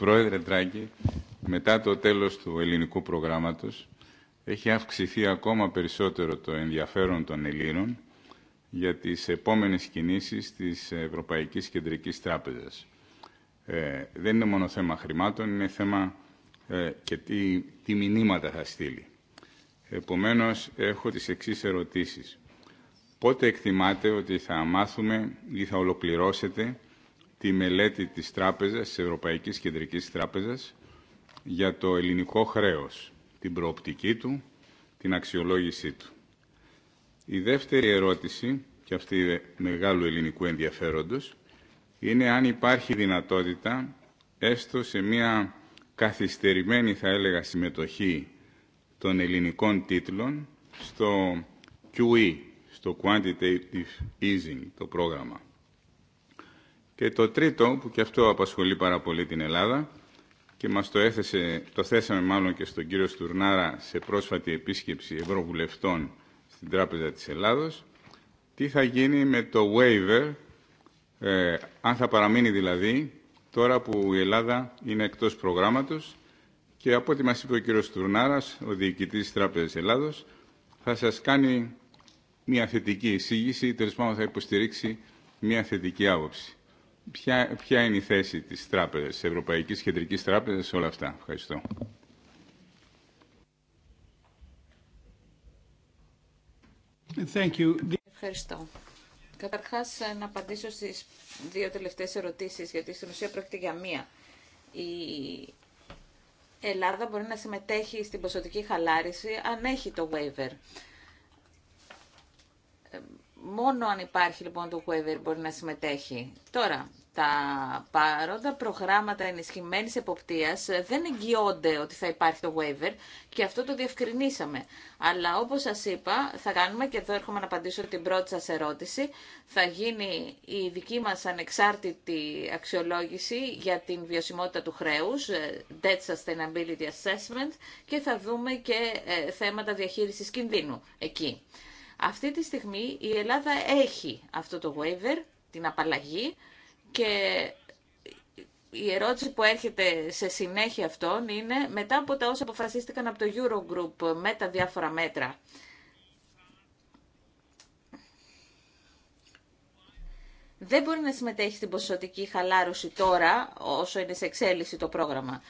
Πρόεδρε Τράγκη, μετά το τέλος του ελληνικού προγράμματος έχει αυξηθεί ακόμα περισσότερο το ενδιαφέρον των Ελλήνων για τις επόμενες κινήσεις της Ευρωπαϊκής Κεντρικής Τράπεζας. Ε, δεν είναι μόνο θέμα χρημάτων, είναι θέμα ε, και τι, τι μηνύματα θα στείλει. Επομένως, έχω τις εξής ερωτήσεις. Πότε εκτιμάτε ότι θα μάθουμε ή θα ολοκληρώσετε τη μελέτη της Τράπεζας, της Ευρωπαϊκής Κεντρικής Τράπεζας, για το ελληνικό χρέος, την προοπτική του, την αξιολόγησή του. Η δεύτερη ερώτηση, και αυτή μεγάλου ελληνικού ενδιαφέροντος, είναι αν υπάρχει δυνατότητα, έστω σε μια καθυστερημένη, θα έλεγα, συμμετοχή των ελληνικών τίτλων στο QE, στο Quantitative Easing, το πρόγραμμα. Και το τρίτο, που και αυτό απασχολεί πάρα πολύ την Ελλάδα και μας το, έθεσε, το θέσαμε μάλλον και στον κύριο Στουρνάρα σε πρόσφατη επίσκεψη ευρωβουλευτών στην Τράπεζα της Ελλάδος, τι θα γίνει με το waiver, ε, αν θα παραμείνει δηλαδή, τώρα που η Ελλάδα είναι εκτός προγράμματος και από ό,τι μας είπε ο κύριος Στουρνάρας, ο διοικητής της Τράπεζας Ελλάδος, θα σας κάνει μια θετική εισήγηση, τέλος θα υποστηρίξει μια θετική άποψη ποια, είναι η θέση της τράπεζας, της Ευρωπαϊκής Κεντρικής Τράπεζας σε όλα αυτά. Ευχαριστώ. Ευχαριστώ. Καταρχάς, να απαντήσω στις δύο τελευταίες ερωτήσεις, γιατί στην ουσία πρόκειται για μία. Η Ελλάδα μπορεί να συμμετέχει στην ποσοτική χαλάρωση αν έχει το waiver. Μόνο αν υπάρχει λοιπόν το waiver μπορεί να συμμετέχει. Τώρα, τα παρόντα προγράμματα ενισχυμένης εποπτείας ε, δεν εγγυώνται ότι θα υπάρχει το waiver και αυτό το διευκρινίσαμε. Αλλά όπως σας είπα, θα κάνουμε και εδώ έρχομαι να απαντήσω την πρώτη σας ερώτηση. Θα γίνει η δική μας ανεξάρτητη αξιολόγηση για την βιωσιμότητα του χρέους, ε, Debt Sustainability Assessment και θα δούμε και ε, θέματα διαχείρισης κινδύνου εκεί. Αυτή τη στιγμή η Ελλάδα έχει αυτό το waiver, την απαλλαγή και η ερώτηση που έρχεται σε συνέχεια αυτών είναι μετά από τα όσα αποφασίστηκαν από το Eurogroup με τα διάφορα μέτρα. Δεν μπορεί να συμμετέχει στην ποσοτική χαλάρωση τώρα όσο είναι σε εξέλιξη το πρόγραμμα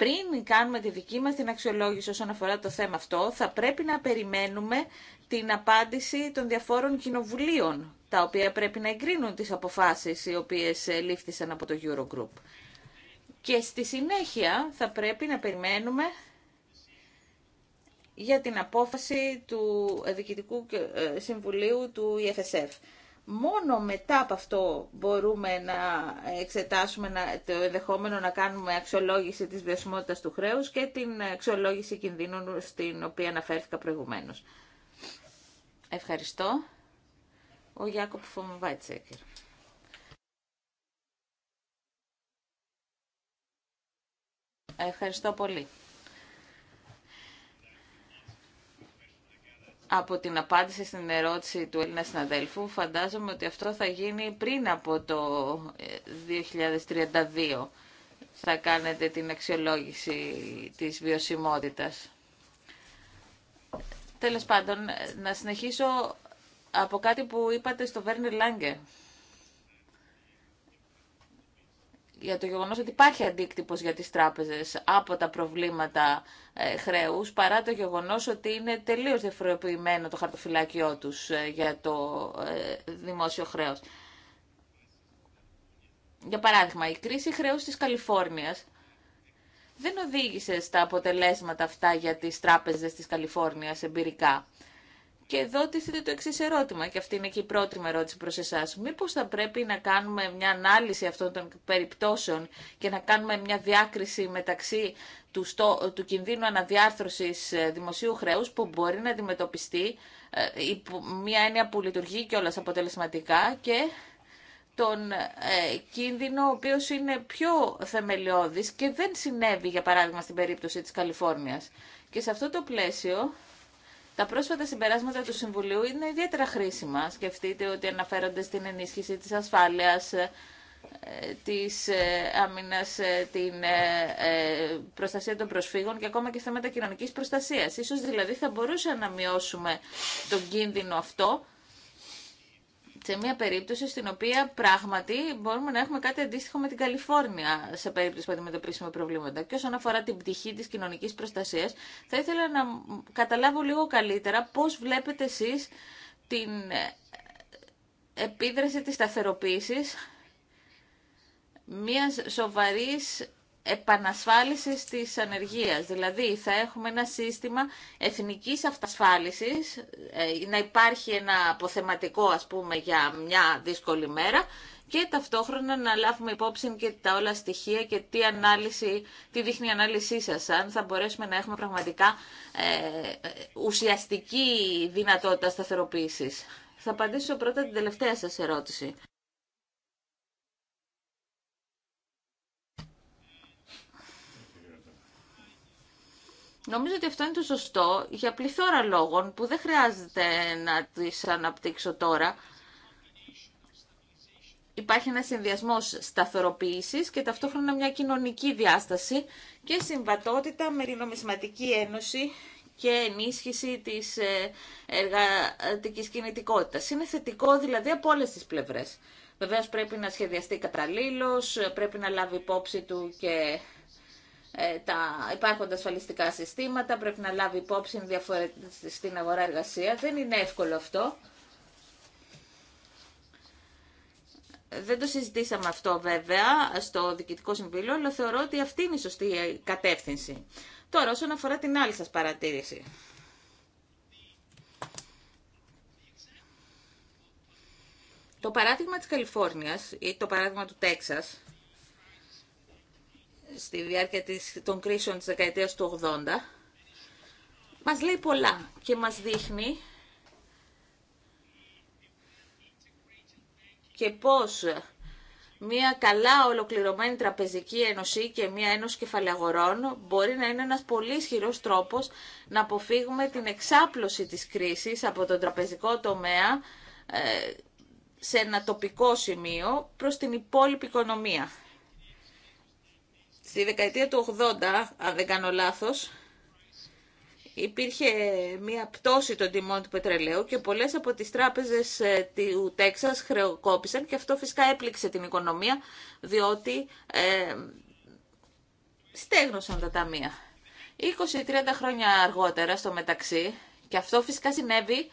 πριν κάνουμε τη δική μας την αξιολόγηση όσον αφορά το θέμα αυτό, θα πρέπει να περιμένουμε την απάντηση των διαφόρων κοινοβουλίων, τα οποία πρέπει να εγκρίνουν τις αποφάσεις οι οποίες ε, λήφθησαν από το Eurogroup. Και στη συνέχεια θα πρέπει να περιμένουμε για την απόφαση του Διοικητικού Συμβουλίου του EFSF μόνο μετά από αυτό μπορούμε να εξετάσουμε το ενδεχόμενο να κάνουμε αξιολόγηση της βιωσιμότητας του χρέους και την αξιολόγηση κινδύνων στην οποία αναφέρθηκα προηγουμένως. Ευχαριστώ. Ο Γιάκοπ Φωμβάιτσέκερ. Ευχαριστώ πολύ. από την απάντηση στην ερώτηση του Έλληνα συναδέλφου, φαντάζομαι ότι αυτό θα γίνει πριν από το 2032 ε, θα κάνετε την αξιολόγηση της βιωσιμότητας. Τέλος πάντων, να συνεχίσω από κάτι που είπατε στο Βέρνερ Λάγκε. για το γεγονός ότι υπάρχει αντίκτυπος για τις τράπεζες από τα προβλήματα ε, χρέους, παρά το γεγονός ότι είναι τελείως διαφοροποιημένο το χαρτοφυλάκιό τους ε, για το ε, δημόσιο χρέος. Για παράδειγμα, η κρίση χρέους της Καλιφόρνιας δεν οδήγησε στα αποτελέσματα αυτά για τις τράπεζες της Καλιφόρνιας εμπειρικά. Και εδώ τίθεται το εξή ερώτημα, και αυτή είναι και η πρώτη μου ερώτηση προ εσά. Μήπω θα πρέπει να κάνουμε μια ανάλυση αυτών των περιπτώσεων και να κάνουμε μια διάκριση μεταξύ του, στο, του κινδύνου αναδιάρθρωσης ε, δημοσίου χρέου που μπορεί να αντιμετωπιστεί, ε, μια έννοια που λειτουργεί κιόλα αποτελεσματικά και τον ε, κίνδυνο ο οποίος είναι πιο θεμελιώδης και δεν συνέβη για παράδειγμα στην περίπτωση της Καλιφόρνιας. Και σε αυτό το πλαίσιο τα πρόσφατα συμπεράσματα του Συμβουλίου είναι ιδιαίτερα χρήσιμα. Σκεφτείτε ότι αναφέρονται στην ενίσχυση της ασφάλειας, ε, της ε, άμυνας, ε, την προστασία των προσφύγων και ακόμα και θέματα κοινωνικής προστασίας. Ίσως δηλαδή θα μπορούσαμε να μειώσουμε τον κίνδυνο αυτό σε μια περίπτωση στην οποία πράγματι μπορούμε να έχουμε κάτι αντίστοιχο με την Καλιφόρνια σε περίπτωση που αντιμετωπίσουμε προβλήματα. Και όσον αφορά την πτυχή της κοινωνικής προστασίας, θα ήθελα να καταλάβω λίγο καλύτερα πώς βλέπετε εσείς την ε, επίδραση της σταθεροποίησης μιας σοβαρής επανασφάλισης της ανεργίας. Δηλαδή θα έχουμε ένα σύστημα εθνικής αυτασφάλισης, ε, να υπάρχει ένα αποθεματικό ας πούμε για μια δύσκολη μέρα και ταυτόχρονα να λάβουμε υπόψη και τα όλα στοιχεία και τι, ανάλυση, τι δείχνει η ανάλυση σας, αν θα μπορέσουμε να έχουμε πραγματικά ε, ουσιαστική δυνατότητα σταθεροποίησης. Θα απαντήσω πρώτα την τελευταία σας ερώτηση. Νομίζω ότι αυτό είναι το σωστό για πληθώρα λόγων που δεν χρειάζεται να τις αναπτύξω τώρα. Υπάρχει ένα συνδυασμό σταθεροποίησης και ταυτόχρονα μια κοινωνική διάσταση και συμβατότητα με την νομισματική ένωση και ενίσχυση της ε, εργατικής κινητικότητας. Είναι θετικό δηλαδή από όλες τις πλευρές. Βεβαίως πρέπει να σχεδιαστεί καταλήλως, πρέπει να λάβει υπόψη του και ε, τα υπάρχοντα ασφαλιστικά συστήματα, πρέπει να λάβει υπόψη διαφορε... στην αγορά εργασία. Δεν είναι εύκολο αυτό. Δεν το συζητήσαμε αυτό βέβαια στο Διοικητικό Συμβούλιο, αλλά θεωρώ ότι αυτή είναι η σωστή κατεύθυνση. Τώρα, όσον αφορά την άλλη σας παρατήρηση. Το παράδειγμα της Καλιφόρνιας ή το παράδειγμα του Τέξας στη διάρκεια της, των κρίσεων της δεκαετίας του 80, μας λέει πολλά και μας δείχνει και πώς μια καλά ολοκληρωμένη τραπεζική ένωση και μια ένωση κεφαλαγορών μπορεί να είναι ένας πολύ ισχυρό τρόπος να αποφύγουμε την εξάπλωση της κρίσης από τον τραπεζικό τομέα ε, σε ένα τοπικό σημείο προς την υπόλοιπη οικονομία. Στη δεκαετία του 80, αν δεν κάνω λάθος, υπήρχε μια πτώση των τιμών του πετρελαίου και πολλές από τις τράπεζες ε, του Τέξας χρεοκόπησαν και αυτό φυσικά έπληξε την οικονομία διότι ε, στέγνωσαν τα ταμεία. 20-30 χρόνια αργότερα στο μεταξύ και αυτό φυσικά συνέβη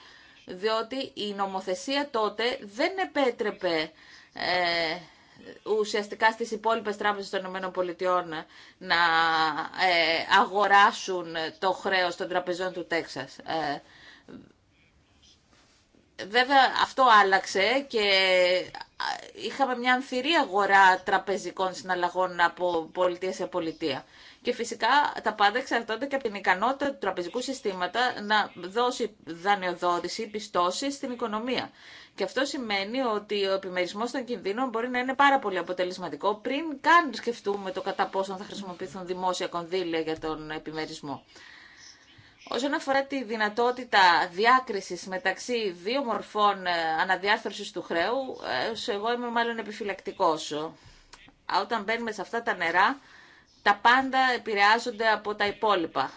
διότι η νομοθεσία τότε δεν επέτρεπε ε, ουσιαστικά στις υπόλοιπες τράπεζες των ΗΠΑ να ε, αγοράσουν το χρέος των τραπεζών του Τέξας. Ε, βέβαια αυτό άλλαξε και είχαμε μια ανθυρή αγορά τραπεζικών συναλλαγών από πολιτεία σε πολιτεία. Και φυσικά τα πάντα εξαρτώνται και από την ικανότητα του τραπεζικού συστήματα να δώσει δανειοδότηση, πιστώσει στην οικονομία. Και αυτό σημαίνει ότι ο επιμερισμό των κινδύνων μπορεί να είναι πάρα πολύ αποτελεσματικό πριν καν σκεφτούμε το κατά πόσο θα χρησιμοποιηθούν δημόσια κονδύλια για τον επιμερισμό. Όσον αφορά τη δυνατότητα διάκρισης μεταξύ δύο μορφών ε, αναδιάρθρωσης του χρέου, εγώ είμαι μάλλον επιφυλακτικός. Όταν μπαίνουμε σε αυτά τα νερά, τα πάντα επηρεάζονται από τα υπόλοιπα.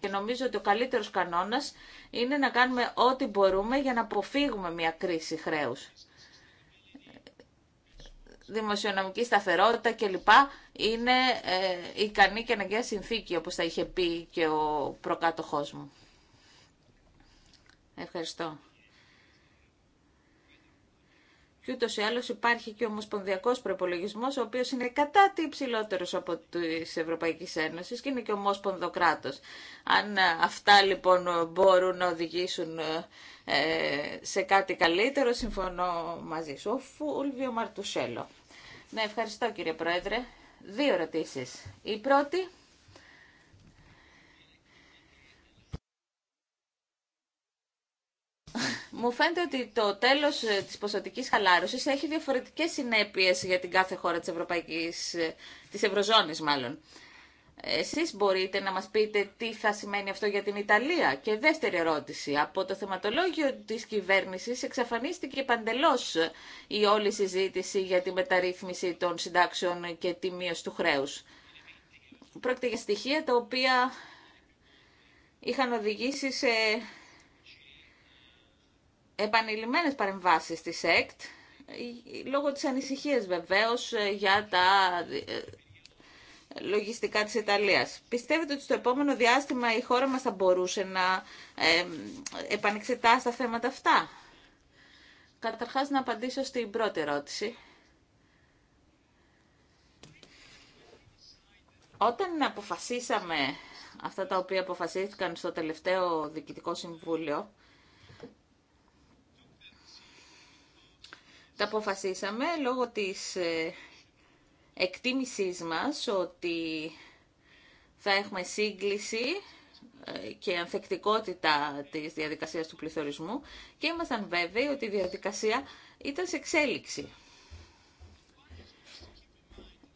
Και νομίζω ότι ο καλύτερος κανόνας είναι να κάνουμε ό,τι μπορούμε για να αποφύγουμε μια κρίση χρέους. Δημοσιονομική σταθερότητα κλπ. είναι ε, ικανή και αναγκαία συνθήκη, όπως θα είχε πει και ο προκάτοχός μου. Ευχαριστώ. Και ούτω ή άλλω υπάρχει και ο Ομοσπονδιακό Προπολογισμό, ο οποίο είναι κατά τι υψηλότερο από τη Ευρωπαϊκή Ένωση και είναι και ομόσπονδο κράτο. Αν ε, αυτά λοιπόν μπορούν να οδηγήσουν ε, ε, σε κάτι καλύτερο, συμφωνώ μαζί σου. Ο Φούλβιο Μαρτουσέλο. Ναι, ευχαριστώ κύριε Πρόεδρε. Δύο ερωτήσει. Η πρώτη Μου φαίνεται ότι το τέλος ε, της ποσοτικής χαλάρωσης έχει διαφορετικές συνέπειες για την κάθε χώρα της Ευρωπαϊκής, ε, της Ευρωζώνης μάλλον. Εσείς μπορείτε να μας πείτε τι θα σημαίνει αυτό για την Ιταλία. Και δεύτερη ερώτηση. Από το θεματολόγιο της κυβέρνηση εξαφανίστηκε παντελώς ε, η όλη συζήτηση για τη μεταρρύθμιση των συντάξεων και τη μείωση του χρέου. Πρόκειται για στοιχεία τα οποία είχαν οδηγήσει σε επανειλημμένες παρεμβάσεις της ΕΚΤ, ε, λόγω της ανησυχίας βεβαίως ε, για τα ε, λογιστικά της Ιταλίας. Πιστεύετε ότι στο επόμενο διάστημα η χώρα μας θα μπορούσε να ε, επανεξετάσει τα θέματα αυτά. Καταρχάς να απαντήσω στην πρώτη ερώτηση. Όταν αποφασίσαμε αυτά τα οποία αποφασίστηκαν στο τελευταίο Διοικητικό Συμβούλιο, Τα αποφασίσαμε λόγω της ε, εκτίμησής μας ότι θα έχουμε σύγκληση ε, και ανθεκτικότητα της διαδικασίας του πληθωρισμού και ήμασταν βέβαιοι ότι η διαδικασία ήταν σε εξέλιξη.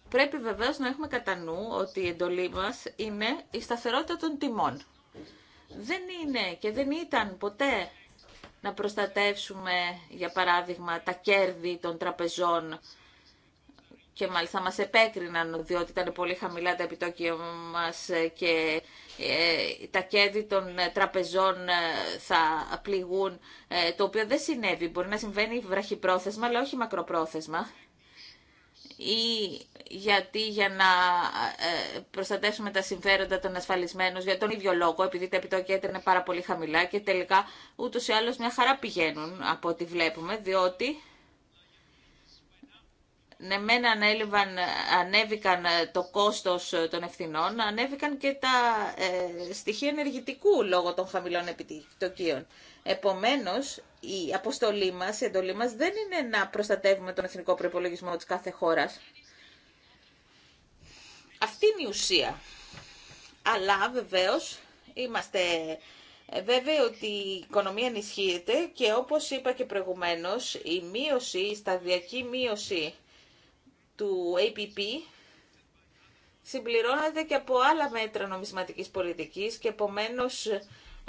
Πρέπει βεβαίως να έχουμε κατά νου ότι η εντολή μας είναι η σταθερότητα των τιμών. Δεν είναι και δεν ήταν ποτέ να προστατεύσουμε, για παράδειγμα, τα κέρδη των τραπεζών και μάλιστα μας επέκριναν διότι ήταν πολύ χαμηλά τα επιτόκια μας και ε, τα κέρδη των τραπεζών ε, θα πληγούν, ε, το οποίο δεν συνέβη. Μπορεί να συμβαίνει βραχυπρόθεσμα, αλλά όχι μακροπρόθεσμα ή γιατί για να ε, προστατεύσουμε τα συμφέροντα των ασφαλισμένων για τον ίδιο λόγο, επειδή τα επιτόκια είναι πάρα πολύ χαμηλά και τελικά ούτως ή άλλως μια χαρά πηγαίνουν από ό,τι βλέπουμε, διότι ναι μεν ανέλυβαν, ανέβηκαν ε, το κόστος ε, των ευθυνών, ανέβηκαν και τα στοιχεία ενεργητικού λόγω των χαμηλών επιτοκίων. Επομένως, η αποστολή μας, η εντολή μας δεν είναι να προστατεύουμε τον εθνικό προϋπολογισμό της κάθε χώρας. Αυτή είναι η ουσία. Αλλά βεβαίως είμαστε βέβαιοι ότι η οικονομία ενισχύεται και όπως είπα και προηγουμένως η μείωση, η σταδιακή μείωση του APP συμπληρώνεται και από άλλα μέτρα νομισματικής πολιτικής και επομένως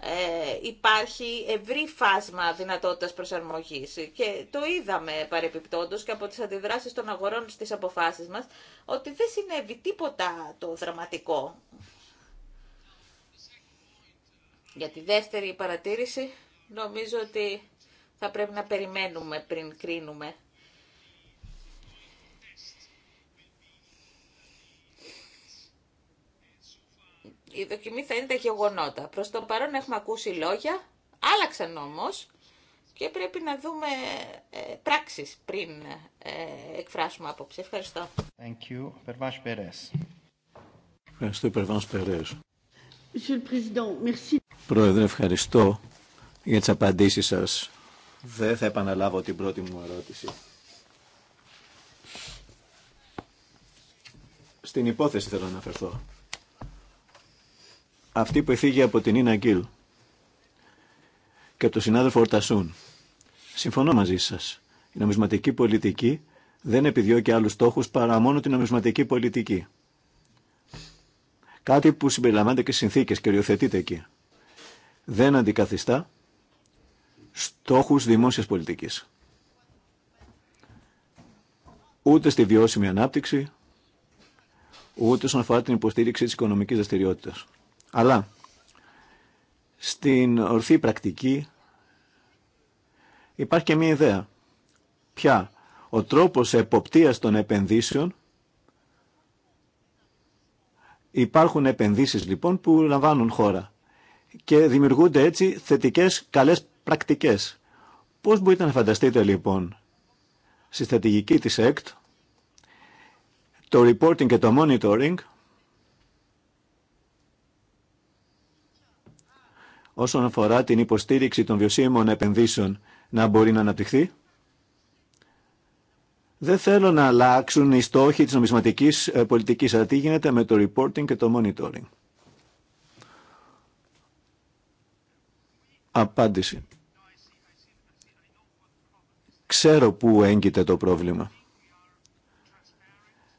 ε, υπάρχει ευρύ φάσμα δυνατότητας προσαρμογής και το είδαμε παρεπιπτόντως και από τις αντιδράσεις των αγορών στις αποφάσεις μας ότι δεν συνέβη τίποτα το δραματικό. Για τη δεύτερη παρατήρηση νομίζω ότι θα πρέπει να περιμένουμε πριν κρίνουμε. η δοκιμή θα είναι τα γεγονότα. Προς τον παρόν έχουμε ακούσει λόγια, άλλαξαν όμως και πρέπει να δούμε ε, πράξεις πριν ε, εκφράσουμε άποψη. Ευχαριστώ. Thank you. Ευχαριστώ, Περβάς Περές. Πρόεδρε, ευχαριστώ για τις απαντήσεις σας. Δεν θα επαναλάβω την πρώτη μου ερώτηση. Στην υπόθεση θέλω να αναφερθώ αυτή που εφήγει από την Ίνα Γκίλ και από τον συνάδελφο Ορτασούν. Συμφωνώ μαζί σας. Η νομισματική πολιτική δεν επιδιώκει άλλους στόχους παρά μόνο την νομισματική πολιτική. Κάτι που συμπεριλαμβάνεται και συνθήκες και οριοθετείται εκεί. Δεν αντικαθιστά στόχους δημόσιας πολιτικής. Ούτε στη βιώσιμη ανάπτυξη, ούτε όσον αφορά την υποστήριξη τη οικονομική δραστηριότητα. Αλλά στην ορθή πρακτική υπάρχει και μία ιδέα. Ποια, ο τρόπος εποπτείας των επενδύσεων Υπάρχουν επενδύσεις λοιπόν που λαμβάνουν χώρα και δημιουργούνται έτσι θετικές καλές πρακτικές. Πώς μπορείτε να φανταστείτε λοιπόν στη στρατηγική της ΕΚΤ το reporting και το monitoring όσον αφορά την υποστήριξη των βιωσίμων επενδύσεων να μπορεί να αναπτυχθεί. Δεν θέλω να αλλάξουν οι στόχοι της νομισματικής ε, πολιτικής, αλλά τι γίνεται με το reporting και το monitoring. Απάντηση. Ξέρω πού έγκυται το πρόβλημα.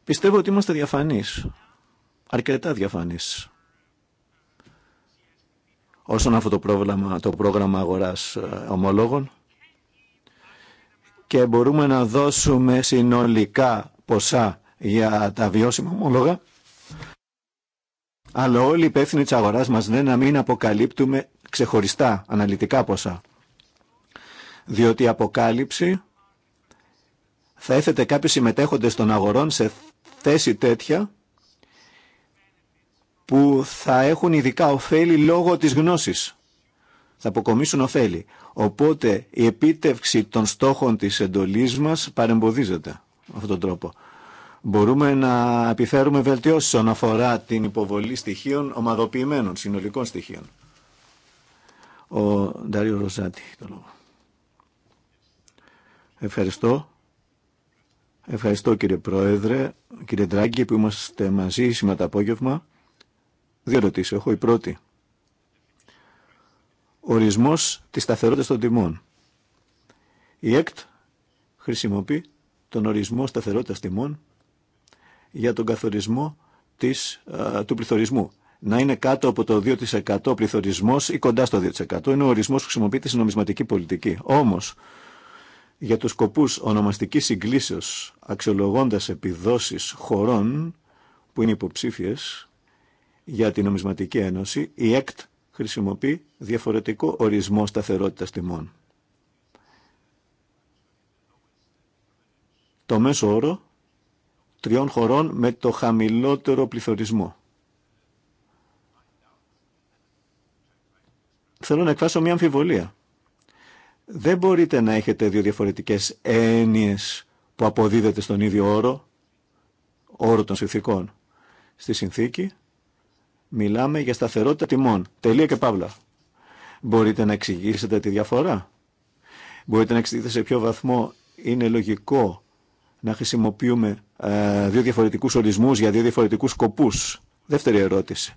Πιστεύω ότι είμαστε διαφανείς. Αρκετά διαφανείς όσον αυτό το πρόγραμμα, το πρόγραμμα αγοράς ε, ομολόγων και μπορούμε να δώσουμε συνολικά ποσά για τα βιώσιμα ομόλογα αλλά όλοι οι υπεύθυνοι της αγοράς μας λένε να μην αποκαλύπτουμε ξεχωριστά αναλυτικά ποσά διότι η αποκάλυψη θα έθετε κάποιοι συμμετέχοντες των αγορών σε θέση τέτοια που θα έχουν ειδικά ωφέλη λόγω της γνώσης. Θα αποκομίσουν ωφέλη. Οπότε η επίτευξη των στόχων της εντολής μας παρεμποδίζεται με αυτόν τον τρόπο. Μπορούμε να επιφέρουμε βελτιώσεις όσον αφορά την υποβολή στοιχείων ομαδοποιημένων, συνολικών στοιχείων. Ο Ντάριο Ροζάτη, το λόγο. Ευχαριστώ. Ευχαριστώ κύριε Πρόεδρε, κύριε Ντράγκη που είμαστε μαζί σήμερα το απόγευμα. Δύο ερωτήσει έχω. Η πρώτη. Ορισμός της σταθερότητας των τιμών. Η ΕΚΤ χρησιμοποιεί τον ορισμό σταθερότητας τιμών για τον καθορισμό της, του πληθωρισμού. Να είναι κάτω από το 2% πληθωρισμός ή κοντά στο 2%. Είναι ο ορισμός που χρησιμοποιείται στην νομισματική πολιτική. Όμως, για τους σκοπούς ονομαστικής συγκλήσεως, αξιολογώντας επιδόσεις χωρών που είναι υποψήφιες, για την Νομισματική Ένωση, η ΕΚΤ χρησιμοποιεί διαφορετικό ορισμό σταθερότητας τιμών. Το μέσο όρο τριών χωρών με το χαμηλότερο πληθωρισμό. Θέλω να εκφράσω μια αμφιβολία. Δεν μπορείτε να έχετε δύο διαφορετικές έννοιες που αποδίδεται στον ίδιο όρο, όρο των συνθήκων. Στη συνθήκη Μιλάμε για σταθερότητα τιμών. Τελεία και παύλα. Μπορείτε να εξηγήσετε τη διαφορά. Μπορείτε να εξηγήσετε σε ποιο βαθμό είναι λογικό να χρησιμοποιούμε ε, δύο διαφορετικούς ορισμούς για δύο διαφορετικούς σκοπούς. Δεύτερη ερώτηση.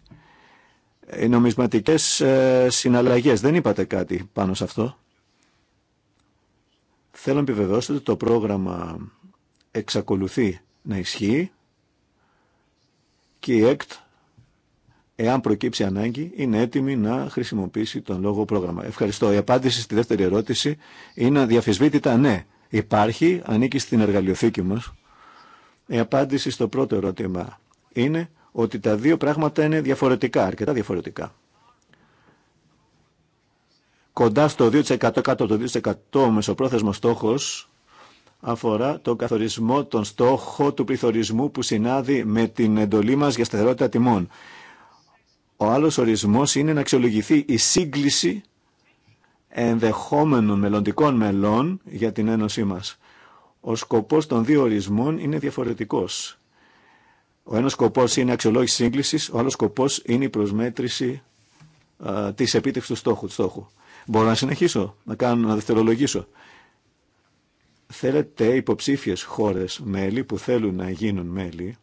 Οι νομισματικές ε, συναλλαγές. Δεν είπατε κάτι πάνω σε αυτό. Θέλω να επιβεβαιώσετε ότι το πρόγραμμα εξακολουθεί να ισχύει και η ΕΚΤ εάν προκύψει ανάγκη, είναι έτοιμη να χρησιμοποιήσει τον λόγο πρόγραμμα. Ευχαριστώ. Η απάντηση στη δεύτερη ερώτηση είναι αδιαφυσβήτητα ναι. Υπάρχει, ανήκει στην εργαλειοθήκη μας. Η απάντηση στο πρώτο ερώτημα είναι ότι τα δύο πράγματα είναι διαφορετικά, αρκετά διαφορετικά. Κοντά στο 2%, κάτω από το 2% ο μεσοπρόθεσμος στόχος αφορά τον καθορισμό, τον στόχο του πληθωρισμού που συνάδει με την εντολή μας για σταθερότητα τιμών. Ο άλλος ορισμός είναι να αξιολογηθεί η σύγκληση ενδεχόμενων μελλοντικών μελών για την Ένωσή μας. Ο σκοπός των δύο ορισμών είναι διαφορετικός. Ο ένας σκοπός είναι αξιολόγηση σύγκλησης, ο άλλος σκοπός είναι η προσμέτρηση α, της επίτευξης του στόχου, του στόχου. Μπορώ να συνεχίσω, να, κάνω, να δευτερολογήσω. Θέλετε υποψήφιες χώρες μέλη που θέλουν να γίνουν μέλη,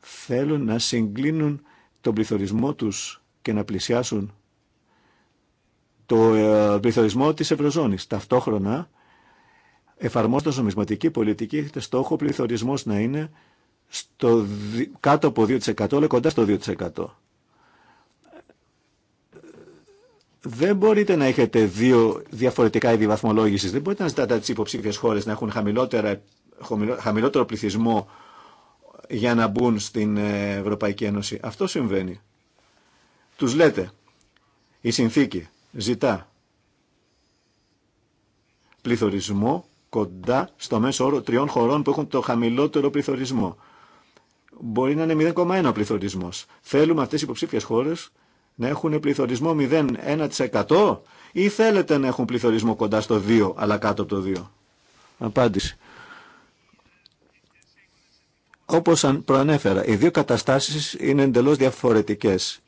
θέλουν να συγκλίνουν τον πληθωρισμό τους και να πλησιάσουν το ε, πληθωρισμό της Ευρωζώνης. Ταυτόχρονα, εφαρμόζοντας νομισματική πολιτική, έχετε στόχο πληθωρισμός να είναι στο, κάτω από 2% αλλά κοντά στο 2%. Δεν μπορείτε να έχετε δύο διαφορετικά είδη βαθμολόγησης. Δεν μπορείτε να ζητάτε τις υποψήφιε χώρες να έχουν χαμηλότερο πληθυσμό για να μπουν στην ε, Ευρωπαϊκή Ένωση. Αυτό συμβαίνει. Τους λέτε, η συνθήκη ζητά πληθωρισμό κοντά στο μέσο όρο τριών χωρών που έχουν το χαμηλότερο πληθωρισμό. Μπορεί να είναι 0,1 πληθωρισμός. Θέλουμε αυτές οι υποψήφιες χώρες να έχουν πληθωρισμό 0,1% ή θέλετε να έχουν πληθωρισμό κοντά στο 2 αλλά κάτω από το 2. Απάντηση. Όπως προανέφερα, οι δύο καταστάσεις είναι εντελώς διαφορετικές.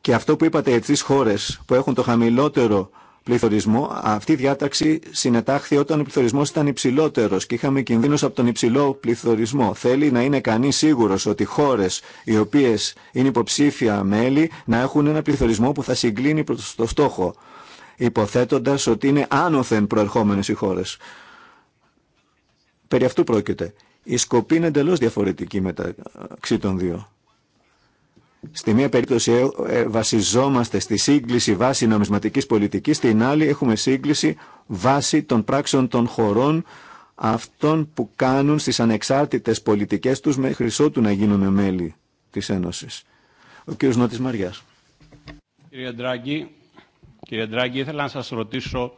Και αυτό που είπατε για τις χώρες που έχουν το χαμηλότερο πληθωρισμό, αυτή η διάταξη συνετάχθη όταν ο πληθωρισμός ήταν υψηλότερος και είχαμε κινδύνους από τον υψηλό πληθωρισμό. Θέλει να είναι κανείς σίγουρος ότι χώρες οι οποίες είναι υποψήφια μέλη να έχουν ένα πληθωρισμό που θα συγκλίνει προς το στόχο, υποθέτοντας ότι είναι άνωθεν προερχόμενες οι χώρες. Περί αυτού πρόκειται. Η σκοπή είναι εντελώ διαφορετική μεταξύ των δύο. Στη μία περίπτωση ε, ε, βασιζόμαστε στη σύγκληση βάση νομισματικής πολιτικής, στην άλλη έχουμε σύγκληση βάση των πράξεων των χωρών αυτών που κάνουν στις ανεξάρτητες πολιτικές τους μέχρι ότου να γίνουν μέλη της Ένωσης. Ο κύριος Νότης Μαριάς. Κύριε Ντράγκη, κύριε Ντράγκη, ήθελα να σας ρωτήσω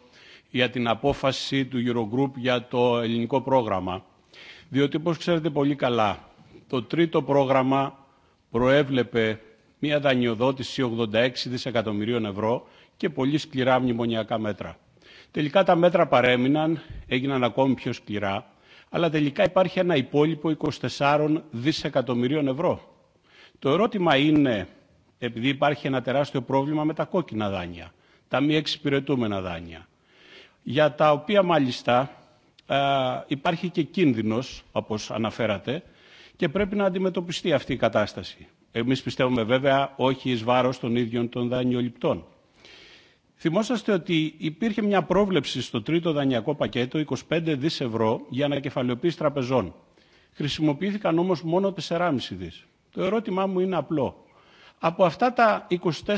για την απόφαση του Eurogroup για το ελληνικό πρόγραμμα. Διότι, όπως ξέρετε πολύ καλά, το τρίτο πρόγραμμα προέβλεπε μια δανειοδότηση 86 δισεκατομμυρίων ευρώ και πολύ σκληρά μνημονιακά μέτρα. Τελικά τα μέτρα παρέμειναν, έγιναν ακόμη πιο σκληρά, αλλά τελικά υπάρχει ένα υπόλοιπο 24 δισεκατομμυρίων ευρώ. Το ερώτημα είναι, επειδή υπάρχει ένα τεράστιο πρόβλημα με τα κόκκινα δάνεια, τα μη εξυπηρετούμενα δάνεια, για τα οποία μάλιστα υπάρχει και κίνδυνος, όπως αναφέρατε, και πρέπει να αντιμετωπιστεί αυτή η κατάσταση. Εμείς πιστεύουμε βέβαια όχι εις βάρος των ίδιων των δανειοληπτών. Θυμόσαστε ότι υπήρχε μια πρόβλεψη στο τρίτο δανειακό πακέτο 25 δις ευρώ για ανακεφαλαιοποίηση τραπεζών. Χρησιμοποιήθηκαν όμως μόνο 4,5 δις. Το ερώτημά μου είναι απλό. Από αυτά τα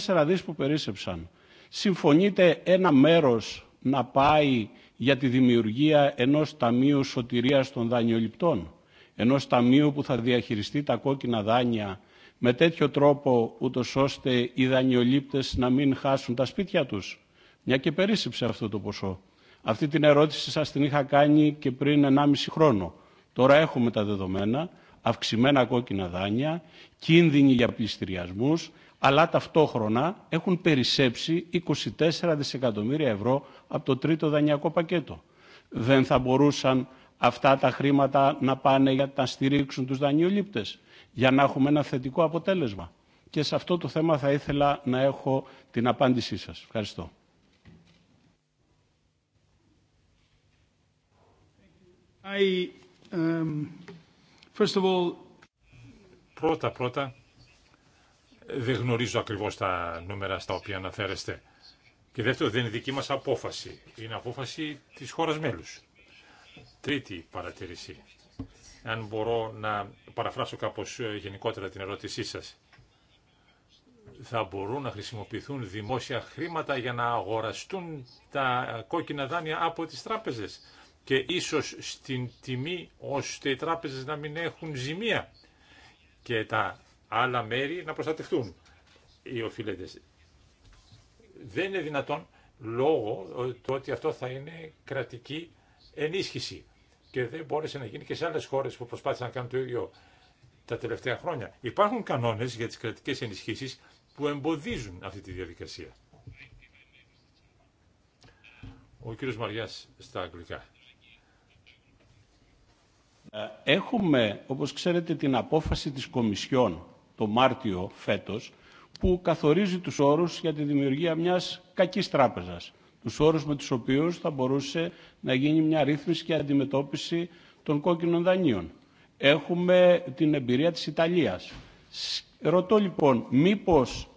24 δις που περίσσεψαν, συμφωνείτε ένα μέρος να πάει για τη δημιουργία ενός ταμείου σωτηρίας των δανειοληπτών, ενός ταμείου που θα διαχειριστεί τα κόκκινα δάνεια με τέτοιο τρόπο ούτω ώστε οι δανειολήπτες να μην χάσουν τα σπίτια τους. Μια και περίσσεψε αυτό το ποσό. Αυτή την ερώτηση σας την είχα κάνει και πριν 1,5 χρόνο. Τώρα έχουμε τα δεδομένα, αυξημένα κόκκινα δάνεια, κίνδυνοι για πληστηριασμούς, αλλά ταυτόχρονα έχουν περισσέψει 24 δισεκατομμύρια ευρώ από το τρίτο δανειακό πακέτο. Δεν θα μπορούσαν αυτά τα χρήματα να πάνε για να στηρίξουν τους δανειολήπτες, για να έχουμε ένα θετικό αποτέλεσμα. Και σε αυτό το θέμα θα ήθελα να έχω την απάντησή σας. Ευχαριστώ. Um, first of all... Πρώτα, πρώτα, δεν γνωρίζω ακριβώς τα νούμερα στα οποία αναφέρεστε. Και δεύτερο, δεν είναι δική μας απόφαση. Είναι απόφαση της χώρας μέλους. Τρίτη παρατήρηση. Αν μπορώ να παραφράσω κάπως ε, γενικότερα την ερώτησή σας. Θα μπορούν να χρησιμοποιηθούν δημόσια χρήματα για να αγοραστούν τα κόκκινα δάνεια από τις τράπεζες και ίσως στην τιμή ώστε οι τράπεζες να μην έχουν ζημία και τα άλλα μέρη να προστατευτούν οι οφειλέτες. Δεν είναι δυνατόν λόγω του ότι αυτό θα είναι κρατική ενίσχυση και δεν μπόρεσε να γίνει και σε άλλες χώρες που προσπάθησαν να κάνουν το ίδιο τα τελευταία χρόνια. Υπάρχουν κανόνες για τις κρατικές ενισχύσεις που εμποδίζουν αυτή τη διαδικασία. Ο κύριος Μαριάς στα αγγλικά. Ε, έχουμε, όπως ξέρετε, την απόφαση της Κομισιόν το Μάρτιο φέτος, που καθορίζει τους όρους για τη δημιουργία μιας κακής τράπεζας. Τους όρους με τους οποίους θα μπορούσε να γίνει μια ρύθμιση και αντιμετώπιση των κόκκινων δανείων. Έχουμε την εμπειρία της Ιταλίας. Ρωτώ λοιπόν, μήπως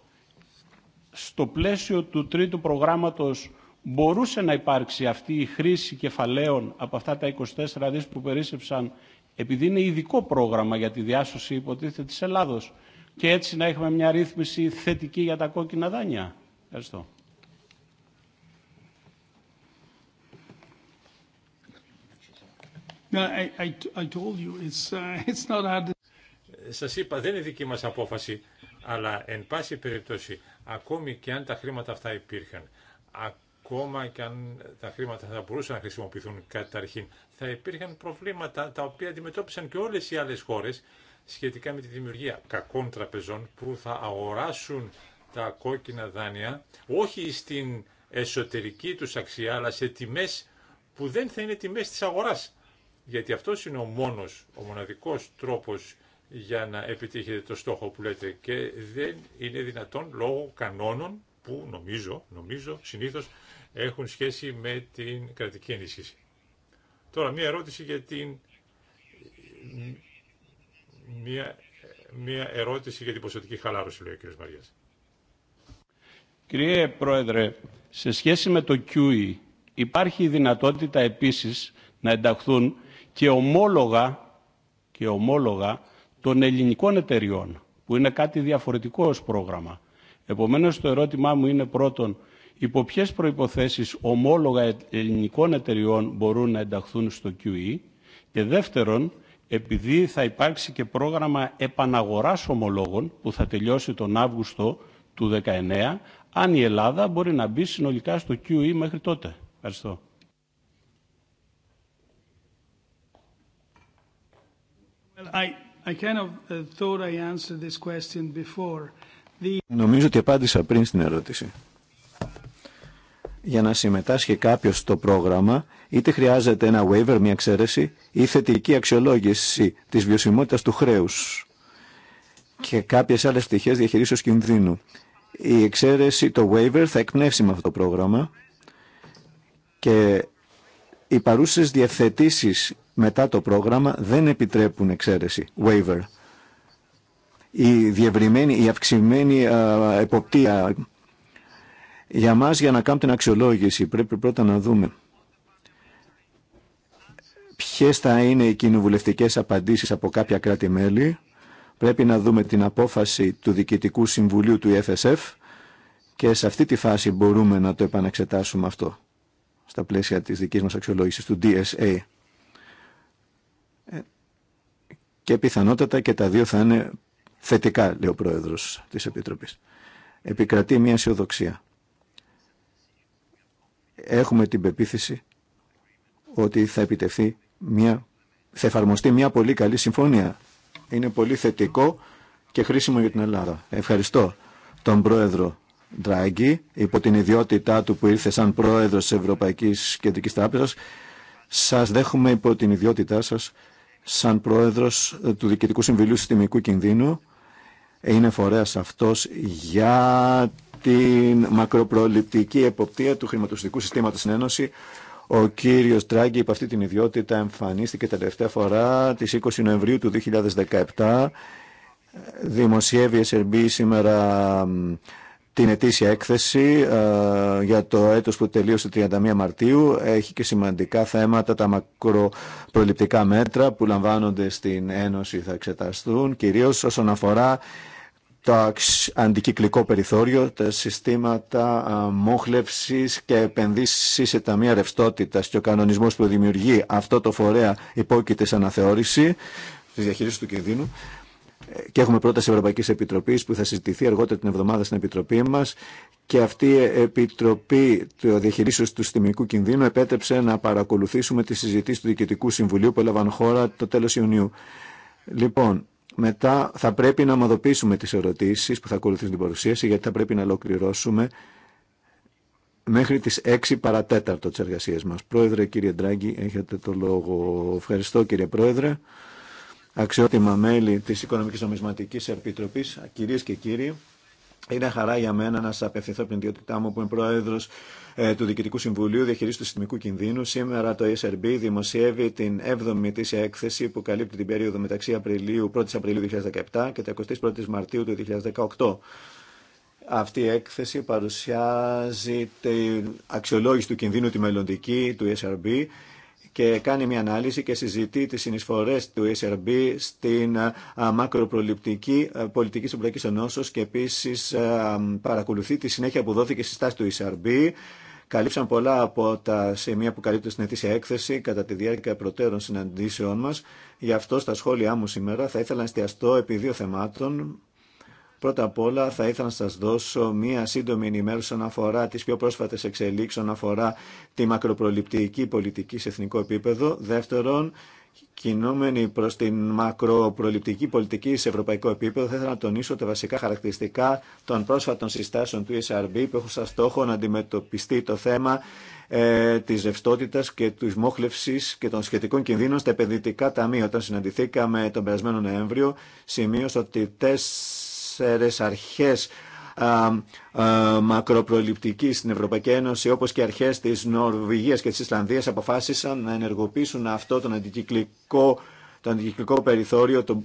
στο πλαίσιο του τρίτου προγράμματος μπορούσε να υπάρξει αυτή η χρήση κεφαλαίων από αυτά τα 24 δις που περίσσεψαν επειδή είναι ειδικό πρόγραμμα για τη διάσωση υποτίθεται της Ελλάδος και έτσι να έχουμε μια ρύθμιση θετική για τα κόκκινα δάνεια. Ευχαριστώ. Σας είπα, δεν είναι δική μας απόφαση, αλλά εν πάση περιπτώσει, ακόμη και αν τα χρήματα αυτά υπήρχαν, ακόμα και αν τα χρήματα θα μπορούσαν να χρησιμοποιηθούν καταρχήν, θα υπήρχαν προβλήματα τα οποία αντιμετώπισαν και όλες οι άλλες χώρε σχετικά με τη δημιουργία κακών τραπεζών που θα αγοράσουν τα κόκκινα δάνεια όχι στην εσωτερική τους αξία αλλά σε τιμές που δεν θα είναι τιμές της αγοράς. Γιατί αυτό είναι ο μόνος, ο μοναδικός τρόπος για να επιτύχετε το στόχο που λέτε και δεν είναι δυνατόν λόγω κανόνων που νομίζω, νομίζω συνήθως έχουν σχέση με την κρατική ενίσχυση. Τώρα μία ερώτηση για την μία, μία ερώτηση για την ποσοτική χαλάρωση, λέει ο κ. Μαριάς. Κύριε Πρόεδρε, σε σχέση με το QE υπάρχει η δυνατότητα επίσης να ενταχθούν και ομόλογα, και ομόλογα των ελληνικών εταιριών, που είναι κάτι διαφορετικό ως πρόγραμμα. Επομένως, το ερώτημά μου είναι πρώτον, υπό ποιε προϋποθέσεις ομόλογα ελληνικών εταιριών μπορούν να ενταχθούν στο QE και δεύτερον, επειδή θα υπάρξει και πρόγραμμα επαναγοράς ομολόγων που θα τελειώσει τον Αύγουστο του 2019, αν η Ελλάδα μπορεί να μπει συνολικά στο QE μέχρι τότε. Ευχαριστώ. Νομίζω ότι απάντησα πριν στην ερώτηση για να συμμετάσχει κάποιος στο πρόγραμμα, είτε χρειάζεται ένα waiver, μια εξαίρεση, ή θετική αξιολόγηση της βιωσιμότητας του χρέους και κάποιες άλλες πτυχές διαχειρίσεως κινδύνου. Η θετικη αξιολογηση της βιωσιμοτητα του χρεους και καποιες αλλες πτυχε διαχειρισεω κινδυνου η εξαιρεση το waiver, θα εκπνεύσει με αυτό το πρόγραμμα και οι παρούσε διευθετήσει μετά το πρόγραμμα δεν επιτρέπουν εξαίρεση, waiver. Η η αυξημένη α, εποπτεία για μας, για να κάνουμε την αξιολόγηση, πρέπει πρώτα να δούμε ποιες θα είναι οι κοινοβουλευτικές απαντήσεις από κάποια κράτη-μέλη. Πρέπει να δούμε την απόφαση του Διοικητικού Συμβουλίου του EFSF και σε αυτή τη φάση μπορούμε να το επαναξετάσουμε αυτό στα πλαίσια της δικής μας αξιολόγησης του DSA. Ε, και πιθανότατα και τα δύο θα είναι θετικά, λέει ο Πρόεδρος της Επιτροπής. Επικρατεί μια αισιοδοξία έχουμε την πεποίθηση ότι θα μια, θα εφαρμοστεί μια πολύ καλή συμφωνία. Είναι πολύ θετικό και χρήσιμο για την Ελλάδα. Ευχαριστώ τον Πρόεδρο Ντράγκη υπό την ιδιότητά του που ήρθε σαν Πρόεδρος της Ευρωπαϊκής Κεντρικής Τράπεζας. Σας δέχομαι υπό την ιδιότητά σας σαν Πρόεδρος του Διοικητικού Συμβουλίου Συστημικού Κινδύνου. Είναι φορέας αυτός για την μακροπροληπτική εποπτεία του χρηματοστικού συστήματος στην Ένωση. Ο κύριος Τράγκη υπ' αυτή την ιδιότητα εμφανίστηκε τελευταία φορά τις 20 Νοεμβρίου του 2017. Δημοσιεύει SRB σήμερα την ετήσια έκθεση ε, για το έτος που τελείωσε 31 Μαρτίου. Έχει και σημαντικά θέματα, τα μακροπροληπτικά μέτρα που λαμβάνονται στην Ένωση θα εξεταστούν, κυρίως όσον αφορά το αντικυκλικό περιθώριο, τα συστήματα μόχλευσης και επενδύσει σε ταμεία ρευστότητα και ο κανονισμός που δημιουργεί αυτό το φορέα υπόκειται σε αναθεώρηση τη διαχείριση του κινδύνου. Και έχουμε πρόταση Ευρωπαϊκή Επιτροπή που θα συζητηθεί αργότερα την εβδομάδα στην Επιτροπή μα. Και αυτή η Επιτροπή του Διαχειρήσεω του Συστημικού Κινδύνου επέτρεψε να παρακολουθήσουμε τη συζητήση του Διοικητικού Συμβουλίου που έλαβαν χώρα το τέλο Ιουνίου. Λοιπόν, μετά θα πρέπει να ομαδοποιήσουμε τις ερωτήσεις που θα ακολουθήσουν την παρουσίαση γιατί θα πρέπει να ολοκληρώσουμε μέχρι τις 6 παρατέταρτο της εργασίας μας. Πρόεδρε, κύριε Ντράγκη, έχετε το λόγο. Ευχαριστώ κύριε Πρόεδρε. Αξιότιμα μέλη της Οικονομικής Νομισματικής Επιτροπής, κυρίες και κύριοι, είναι χαρά για μένα να σας απευθυνθώ την ιδιότητά μου που είμαι πρόεδρος ε, του Διοικητικού Συμβουλίου Διαχειρίσεω του Συστημικού Κινδύνου. Σήμερα το ESRB δημοσιεύει την 7η ετήσια έκθεση που καλύπτει την περίοδο μεταξύ Απριλίου, 1η Απριλίου 2017 και τα 21η Μαρτίου του 2018. Αυτή η έκθεση παρουσιάζει την αξιολόγηση του κινδύνου τη μελλοντική του ESRB και κάνει μια ανάλυση και συζητεί τις συνεισφορές του SRB στην μακροπροληπτική πολιτική Ευρωπαϊκής Ενώσεως και επίσης παρακολουθεί τη συνέχεια που δόθηκε στη στάση του SRB Καλύψαν πολλά από τα σημεία που καλύπτουν στην ετήσια έκθεση κατά τη διάρκεια προτέρων συναντήσεών μας. Γι' αυτό στα σχόλιά μου σήμερα θα ήθελα να εστιαστώ επί δύο θεμάτων. Πρώτα απ' όλα θα ήθελα να σας δώσω μία σύντομη ενημέρωση όσον αφορά τις πιο πρόσφατες εξελίξεις, όσον αφορά τη μακροπροληπτική πολιτική σε εθνικό επίπεδο. Δεύτερον, κινούμενοι προς την μακροπροληπτική πολιτική σε ευρωπαϊκό επίπεδο, θα ήθελα να τονίσω τα βασικά χαρακτηριστικά των πρόσφατων συστάσεων του ESRB που έχουν σαν στόχο να αντιμετωπιστεί το θέμα ε, της ρευστότητα και της μόχλευσης και των σχετικών κινδύνων στα επενδυτικά ταμεία. Όταν συναντηθήκαμε τον περασμένο Νοέμβριο, σημείωσα ότι τέσσερες αρχές μακροπροληπτική στην Ευρωπαϊκή Ένωση, όπω και αρχέ τη Νορβηγία και τη Ισλανδία, αποφάσισαν να ενεργοποιήσουν αυτό τον αντικυκλικό, το αντικυκλικό περιθώριο, το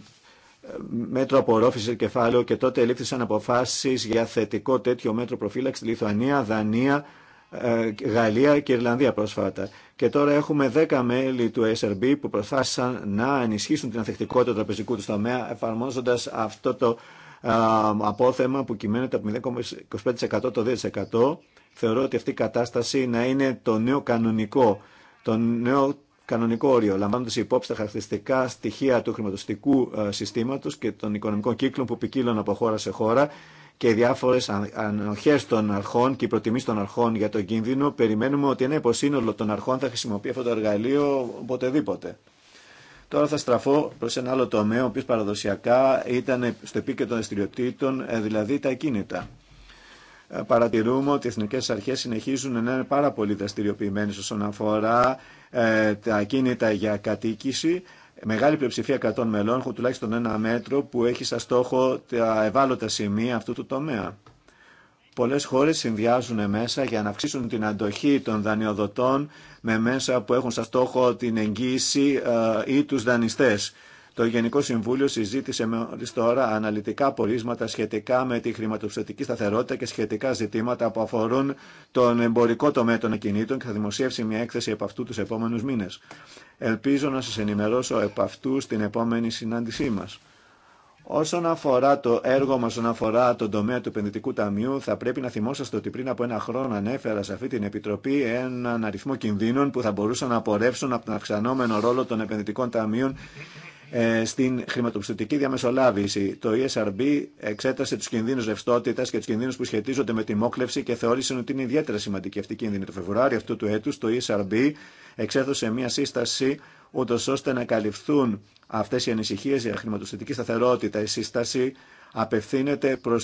ε, μέτρο απορρόφησης κεφάλαιο και τότε ελήφθησαν αποφάσει για θετικό τέτοιο μέτρο προφύλαξη στη Λιθουανία, Δανία, ε, Γαλλία και Ιρλανδία πρόσφατα. Και τώρα έχουμε 10 μέλη του SRB που προσπάθησαν να ενισχύσουν την ανθεκτικότητα του τραπεζικού του τομέα εφαρμόζοντα αυτό το απόθεμα που κυμαίνεται από 0,25% το 2%. Θεωρώ ότι αυτή η κατάσταση να είναι το νέο κανονικό, το νέο κανονικό όριο, λαμβάνοντα υπόψη τα χαρακτηριστικά στοιχεία του χρηματοστικού συστήματο και των οικονομικών κύκλων που ποικίλουν από χώρα σε χώρα και οι διάφορε ανοχέ των αρχών και οι προτιμήσει των αρχών για τον κίνδυνο, περιμένουμε ότι ένα υποσύνολο των αρχών θα χρησιμοποιεί αυτό το εργαλείο οποτεδήποτε. Τώρα θα στραφώ προ ένα άλλο τομέα, ο οποίο παραδοσιακά ήταν στο επίκεντρο των δραστηριοτήτων, ε, δηλαδή τα ακίνητα. Ε, παρατηρούμε ότι οι εθνικέ αρχέ συνεχίζουν να είναι πάρα πολύ δραστηριοποιημένε όσον αφορά ε, τα ακίνητα για κατοίκηση. Μεγάλη πλειοψηφία 100 μελών έχουν τουλάχιστον ένα μέτρο που έχει σαν στόχο τα ευάλωτα σημεία αυτού του τομέα. Πολλές χώρες συνδυάζουν μέσα για να αυξήσουν την αντοχή των δανειοδοτών με μέσα που έχουν σαν στόχο την εγγύηση ε, ή τους δανειστές. Το Γενικό Συμβούλιο συζήτησε μόλι τώρα αναλυτικά πορίσματα σχετικά με τη χρηματοπιστωτική σταθερότητα και σχετικά ζητήματα που αφορούν τον εμπορικό τομέα των ακινήτων και θα δημοσιεύσει μια έκθεση επ' αυτού του επόμενου μήνε. Ελπίζω να σα ενημερώσω επ' αυτού στην επόμενη συνάντησή μα. Όσον αφορά το έργο μας, όσον αφορά τον τομέα του επενδυτικού ταμείου, θα πρέπει να θυμόσαστε ότι πριν από ένα χρόνο ανέφερα σε αυτή την Επιτροπή έναν αριθμό κινδύνων που θα μπορούσαν να απορρεύσουν από τον αυξανόμενο ρόλο των επενδυτικών ταμείων ε, στην χρηματοπιστωτική διαμεσολάβηση. Το ESRB εξέτασε του κινδύνου ρευστότητα και του κινδύνου που σχετίζονται με τη μόκλευση και θεώρησε ότι είναι ιδιαίτερα σημαντική αυτή η κίνδυνη. Το Φεβρουάριο αυτού του έτου το ESRB εξέδωσε μία σύσταση ούτω ώστε να καλυφθούν Αυτέ οι ανησυχίε για χρηματοστατική σταθερότητα, η σύσταση απευθύνεται προ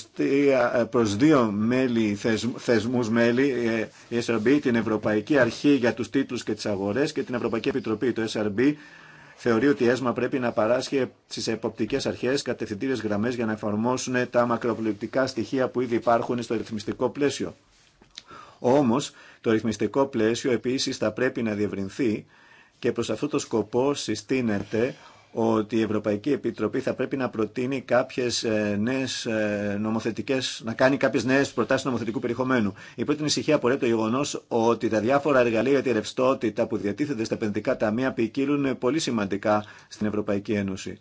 ε, δύο μέλη, θεσμού μέλη, ε, η SRB, την Ευρωπαϊκή Αρχή για του Τίτλου και τι Αγορέ και την Ευρωπαϊκή Επιτροπή. Το SRB θεωρεί ότι η ΕΣΜΑ πρέπει να παράσχει στι εποπτικέ αρχέ κατευθυντήριε γραμμέ για να εφαρμόσουν τα μακροπληκτικά στοιχεία που ήδη υπάρχουν στο ρυθμιστικό πλαίσιο. Όμω, το ρυθμιστικό πλαίσιο επίση θα πρέπει να διευρυνθεί και προς αυτό το σκοπό συστήνεται ότι η Ευρωπαϊκή Επιτροπή θα πρέπει να προτείνει κάποιες ε, νέες ε, νομοθετικές, να κάνει κάποιες νέες προτάσεις νομοθετικού περιεχομένου. Η πρώτη ανησυχία απορρέπει το γεγονό ότι τα διάφορα εργαλεία για τη ρευστότητα που διατίθεται στα επενδυτικά ταμεία ποικίλουν πολύ σημαντικά στην Ευρωπαϊκή Ένωση.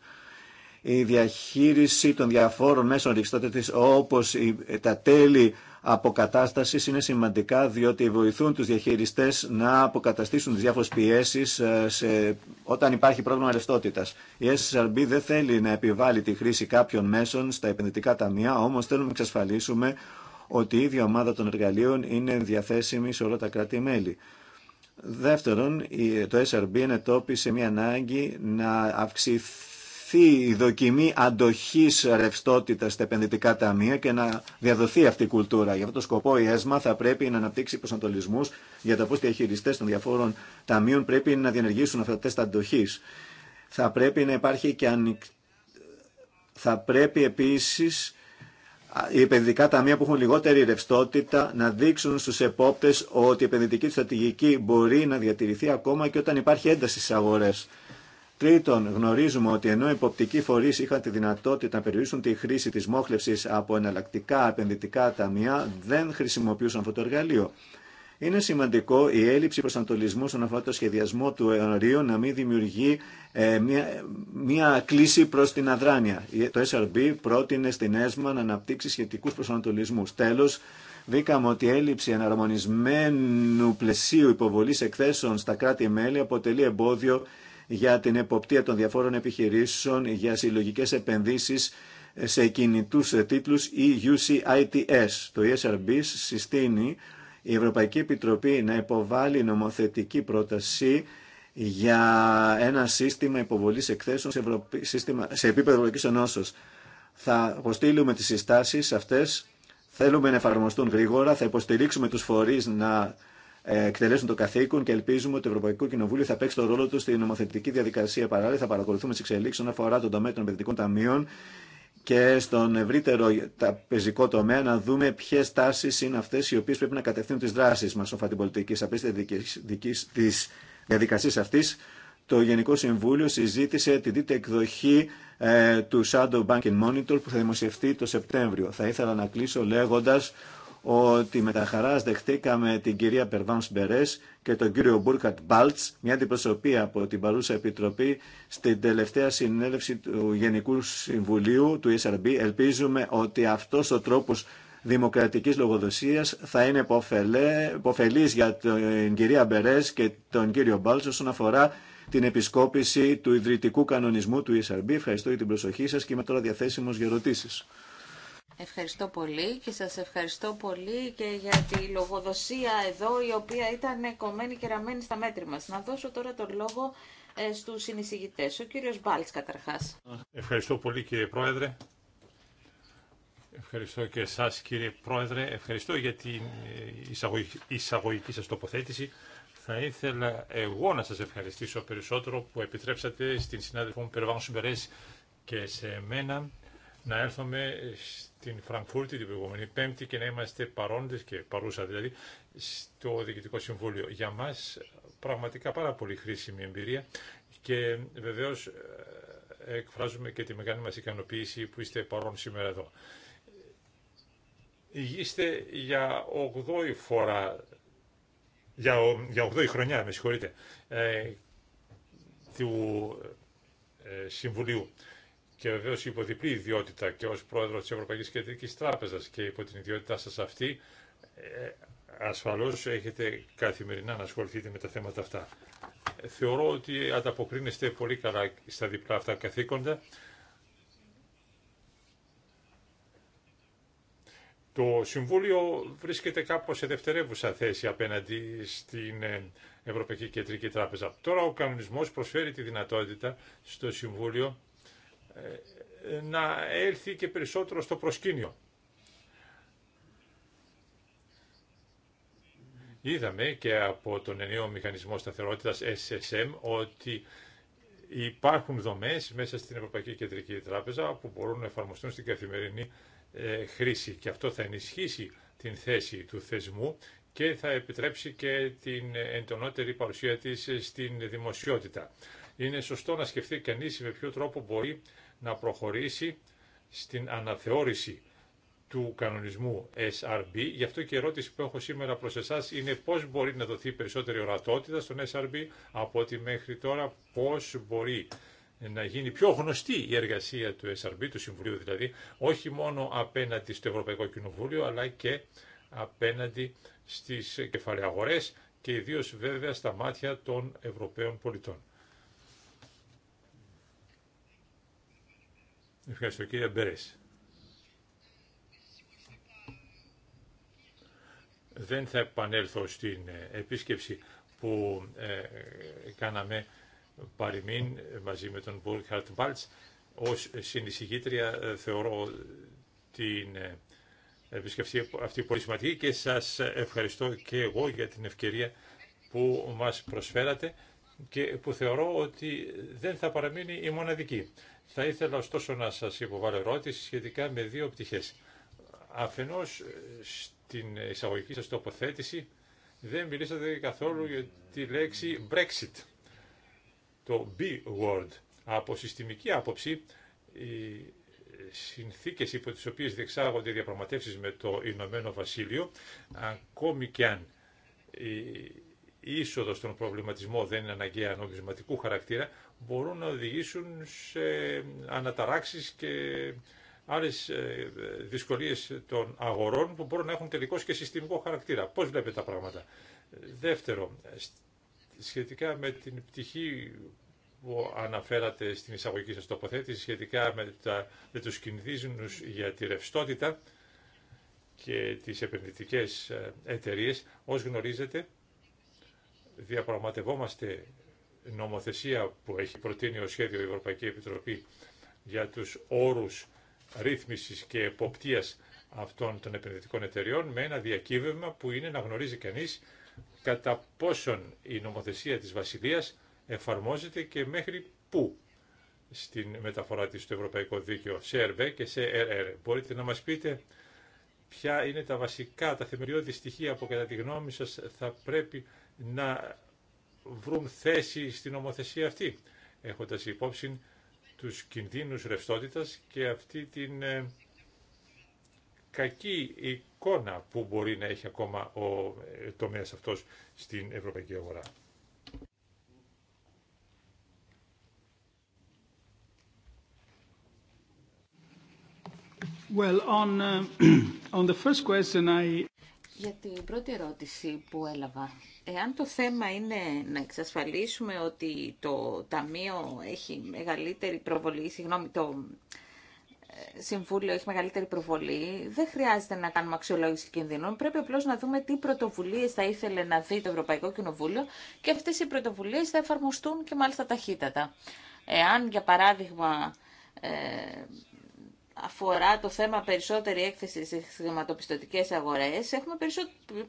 Η διαχείριση των διαφόρων μέσων ρευστότητας όπως τα τέλη αποκατάστασης είναι σημαντικά διότι βοηθούν τους διαχειριστές να αποκαταστήσουν τις διάφορες πιέσεις ε, σε... όταν υπάρχει πρόβλημα ρευστότητας. Η SSRB δεν θέλει να επιβάλλει τη χρήση κάποιων μέσων στα επενδυτικά ταμεία, όμως θέλουμε να εξασφαλίσουμε ότι η ίδια ομάδα των εργαλείων είναι διαθέσιμη σε όλα τα κράτη-μέλη. Δεύτερον, το SRB σε μια ανάγκη να αυξηθεί διεξαχθεί η δοκιμή αντοχής ρευστότητα στα επενδυτικά ταμεία και να διαδοθεί αυτή η κουλτούρα. Για αυτόν τον σκοπό η ΕΣΜΑ θα πρέπει να αναπτύξει προσανατολισμού για το πώ διαχειριστέ των διαφόρων ταμείων πρέπει να διενεργήσουν αυτά τα τεστ αντοχής. Θα πρέπει να υπάρχει και ανοιχτή. Θα πρέπει επίσης οι επενδυτικά ταμεία που έχουν λιγότερη ρευστότητα να δείξουν στου επόπτε ότι η επενδυτική στρατηγική μπορεί να διατηρηθεί ακόμα και όταν υπάρχει ένταση στι αγορέ. Τρίτον, γνωρίζουμε ότι ενώ οι υποπτικοί φορεί είχαν τη δυνατότητα να περιορίσουν τη χρήση τη μόχλευση από εναλλακτικά επενδυτικά ταμεία, δεν χρησιμοποιούσαν αυτό το εργαλείο. Είναι σημαντικό η έλλειψη προσανατολισμού στον αφορά το σχεδιασμό του ενορίου να μην δημιουργεί ε, μια, μια κλίση προ την αδράνεια. Το SRB πρότεινε στην ΕΣΜΑ να αναπτύξει σχετικού προσανατολισμού. Τέλο, βρήκαμε ότι η έλλειψη εναρμονισμένου πλαισίου υποβολή εκθέσεων στα κράτη-μέλη αποτελεί εμπόδιο για την εποπτεία των διαφόρων επιχειρήσεων για συλλογικές επενδύσεις σε κινητούς τίτλους ή UCITS. Το ESRB συστήνει η Ευρωπαϊκή Επιτροπή να υποβάλει νομοθετική πρόταση για ένα σύστημα υποβολής εκθέσεων σε, σύστημα, σε επίπεδο Ευρωπαϊκής Ενώσεως. Θα αποστείλουμε τις συστάσεις αυτές, θέλουμε να εφαρμοστούν γρήγορα, θα υποστηρίξουμε τους φορείς να εκτελέσουν το καθήκον και ελπίζουμε ότι το Ευρωπαϊκό Κοινοβούλιο θα παίξει τον ρόλο του στην νομοθετική διαδικασία. Παράλληλα, θα παρακολουθούμε τι εξελίξει όσον αφορά τον τομέα των επενδυτικών ταμείων και στον ευρύτερο πεζικό τομέα να δούμε ποιε τάσει είναι αυτέ οι οποίε πρέπει να κατευθύνουν τι δράσει μα όφα την πολιτική. δική τη διαδικασία αυτή, το Γενικό Συμβούλιο συζήτησε την τρίτη εκδοχή ε, του Shadow Banking Monitor που θα δημοσιευτεί το Σεπτέμβριο. Θα ήθελα να κλείσω λέγοντας ότι με τα χαρά δεχτήκαμε την κυρία Περβάνς Μπερές και τον κύριο Μπούρκατ Μπάλτ, μια αντιπροσωπή από την παρούσα επιτροπή, στην τελευταία συνέλευση του Γενικού Συμβουλίου του ESRB. Ελπίζουμε ότι αυτό ο τρόπο δημοκρατικής λογοδοσίας θα είναι υποφελής για την κυρία Μπερές και τον κύριο Μπάλτς όσον αφορά την επισκόπηση του ιδρυτικού κανονισμού του ESRB. Ευχαριστώ για την προσοχή σας και είμαι τώρα διαθέσιμος για ερωτήσεις. Ευχαριστώ πολύ και σας ευχαριστώ πολύ και για τη λογοδοσία εδώ η οποία ήταν κομμένη και ραμμένη στα μέτρη μας. Να δώσω τώρα τον λόγο ε, στους συνεισηγητές. Ο κύριος Μπάλτς καταρχάς. Ευχαριστώ πολύ κύριε Πρόεδρε. Ευχαριστώ και εσάς κύριε Πρόεδρε. Ευχαριστώ για την ε, εισαγωγική σας τοποθέτηση. Θα ήθελα εγώ να σας ευχαριστήσω περισσότερο που επιτρέψατε στην συνάδελφό μου Περβάνου Σουμπερές και σε μένα να έρθουμε την Φραγκφούρτη την προηγούμενη Πέμπτη και να είμαστε παρόντες και παρούσα δηλαδή στο Διοικητικό Συμβούλιο. Για μας πραγματικά πάρα πολύ χρήσιμη εμπειρία και βεβαίως ε, εκφράζουμε και τη μεγάλη μας ικανοποίηση που είστε παρόν σήμερα εδώ. Υγείστε για 8η φορά, για, για 8η χρονιά, με συγχωρείτε, ε, του ε, Συμβουλίου και βεβαίω υπό διπλή ιδιότητα και ω πρόεδρο τη Ευρωπαϊκή Κεντρική Τράπεζα και υπό την ιδιότητά σα αυτή, ε, ασφαλώ έχετε καθημερινά να ασχοληθείτε με τα θέματα αυτά. Θεωρώ ότι ανταποκρίνεστε πολύ καλά στα διπλά αυτά καθήκοντα. Το Συμβούλιο βρίσκεται κάπως σε δευτερεύουσα θέση απέναντι στην ε, Ευρωπαϊκή Κεντρική Τράπεζα. Τώρα ο κανονισμός προσφέρει τη δυνατότητα στο Συμβούλιο να έλθει και περισσότερο στο προσκήνιο. Είδαμε και από τον νέο μηχανισμό σταθερότητας SSM ότι υπάρχουν δομές μέσα στην Ευρωπαϊκή Κεντρική Τράπεζα που μπορούν να εφαρμοστούν στην καθημερινή ε, χρήση και αυτό θα ενισχύσει την θέση του θεσμού και θα επιτρέψει και την εντονότερη παρουσία της στην δημοσιότητα. Είναι σωστό να σκεφτεί κανείς με ποιο τρόπο μπορεί να προχωρήσει στην αναθεώρηση του κανονισμού SRB. Γι' αυτό και η ερώτηση που έχω σήμερα προς εσάς είναι πώς μπορεί να δοθεί περισσότερη ορατότητα στον SRB από ότι μέχρι τώρα πώς μπορεί να γίνει πιο γνωστή η εργασία του SRB, του Συμβουλίου δηλαδή, όχι μόνο απέναντι στο Ευρωπαϊκό Κοινοβούλιο, αλλά και απέναντι στις κεφαλαιαγορές και ιδίως βέβαια στα μάτια των Ευρωπαίων πολιτών. Ευχαριστώ κύριε Μπέρες. Δεν θα επανέλθω στην ε, επίσκεψη που ε, κάναμε παροιμήν ε, μαζί με τον Burkhard Μπάλτς. Ως συνεισηγήτρια θεωρώ την επισκεψή αυτή πολύ σημαντική και σας ευχαριστώ και εγώ για την ευκαιρία που μας προσφέρατε και που θεωρώ ότι δεν θα παραμείνει η μοναδική. Θα ήθελα ωστόσο να σας υποβάλω ερώτηση σχετικά με δύο πτυχές. Αφενός στην εισαγωγική σας τοποθέτηση δεν μιλήσατε καθόλου για τη λέξη Brexit, το B-word. Από συστημική άποψη, οι συνθήκες υπό τις οποίες διεξάγονται οι διαπραγματεύσεις με το Ηνωμένο Βασίλειο, ακόμη και αν η είσοδο στον προβληματισμό δεν είναι αναγκαία νομισματικού χαρακτήρα, μπορούν να οδηγήσουν σε αναταράξεις και άλλες ε, δυσκολίες των αγορών που μπορούν να έχουν τελικώ και συστημικό χαρακτήρα. Πώς βλέπετε τα πράγματα. Δεύτερο, σχετικά με την πτυχή που αναφέρατε στην εισαγωγική σας τοποθέτηση, σχετικά με, με για τη ρευστότητα και τις επενδυτικές ε, εταιρείες, ως γνωρίζετε, διαπραγματευόμαστε νομοθεσία που έχει προτείνει ο σχέδιο η Ευρωπαϊκή Επιτροπή για τους όρους ρύθμισης και εποπτείας αυτών των επενδυτικών εταιριών με ένα διακύβευμα που είναι να γνωρίζει κανείς κατά πόσον η νομοθεσία της Βασιλείας εφαρμόζεται και μέχρι πού στην μεταφορά της στο Ευρωπαϊκό Δίκαιο σε ΕΡΒΕ και σε ΕΡΕΡ. Μπορείτε να μας πείτε ποια είναι τα βασικά, τα θεμελιώδη στοιχεία που κατά τη γνώμη σας θα πρέπει να βρουν θέση στην νομοθεσία αυτή, έχοντας υπόψη τους κινδύνους ρευστότητας και αυτή την ε, κακή εικόνα που μπορεί να έχει ακόμα ο ε, τομέας αυτός στην ευρωπαϊκή αγορά. Well, on, ε, <clears throat> on για την πρώτη ερώτηση που έλαβα, εάν το θέμα είναι να εξασφαλίσουμε ότι το Ταμείο έχει μεγαλύτερη προβολή, συγγνώμη, το ε, Συμβούλιο έχει μεγαλύτερη προβολή, δεν χρειάζεται να κάνουμε αξιολόγηση κινδύνων. Πρέπει απλώ να δούμε τι πρωτοβουλίε θα ήθελε να δει το Ευρωπαϊκό Κοινοβούλιο και αυτέ οι πρωτοβουλίε θα εφαρμοστούν και μάλιστα ταχύτατα. Εάν, για παράδειγμα, ε, αφορά το θέμα περισσότερη έκθεση στι χρηματοπιστωτικέ αγορές, έχουμε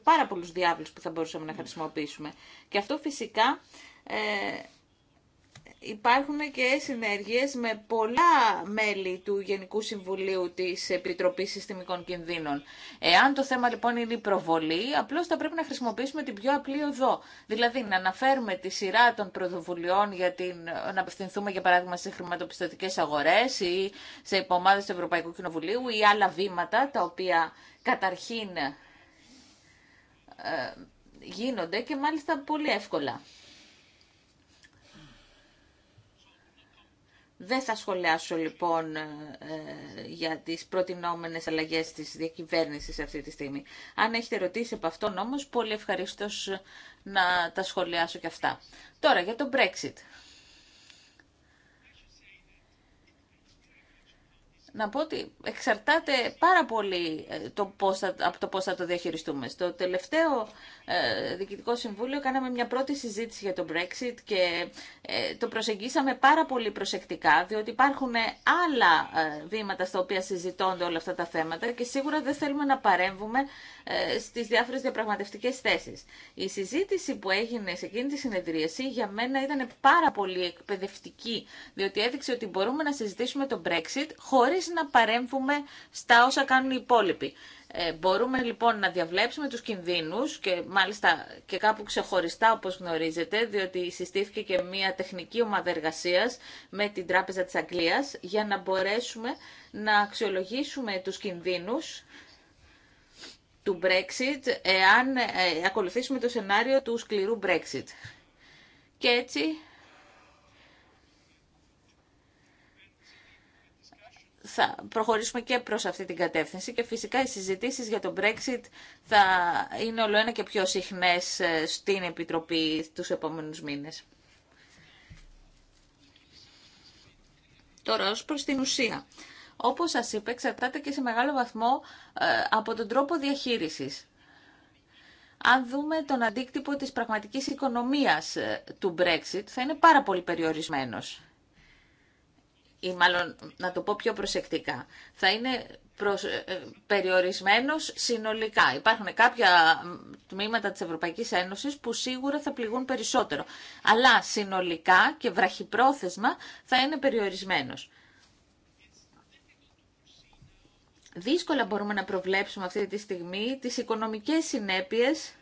πάρα πολλού διάβλου που θα μπορούσαμε να ναι. χρησιμοποιήσουμε. Και αυτό φυσικά ε, υπάρχουν και συνέργειες με πολλά μέλη του Γενικού Συμβουλίου της Επιτροπής Συστημικών Κινδύνων. Εάν το θέμα λοιπόν είναι η προβολή, απλώς θα πρέπει να χρησιμοποιήσουμε την πιο απλή οδό. Δηλαδή να αναφέρουμε τη σειρά των πρωτοβουλειών για την, να απευθυνθούμε για παράδειγμα σε χρηματοπιστωτικές αγορές ή σε υπομάδες του Ευρωπαϊκού Κοινοβουλίου ή άλλα βήματα τα οποία καταρχήν ε, γίνονται και μάλιστα πολύ εύκολα. Δεν θα σχολιάσω λοιπόν ε, ε, για τις προτινόμενες αλλαγές της διακυβέρνησης αυτή τη στιγμή. Αν έχετε ρωτήσει από αυτόν όμως, πολύ ευχαριστώ να τα σχολιάσω και αυτά. Τώρα για το Brexit. να πω ότι εξαρτάται πάρα πολύ ε, το πώς από το πώς θα το διαχειριστούμε. Στο τελευταίο ε, Διοικητικό Συμβούλιο κάναμε μια πρώτη συζήτηση για το Brexit και ε, το προσεγγίσαμε πάρα πολύ προσεκτικά, διότι υπάρχουν άλλα ε, βήματα στα οποία συζητώνται όλα αυτά τα θέματα και σίγουρα δεν θέλουμε να παρέμβουμε στις διάφορες διαπραγματευτικές θέσεις. Η συζήτηση που έγινε σε εκείνη τη συνεδρίαση για μένα ήταν πάρα πολύ εκπαιδευτική, διότι έδειξε ότι μπορούμε να συζητήσουμε το Brexit χωρί να παρέμβουμε στα όσα κάνουν οι υπόλοιποι. Ε, μπορούμε λοιπόν να διαβλέψουμε τους κινδύνους και μάλιστα και κάπου ξεχωριστά όπως γνωρίζετε, διότι συστήθηκε και μια τεχνική ομάδα εργασίας με την Τράπεζα της Αγγλίας για να μπορέσουμε να αξιολογήσουμε τους κινδύνους του Brexit εάν ε, ακολουθήσουμε το σενάριο του σκληρού Brexit. Και έτσι θα προχωρήσουμε και προς αυτή την κατεύθυνση και φυσικά οι συζητήσεις για το Brexit θα είναι όλο ένα και πιο συχνές ε, στην Επιτροπή τους επόμενους μήνες. Τώρα ως προς την ουσία. Όπως σας είπα, εξαρτάται και σε μεγάλο βαθμό ε, από τον τρόπο διαχείρισης. Αν δούμε τον αντίκτυπο της πραγματικής οικονομίας ε, του Brexit, θα είναι πάρα πολύ περιορισμένος ή μάλλον να το πω πιο προσεκτικά, θα είναι προς, ε, ε, περιορισμένος συνολικά. Υπάρχουν κάποια τμήματα της Ευρωπαϊκής Ένωσης που σίγουρα θα πληγούν περισσότερο, αλλά συνολικά και βραχυπρόθεσμα θα είναι περιορισμένος. Δύσκολα μπορούμε να προβλέψουμε αυτή τη στιγμή τις οικονομικές συνέπειες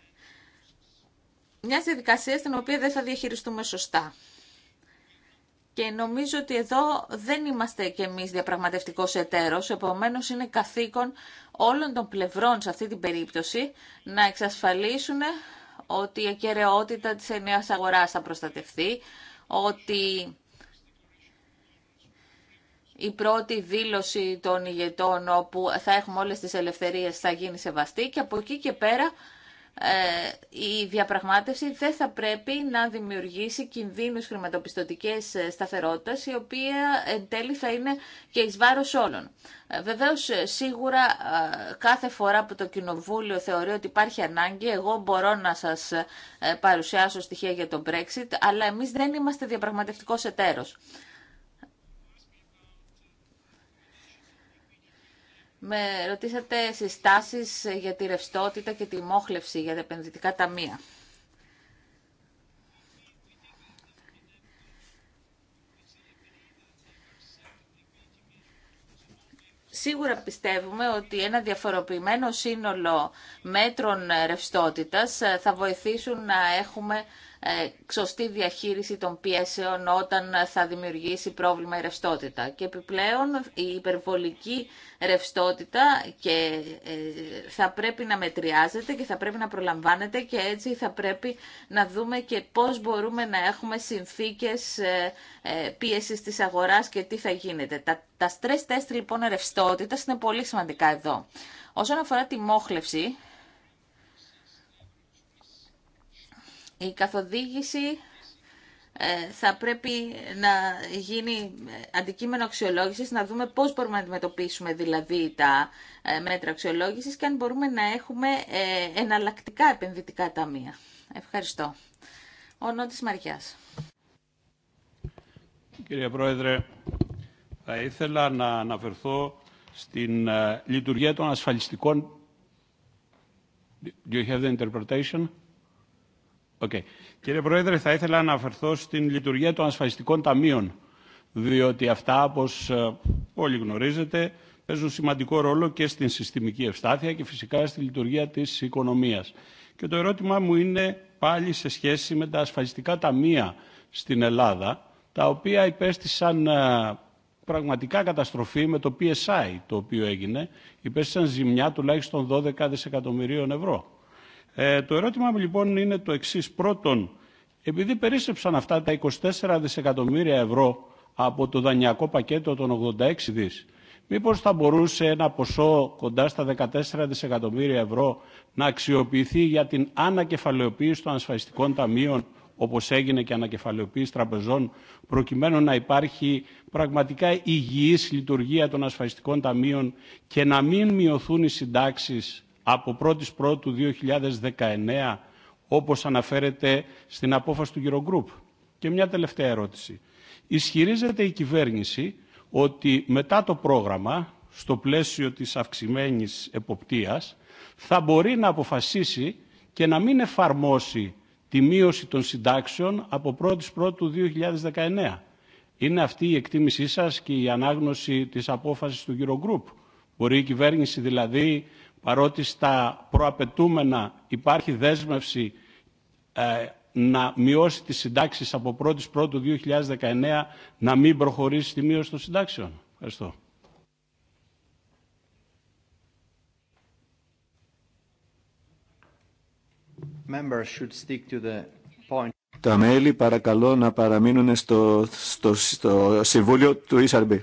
μιας διαδικασίας την οποία δεν θα διαχειριστούμε σωστά και νομίζω ότι εδώ δεν είμαστε κι εμείς διαπραγματευτικός εταίρος, επομένως είναι καθήκον όλων των πλευρών σε αυτή την περίπτωση να εξασφαλίσουν ότι η ακαιρεότητα της ενιαίας αγοράς θα προστατευτεί, ότι η πρώτη δήλωση των ηγετών όπου θα έχουμε όλες τις ελευθερίες θα γίνει σεβαστή και από εκεί και πέρα ε, η διαπραγμάτευση δεν θα πρέπει να δημιουργήσει κινδύνους χρηματοπιστωτικές ε, σταθερότητας, η οποία εν τέλει θα είναι και εις βάρος όλων. Ε, βεβαίως, σίγουρα κάθε φορά που το Κοινοβούλιο θεωρεί ότι υπάρχει ανάγκη, εγώ μπορώ να σας παρουσιάσω στοιχεία για το Brexit, αλλά εμείς δεν είμαστε διαπραγματευτικός εταίρος. Με ρωτήσατε συστάσεις για τη ρευστότητα και τη μόχλευση για τα επενδυτικά ταμεία. Σίγουρα πιστεύουμε ότι ένα διαφοροποιημένο σύνολο μέτρων ρευστότητας θα βοηθήσουν να έχουμε ε, σωστή διαχείριση των πιέσεων όταν θα δημιουργήσει πρόβλημα η ρευστότητα. Και επιπλέον η υπερβολική ρευστότητα και ε, θα πρέπει να μετριάζεται και θα πρέπει να προλαμβάνεται και έτσι θα πρέπει να δούμε και πώς μπορούμε να έχουμε συνθήκες ε, πίεσης της αγοράς και τι θα γίνεται. Τα, τα stress test λοιπόν ρευστότητα είναι πολύ σημαντικά εδώ. Όσον αφορά τη μόχλευση, Η καθοδήγηση ε, θα πρέπει να γίνει ε, αντικείμενο αξιολόγησης, να δούμε πώς μπορούμε να αντιμετωπίσουμε δηλαδή τα ε, μέτρα αξιολόγησης και αν μπορούμε να έχουμε εναλλακτικά επενδυτικά ταμεία. Ευχαριστώ. Ο Νότης Μαριάς. Κύριε Πρόεδρε, θα ήθελα να αναφερθώ στην λειτουργία των ασφαλιστικών... Do you have the interpretation? Okay. Κύριε Πρόεδρε, θα ήθελα να αναφερθώ στην λειτουργία των ασφαλιστικών ταμείων, διότι αυτά, όπως ε, όλοι γνωρίζετε, παίζουν σημαντικό ρόλο και στην συστημική ευστάθεια και φυσικά στη λειτουργία της οικονομίας. Και το ερώτημά μου είναι πάλι σε σχέση με τα ασφαλιστικά ταμεία στην Ελλάδα, τα οποία υπέστησαν ε, πραγματικά καταστροφή με το PSI το οποίο έγινε, υπέστησαν ζημιά τουλάχιστον 12 δισεκατομμυρίων ευρώ. Ε, το ερώτημα μου λοιπόν είναι το εξή Πρώτον, επειδή περίσσεψαν αυτά τα 24 δισεκατομμύρια ευρώ από το δανειακό πακέτο των 86 δις, μήπως θα μπορούσε ένα ποσό κοντά στα 14 δισεκατομμύρια ευρώ να αξιοποιηθεί για την ανακεφαλαιοποίηση των ασφαλιστικών ταμείων όπως έγινε και ανακεφαλαιοποίηση τραπεζών, προκειμένου να υπάρχει πραγματικά υγιής λειτουργία των ασφαλιστικών ταμείων και να μην μειωθούν οι συντάξεις από 1η Πρώτου 2019 όπως αναφέρεται στην απόφαση του Eurogroup. Και μια τελευταία ερώτηση. Ισχυρίζεται η κυβέρνηση ότι μετά το πρόγραμμα, στο πλαίσιο της αυξημένης εποπτείας, θα μπορεί να αποφασίσει και να μην εφαρμόσει τη μείωση των συντάξεων από η Πρώτου 2019. Είναι αυτή η εκτίμησή σας και η ανάγνωση της απόφασης του Eurogroup. Μπορεί η κυβέρνηση δηλαδή παρότι στα προαπαιτούμενα υπάρχει δέσμευση ε, να μειώσει τις συντάξεις από 1η Πρώτου 2019 να μην προχωρήσει τη μείωση των συντάξεων. Ευχαριστώ. Τα μέλη παρακαλώ να παραμείνουν στο, στο, Συμβούλιο του ESRB.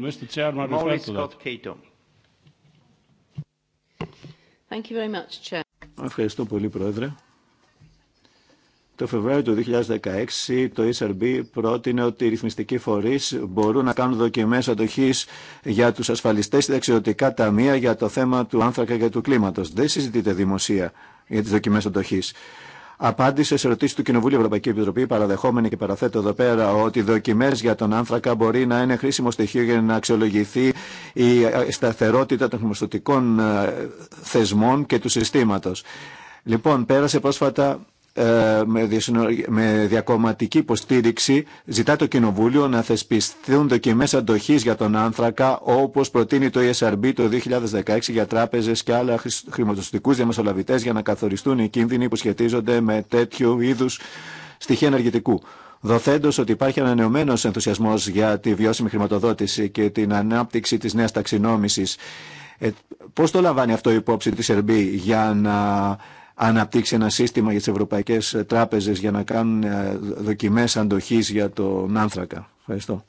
Mr. Chairman, Ευχαριστώ πολύ, Πρόεδρε. Το Φεβρουάριο του 2016 το ESRB πρότεινε ότι οι ρυθμιστικοί φορεί μπορούν να κάνουν δοκιμέ αντοχή για του ασφαλιστέ και δεξιωτικά ταμεία για το θέμα του άνθρακα και του κλίματο. Δεν συζητείται δημοσία για τι δοκιμέ αντοχή απάντησε σε ερωτήσει του Κοινοβούλου Ευρωπαϊκή Επιτροπή, παραδεχόμενη και παραθέτω εδώ πέρα ότι οι δοκιμέ για τον άνθρακα μπορεί να είναι χρήσιμο στοιχείο για να αξιολογηθεί η ε, σταθερότητα των χρηματοδοτικών ε, θεσμών και του συστήματο. Λοιπόν, πέρασε πρόσφατα ε, με διακομματική υποστήριξη ζητά το Κοινοβούλιο να θεσπιστούν δοκιμές αντοχής για τον άνθρακα όπως προτείνει το ESRB το 2016 για τράπεζες και άλλα χρηματοστικούς διαμεσολαβητές για να καθοριστούν οι κίνδυνοι που σχετίζονται με τέτοιου είδους στοιχεία ενεργητικού. Δοθέντως ότι υπάρχει ανανεωμένος ενθουσιασμός για τη βιώσιμη χρηματοδότηση και την ανάπτυξη της νέας ταξινόμησης. Ε, πώς το λαμβάνει αυτό η υπόψη της ΕΡΜΗ για να αναπτύξει ένα σύστημα για τις ευρωπαϊκές ε, τράπεζες για να κάνουν ε, δοκιμές αντοχής για τον άνθρακα. Ευχαριστώ.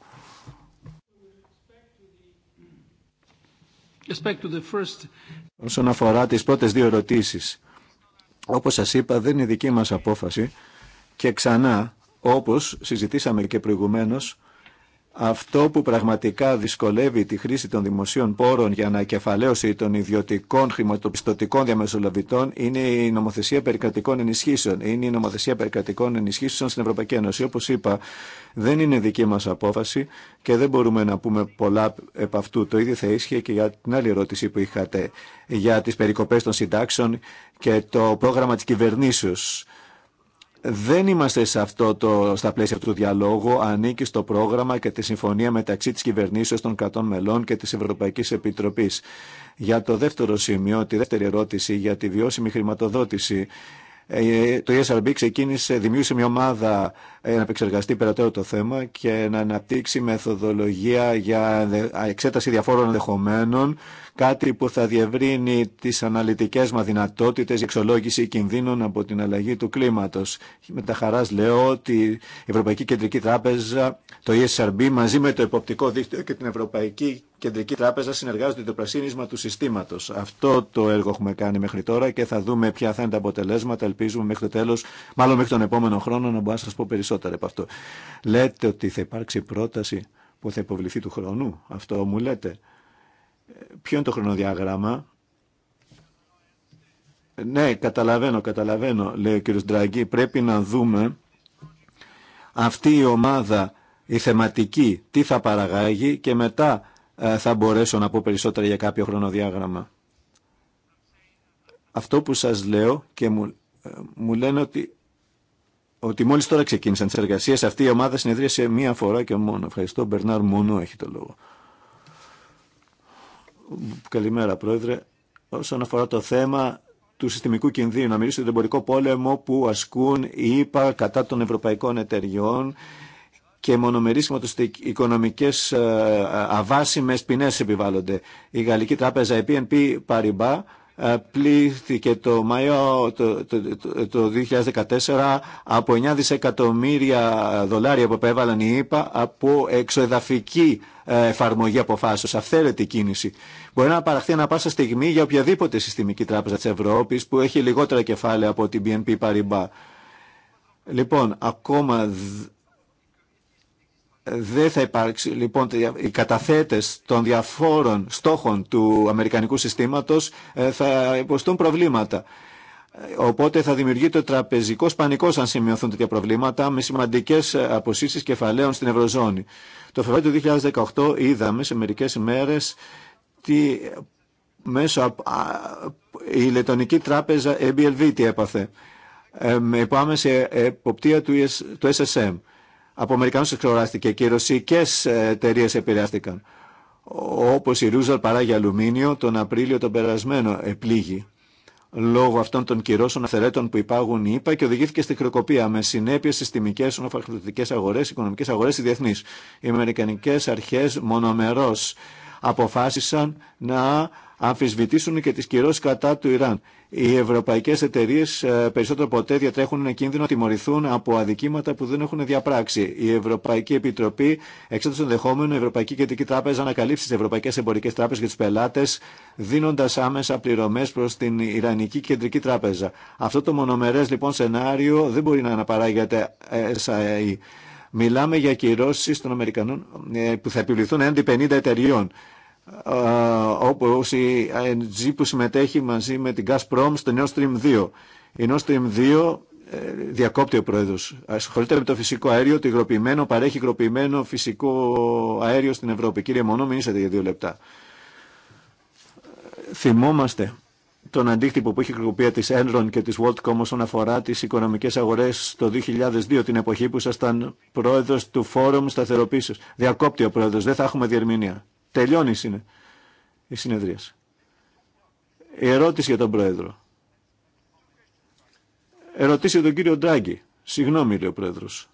Όσον αφορά τις πρώτες δύο ερωτήσεις, όπως σας είπα δεν είναι δική μας απόφαση και ξανά όπως συζητήσαμε και προηγουμένως αυτό που πραγματικά δυσκολεύει τη χρήση των δημοσίων πόρων για ανακεφαλαίωση των ιδιωτικών χρηματοπιστωτικών διαμεσολαβητών είναι η νομοθεσία περικρατικών ενισχύσεων. Είναι η νομοθεσία περικρατικών ενισχύσεων στην Ευρωπαϊκή Ένωση. Όπω είπα, δεν είναι δική μα απόφαση και δεν μπορούμε να πούμε πολλά επ' αυτού. Το ίδιο θα ίσχυε και για την άλλη ερώτηση που είχατε για τι περικοπέ των συντάξεων και το πρόγραμμα τη κυβερνήσεω δεν είμαστε σε αυτό το, στα πλαίσια αυτού του διαλόγου. Ανήκει στο πρόγραμμα και τη συμφωνία μεταξύ τη κυβερνήσεω των κρατών μελών και τη Ευρωπαϊκή Επιτροπή. Για το δεύτερο σημείο, τη δεύτερη ερώτηση για τη βιώσιμη χρηματοδότηση. Ε, το ESRB ξεκίνησε, δημιούργησε μια ομάδα ε, να επεξεργαστεί περαιτέρω το θέμα και να αναπτύξει μεθοδολογία για ε, εξέταση διαφόρων ενδεχομένων κάτι που θα διευρύνει τις αναλυτικές μα δυνατότητες εξολόγηση κινδύνων από την αλλαγή του κλίματος. Με τα χαράς λέω ότι η Ευρωπαϊκή Κεντρική Τράπεζα, το ESRB μαζί με το Εποπτικό Δίκτυο και την Ευρωπαϊκή Κεντρική Τράπεζα συνεργάζονται το πρασίνισμα του συστήματος. Αυτό το έργο έχουμε κάνει μέχρι τώρα και θα δούμε ποια θα είναι τα αποτελέσματα. Ελπίζουμε μέχρι το τέλος, μάλλον μέχρι τον επόμενο χρόνο, να μπορώ να σα πω περισσότερα από αυτό. Λέτε ότι θα υπάρξει πρόταση που θα υποβληθεί του χρόνου. Αυτό μου λέτε. Ποιο είναι το χρονοδιάγραμμα. Ναι, καταλαβαίνω, καταλαβαίνω, λέει ο κύριος Ντραγκή. Πρέπει να δούμε αυτή η ομάδα, η θεματική, τι θα παραγάγει και μετά ε, θα μπορέσω να πω περισσότερα για κάποιο χρονοδιάγραμμα. Αυτό που σας λέω και ε, μου, λένε ότι, ότι μόλις τώρα ξεκίνησαν τις εργασίες, αυτή η ομάδα συνεδρίασε μία φορά και μόνο. Ευχαριστώ, Μπερνάρ μόνο έχει το λόγο. Καλημέρα, Πρόεδρε. Όσον αφορά το θέμα του συστημικού κινδύνου, να μιλήσω για τον εμπορικό πόλεμο που ασκούν οι ΙΠΑ κατά των ευρωπαϊκών εταιριών και μονομερείς οικονομικές ε, αβάσιμες ποινές επιβάλλονται. Η Γαλλική Τράπεζα, η PNP Paribas, ε, πλήθηκε το Μάιο το, το, το, 2014 από 9 δισεκατομμύρια δολάρια που επέβαλαν οι ΗΠΑ από εξοεδαφική ε, εφαρμογή αποφάσεως, αυθαίρετη κίνηση. Μπορεί να παραχθεί ένα πάσα στιγμή για οποιαδήποτε συστημική τράπεζα της Ευρώπης που έχει λιγότερα κεφάλαια από την BNP Paribas. Λοιπόν, ακόμα δεν θα υπάρξει λοιπόν οι καταθέτες των διαφόρων στόχων του Αμερικανικού συστήματος ε, θα υποστούν προβλήματα. Ε, οπότε θα δημιουργείται τραπεζικό πανικό αν σημειωθούν τέτοια προβλήματα με σημαντικέ ε, αποσύσει κεφαλαίων στην Ευρωζώνη. Το Φεβρουάριο του 2018 είδαμε σε μερικέ ημέρε τι μέσω η Λετωνική Τράπεζα MBLV τι έπαθε. με πάμε σε εποπτεία του SSM από Αμερικανούς εξοράστηκε και οι ρωσικές ε, εταιρείε επηρεάστηκαν. Όπως η Ρούζαλ παράγει αλουμίνιο τον Απρίλιο τον περασμένο επλήγει. Λόγω αυτών των κυρώσεων αυθερέτων που υπάγουν η και οδηγήθηκε στη χρεοκοπία με συνέπειε τιμικέ οικονομικές αγορέ, οικονομικέ αγορέ και διεθνεί. Οι Αμερικανικέ αρχέ μονομερό αποφάσισαν να αμφισβητήσουν και τι κυρώσει κατά του Ιράν. Οι Ευρωπαϊκέ εταιρείε ε, περισσότερο ποτέ διατρέχουν ένα κίνδυνο να τιμωρηθούν από αδικήματα που δεν έχουν διαπράξει. Η Ευρωπαϊκή Επιτροπή εξέτασε ενδεχόμενο η Ευρωπαϊκή Κεντρική Τράπεζα να καλύψει τι ευρωπαϊκές εμπορικές τράπεζες και του πελάτε, δίνοντα άμεσα πληρωμέ προ την Ιρανική Κεντρική Τράπεζα. Αυτό το μονομερές λοιπόν σενάριο δεν μπορεί να αναπαράγεται ε, Μιλάμε για κυρώσει των Αμερικανών ε, που θα επιβληθούν έναντι 50 εταιριών όπου η ING που συμμετέχει μαζί με την Gazprom στο Nord Stream 2. Η Nord Stream 2 ε, διακόπτει ο προέδρο. Ασχολείται με το φυσικό αέριο, το υγροποιημένο, παρέχει υγροποιημένο φυσικό αέριο στην Ευρώπη. Κύριε Μονό, μιλήσατε για δύο λεπτά. Θυμόμαστε τον αντίκτυπο που έχει η τη της Enron και τη WorldCom όσον αφορά τι οικονομικέ αγορέ το 2002, την εποχή που ήσασταν πρόεδρος του Φόρουμ Σταθεροποίησης. Διακόπτει ο προέδρο, δεν θα έχουμε διερμηνία. Τελειώνει η συνεδρία. Η ερώτηση για τον Πρόεδρο. Ερωτήσει για τον κύριο Ντράγκη. Συγγνώμη, λέει ο Πρόεδρος.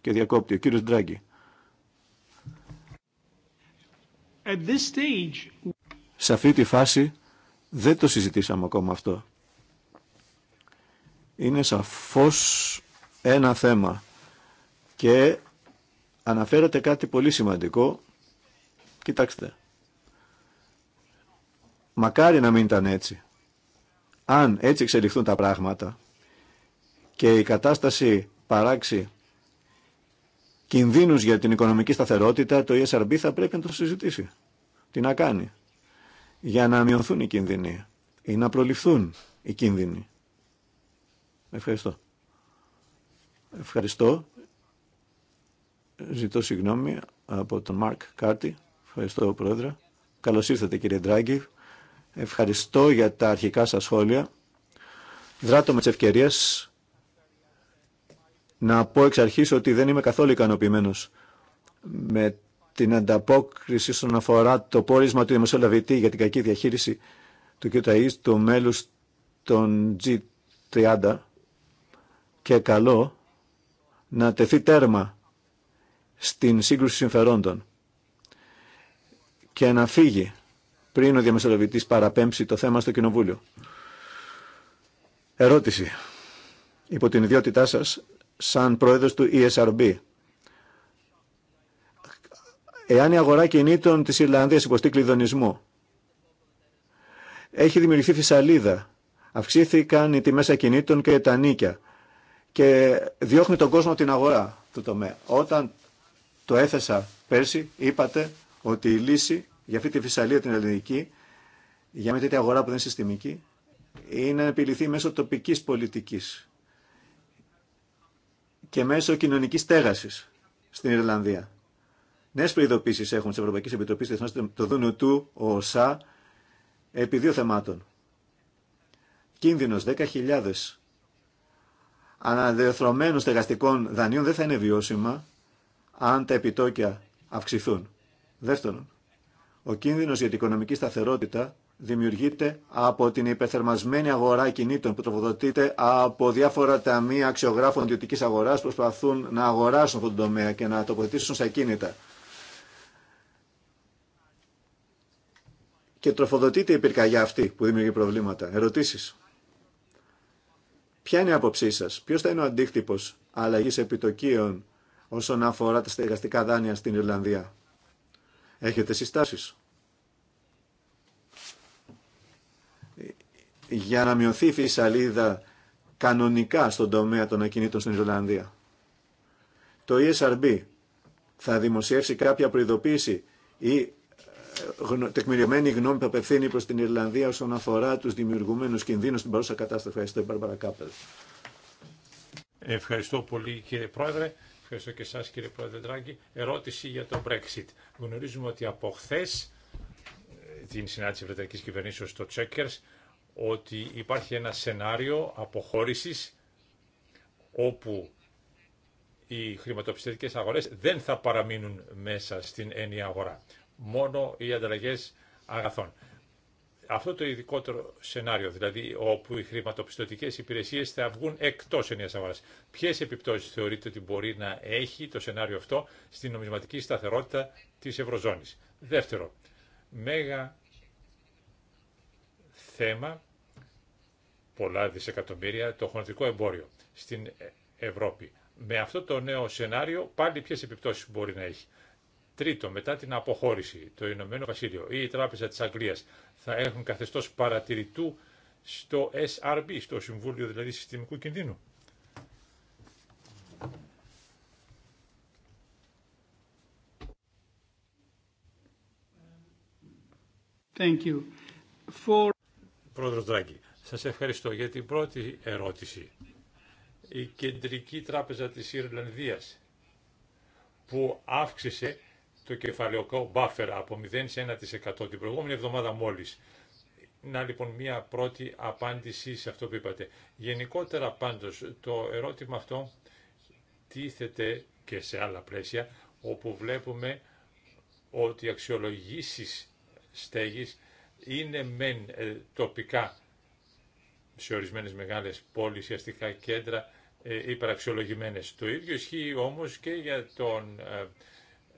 Και διακόπτει ο κύριος Ντράγκη. Σε αυτή τη φάση δεν το συζητήσαμε ακόμα αυτό. Είναι σαφώς ένα θέμα και αναφέρατε κάτι πολύ σημαντικό Κοιτάξτε. Μακάρι να μην ήταν έτσι. Αν έτσι εξελιχθούν τα πράγματα και η κατάσταση παράξει κινδύνους για την οικονομική σταθερότητα, το ESRB θα πρέπει να το συζητήσει. Τι να κάνει. Για να μειωθούν οι κίνδυνοι ή να προληφθούν οι κίνδυνοι. Ευχαριστώ. Ευχαριστώ. Ζητώ συγγνώμη από τον Μαρκ Κάρτι. Ευχαριστώ, Πρόεδρε. Καλώ ήρθατε, κύριε Ντράγκη. Ευχαριστώ για τα αρχικά σας σχόλια. Δράτω με τι ευκαιρίε να πω εξ αρχή ότι δεν είμαι καθόλου ικανοποιημένο με την ανταπόκριση στον αφορά το πόρισμα του δημοσιολαβητή για την κακή διαχείριση του κ. Ταΐς, του μέλους των G30 και καλό να τεθεί τέρμα στην σύγκρουση συμφερόντων και να φύγει πριν ο διαμεσολαβητής παραπέμψει το θέμα στο Κοινοβούλιο. Ερώτηση. Υπό την ιδιότητά σας, σαν πρόεδρος του ESRB, εάν η αγορά κινήτων της Ιρλανδίας υποστεί κλειδονισμό, έχει δημιουργηθεί φυσαλίδα, αυξήθηκαν οι τιμές ακινήτων και τα νίκια και διώχνει τον κόσμο την αγορά του τομέα. Όταν το έθεσα πέρσι, είπατε ότι η λύση για αυτή τη φυσαλία την ελληνική, για μια τέτοια αγορά που δεν είναι συστημική, είναι να επιληθεί μέσω τοπικής πολιτικής και μέσω κοινωνικής στέγασης στην Ιρλανδία. Νέε προειδοποίησει έχουν τη Ευρωπαϊκή Επιτροπή το Δούνου του ΟΣΑ επί δύο θεμάτων. Κίνδυνο 10.000 αναδεθρωμένων στεγαστικών δανείων δεν θα είναι βιώσιμα αν τα επιτόκια αυξηθούν. Δεύτερον, ο κίνδυνος για την οικονομική σταθερότητα δημιουργείται από την υπεθερμασμένη αγορά κινήτων που τροφοδοτείται από διάφορα ταμεία αξιογράφων ιδιωτική αγορά που προσπαθούν να αγοράσουν αυτόν τον τομέα και να τοποθετήσουν σε κίνητα. Και τροφοδοτείται η πυρκαγιά αυτή που δημιουργεί προβλήματα. Ερωτήσει. Ποια είναι η άποψή σα, ποιο θα είναι ο αντίκτυπο αλλαγή επιτοκίων όσον αφορά τα στεγαστικά δάνεια στην Ιρλανδία. Έχετε συστάσεις. Για να μειωθεί η φυσαλίδα κανονικά στον τομέα των ακινήτων στην Ιρλανδία. Το ESRB θα δημοσιεύσει κάποια προειδοποίηση ή ε, τεκμηριωμένη γνώμη που απευθύνει προς την Ιρλανδία όσον αφορά τους δημιουργουμένους κινδύνους στην παρούσα κατάσταση. Ευχαριστώ, Μπαρμπαρα Ευχαριστώ πολύ κύριε Πρόεδρε ευχαριστώ και εσά, κύριε Πρόεδρε Ερώτηση για το Brexit. Γνωρίζουμε ότι από χθε ε, την συνάντηση Βρετανική Κυβερνήσεως στο Checkers ότι υπάρχει ένα σενάριο αποχώρησης όπου οι χρηματοπιστωτικές αγορές δεν θα παραμείνουν μέσα στην έννοια αγορά. Μόνο οι ανταλλαγέ αγαθών αυτό το ειδικότερο σενάριο, δηλαδή όπου οι χρηματοπιστωτικέ υπηρεσίε θα βγουν εκτός ενίας αγορά, Ποιες επιπτώσεις θεωρείτε ότι μπορεί να έχει το σενάριο αυτό στην νομισματική σταθερότητα της Ευρωζώνης. Δεύτερο, μέγα θέμα, πολλά δισεκατομμύρια, το χρονικό εμπόριο στην Ευρώπη. Με αυτό το νέο σενάριο πάλι ποιε επιπτώσει μπορεί να έχει. Τρίτο, μετά την αποχώρηση, το Ηνωμένο Βασίλειο ή η Τράπεζα της Αγγλίας θα έχουν καθεστώς παρατηρητού στο SRB, στο Συμβούλιο δηλαδή Συστημικού Κινδύνου. Thank you. Πρόεδρος Δράγκη, σας ευχαριστώ για την πρώτη ερώτηση. Η Κεντρική Τράπεζα της Ιρλανδίας που αύξησε το κεφαλαιοκό buffer από 0 σε 1% την προηγούμενη εβδομάδα μόλις. Να λοιπόν μία πρώτη απάντηση σε αυτό που είπατε. Γενικότερα πάντως το ερώτημα αυτό τίθεται και σε άλλα πλαίσια όπου βλέπουμε ότι οι αξιολογήσεις στέγης είναι μεν ε, τοπικά σε ορισμένες μεγάλες πόλεις αστικά κέντρα ε, υπεραξιολογημένες. Το ίδιο ισχύει όμως και για τον ε,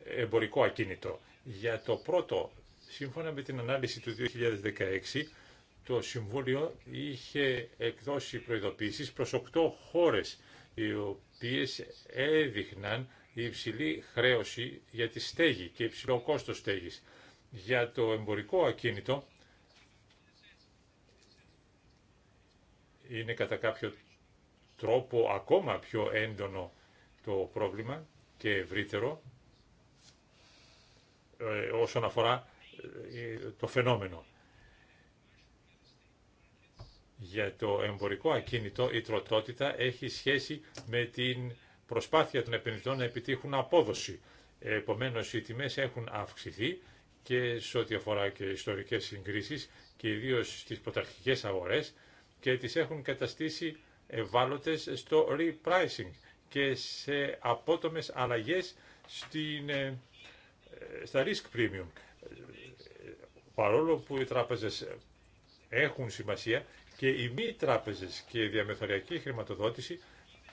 εμπορικό ακίνητο. Για το πρώτο, σύμφωνα με την ανάλυση του 2016, το Συμβούλιο είχε εκδώσει προειδοποίησεις προς 8 χώρες, οι οποίες έδειχναν υψηλή χρέωση για τη στέγη και υψηλό κόστος στέγης. Για το εμπορικό ακίνητο είναι κατά κάποιο τρόπο ακόμα πιο έντονο το πρόβλημα και ευρύτερο ε, όσον αφορά ε, το φαινόμενο. Για το εμπορικό ακίνητο η τροτότητα έχει σχέση με την προσπάθεια των επενδυτών να επιτύχουν απόδοση. Επομένως οι τιμές έχουν αυξηθεί και σε ό,τι αφορά και ιστορικές συγκρίσεις και ιδίως στις πρωταρχικές αγορές και τις έχουν καταστήσει ευάλωτες στο repricing και σε απότομες αλλαγές στην ε, στα risk premium. Παρόλο που οι τράπεζες έχουν σημασία και οι μη τράπεζες και η διαμεθοριακή χρηματοδότηση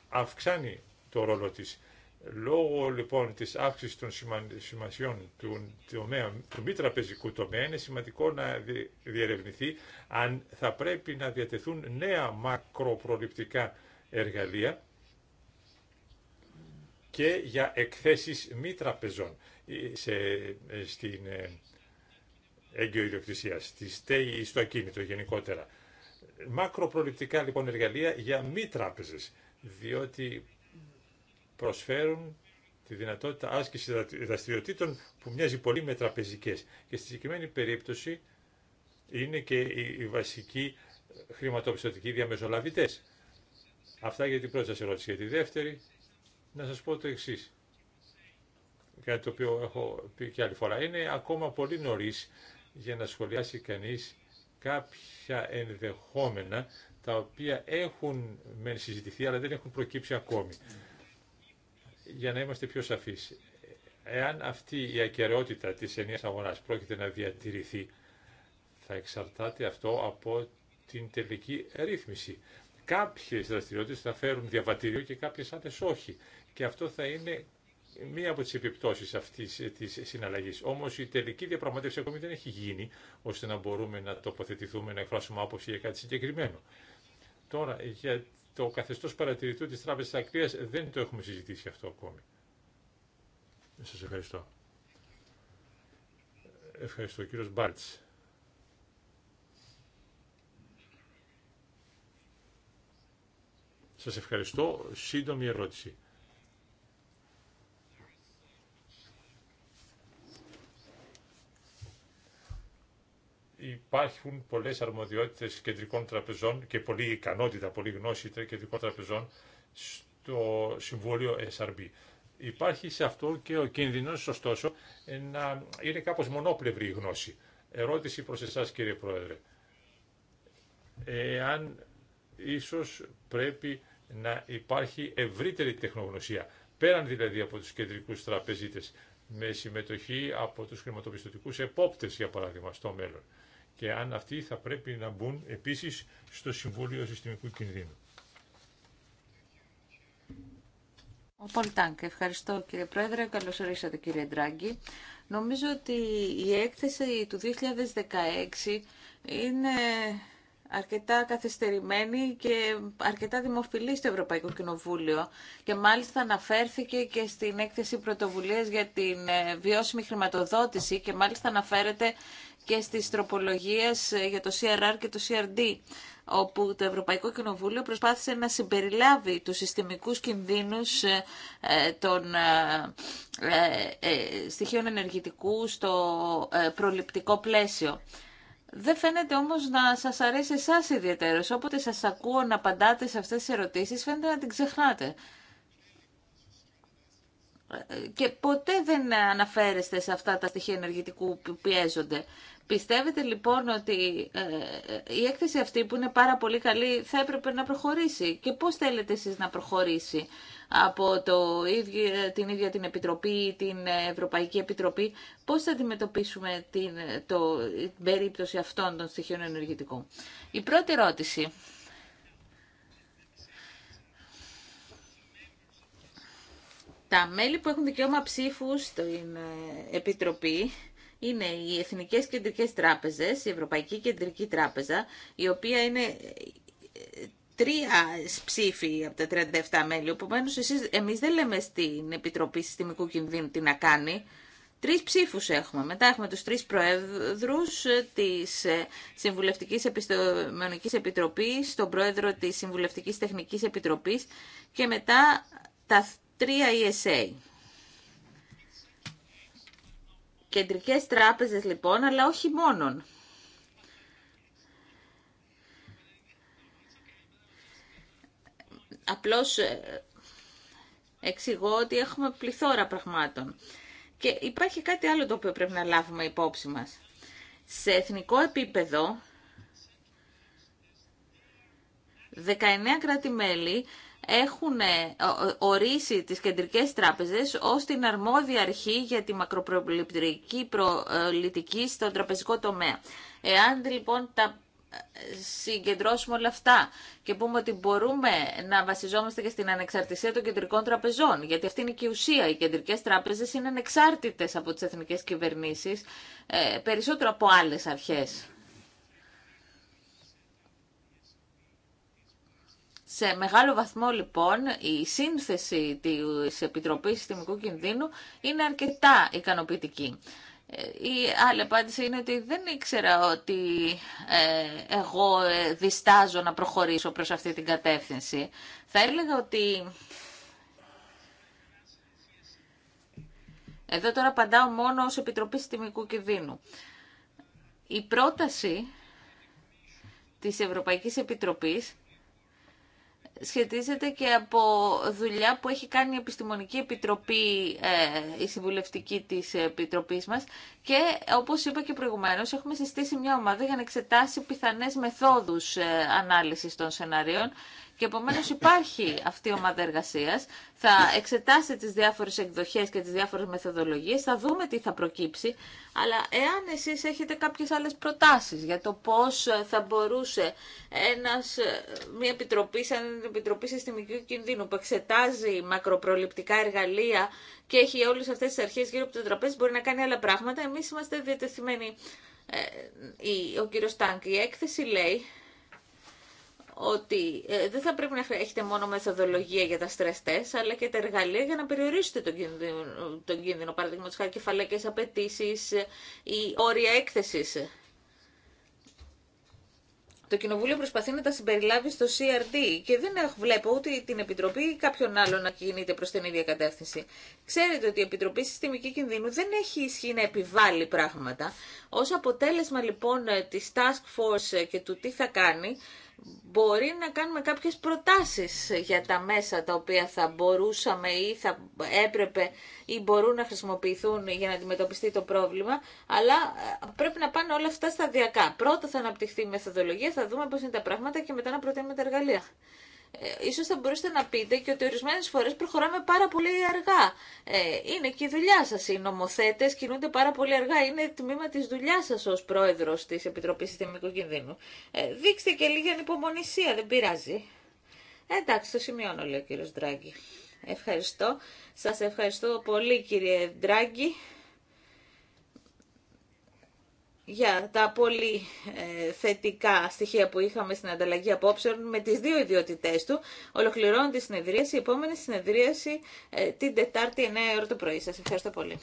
αυξάνει το ρόλο της. Λόγω λοιπόν της αύξησης των σημασιών του, του μη τραπεζικού τομέα είναι σημαντικό να διερευνηθεί αν θα πρέπει να διατεθούν νέα μακροπροληπτικά εργαλεία και για εκθέσεις μη τραπεζών σε, ε, στην ε, έγκυο ιδιοκτησία, στη στέγη στο ακίνητο γενικότερα. Μακροπροληπτικά λοιπόν εργαλεία για μη τράπεζες, διότι προσφέρουν τη δυνατότητα άσκηση δραστηριοτήτων που μοιάζει πολύ με τραπεζικέ. Και στη συγκεκριμένη περίπτωση είναι και οι βασικοί χρηματοπιστωτικοί διαμεσολαβητές. Αυτά για την πρώτη σα ερώτηση. Για τη δεύτερη, να σα πω το εξή κάτι το οποίο έχω πει και άλλη φορά, είναι ακόμα πολύ νωρίς για να σχολιάσει κανείς κάποια ενδεχόμενα τα οποία έχουν μεν συζητηθεί αλλά δεν έχουν προκύψει ακόμη. Για να είμαστε πιο σαφείς, εάν αυτή η ακαιρεότητα της ενιαίας αγορά πρόκειται να διατηρηθεί, θα εξαρτάται αυτό από την τελική ρύθμιση. Κάποιες δραστηριότητες θα φέρουν διαβατήριο και κάποιες άλλες όχι. Και αυτό θα είναι μία από τις επιπτώσεις αυτής ε, της συναλλαγής. Όμως η τελική διαπραγματεύση ακόμη δεν έχει γίνει, ώστε να μπορούμε να τοποθετηθούμε, να εκφράσουμε άποψη για κάτι συγκεκριμένο. Τώρα, για το καθεστώς παρατηρητού της Τράπεζας Ακρίας δεν το έχουμε συζητήσει αυτό ακόμη. Σας ευχαριστώ. Ευχαριστώ, κύριος Μπάρτς. Σας ευχαριστώ. Σύντομη ερώτηση. υπάρχουν πολλές αρμοδιότητες κεντρικών τραπεζών και πολλή ικανότητα, πολλή γνώση κεντρικών τραπεζών στο Συμβούλιο SRB. Υπάρχει σε αυτό και ο κίνδυνος, ωστόσο, να είναι κάπως μονόπλευρη η γνώση. Ερώτηση προς εσάς, κύριε Πρόεδρε. Εάν ίσως πρέπει να υπάρχει ευρύτερη τεχνογνωσία, πέραν δηλαδή από τους κεντρικούς τραπεζίτες, με συμμετοχή από τους χρηματοπιστωτικούς επόπτες, για παράδειγμα, στο μέλλον και αν αυτοί θα πρέπει να μπουν επίσης στο Συμβούλιο Συστημικού Κινδύνου. Ο Πολτάνκ, ευχαριστώ κύριε Πρόεδρε, καλώς ορίσατε κύριε Ντράγκη. Νομίζω ότι η έκθεση του 2016 είναι αρκετά καθυστερημένη και αρκετά δημοφιλή στο Ευρωπαϊκό Κοινοβούλιο και μάλιστα αναφέρθηκε και στην έκθεση πρωτοβουλίας για την ε, βιώσιμη χρηματοδότηση και μάλιστα αναφέρεται και στις τροπολογίες ε, για το CRR και το CRD όπου το Ευρωπαϊκό Κοινοβούλιο προσπάθησε να συμπεριλάβει τους συστημικούς κινδύνους ε, των στοιχείων ενεργητικού στο προληπτικό πλαίσιο. Δεν φαίνεται όμως να σας αρέσει εσά ιδιαίτερως. Όποτε σας ακούω να απαντάτε σε αυτές τις ερωτήσεις, φαίνεται να την ξεχνάτε. Και ποτέ δεν αναφέρεστε σε αυτά τα στοιχεία ενεργητικού που πιέζονται. Πιστεύετε λοιπόν ότι ε, ε η έκθεση αυτή που είναι πάρα πολύ καλή θα έπρεπε να προχωρήσει. Και πώς θέλετε εσείς να προχωρήσει από το ίδιο, την ίδια την Επιτροπή, την Ευρωπαϊκή Επιτροπή, πώς θα αντιμετωπίσουμε την, το, περίπτωση αυτών των στοιχείων ενεργητικών. Η πρώτη ερώτηση. Τα μέλη που έχουν δικαίωμα ψήφου στην ε, Επιτροπή είναι οι Εθνικές Κεντρικές Τράπεζες, η Ευρωπαϊκή Κεντρική Τράπεζα, η οποία είναι τρία ψήφοι από τα 37 μέλη. εσεί εμεί δεν λέμε στην Επιτροπή Συστημικού Κινδύνου τι να κάνει. Τρει ψήφου έχουμε. Μετά έχουμε του τρει προέδρου τη ε, Συμβουλευτική Επιστημονική Επιτροπή, τον πρόεδρο τη Συμβουλευτική Τεχνική Επιτροπή και μετά τα τρία ESA. Κεντρικές τράπεζες λοιπόν, αλλά όχι μόνον. Απλώς ε, εξηγώ ότι έχουμε πληθώρα πραγμάτων. Και υπάρχει κάτι άλλο το οποίο πρέπει να λάβουμε υπόψη μας. Σε εθνικό επίπεδο, 19 κράτη-μέλη έχουν ε, ορίσει τις κεντρικές τράπεζες ως την αρμόδια αρχή για τη μακροπροληπτική προλητική ε, στον τραπεζικό τομέα. Εάν λοιπόν τα συγκεντρώσουμε όλα αυτά και πούμε ότι μπορούμε να βασιζόμαστε και στην ανεξαρτησία των κεντρικών τραπεζών, γιατί αυτή είναι και η ουσία. Οι κεντρικές τράπεζες είναι ανεξάρτητες από τις εθνικές κυβερνήσεις, ε, περισσότερο από άλλες αρχές. Σε μεγάλο βαθμό λοιπόν η σύνθεση της Επιτροπής Συστημικού Κινδύνου είναι αρκετά ικανοποιητική. Ε, η άλλη απάντηση είναι ότι δεν ήξερα ότι ε, εγώ ε, διστάζω να προχωρήσω προς αυτή την κατεύθυνση. Θα έλεγα ότι Εδώ τώρα απαντάω μόνο ως Επιτροπή Συστημικού Κιδίνου, Η πρόταση της Ευρωπαϊκής Επιτροπής σχετίζεται και από δουλειά που έχει κάνει η Επιστημονική Επιτροπή, ε, η Συμβουλευτική της Επιτροπής μας και όπως είπα και προηγουμένως έχουμε συστήσει μια ομάδα για να εξετάσει πιθανές μεθόδους ε, ανάλυσης των σενάριων και επομένω υπάρχει αυτή η ομάδα εργασία. θα εξετάσει τι διάφορε εκδοχέ και τι διάφορε μεθοδολογίε, θα δούμε τι θα προκύψει, αλλά εάν εσεί έχετε κάποιε άλλε προτάσει για το πώ θα μπορούσε ένας, μια επιτροπή, σαν την επιτροπή συστημικού κινδύνου που εξετάζει μακροπροληπτικά εργαλεία και έχει όλε αυτέ τι αρχέ γύρω από το τραπέζι, μπορεί να κάνει άλλα πράγματα, Εμεί είμαστε διατεθειμένοι. Ε, ο κύριο Τάνκ, η έκθεση λέει ότι ε, δεν θα πρέπει να έχετε μόνο μεθοδολογία για τα stress test, αλλά και τα εργαλεία για να περιορίσετε τον κίνδυνο, τον κίνδυνο παραδείγματος χάρη κεφαλαίκες απαιτήσει ή ε, όρια έκθεση. Το Κοινοβούλιο προσπαθεί να τα συμπεριλάβει στο CRD και δεν βλέπω ούτε την Επιτροπή ή κάποιον άλλο να κινείται προ την ίδια κατεύθυνση. Ξέρετε ότι η Επιτροπή Συστημική Κινδύνου δεν έχει ισχύ να επιβάλλει πράγματα. Ω αποτέλεσμα λοιπόν ε, τη Task Force και του τι θα κάνει, μπορεί να κάνουμε κάποιες προτάσεις για τα μέσα τα οποία θα μπορούσαμε ή θα έπρεπε ή μπορούν να χρησιμοποιηθούν για να αντιμετωπιστεί το πρόβλημα, αλλά ε, πρέπει να πάνε όλα αυτά σταδιακά. Πρώτα θα αναπτυχθεί η μεθοδολογία, θα δούμε πώς είναι τα πράγματα και μετά να προτείνουμε τα εργαλεία ε, ίσως θα μπορούσατε να πείτε και ότι ορισμένες φορές προχωράμε πάρα πολύ αργά. Ε, είναι και η δουλειά σας. Οι νομοθέτες κινούνται πάρα πολύ αργά. Είναι τμήμα της δουλειά σας ως πρόεδρος της Επιτροπής Συστημικού Κινδύνου. Ε, δείξτε και λίγη ανυπομονησία, δεν πειράζει. εντάξει, το σημειώνω, λέει ο κύριος Ντράγκη. Ευχαριστώ. Σας ευχαριστώ πολύ κύριε Ντράγκη για τα πολύ ε, θετικά στοιχεία που είχαμε στην ανταλλαγή απόψεων με τις δύο ιδιότητές του. Ολοκληρώνω τη συνεδρίαση. Η επόμενη συνεδρίαση ε, την Τετάρτη 9 ώρα το πρωί. Σας ευχαριστώ πολύ.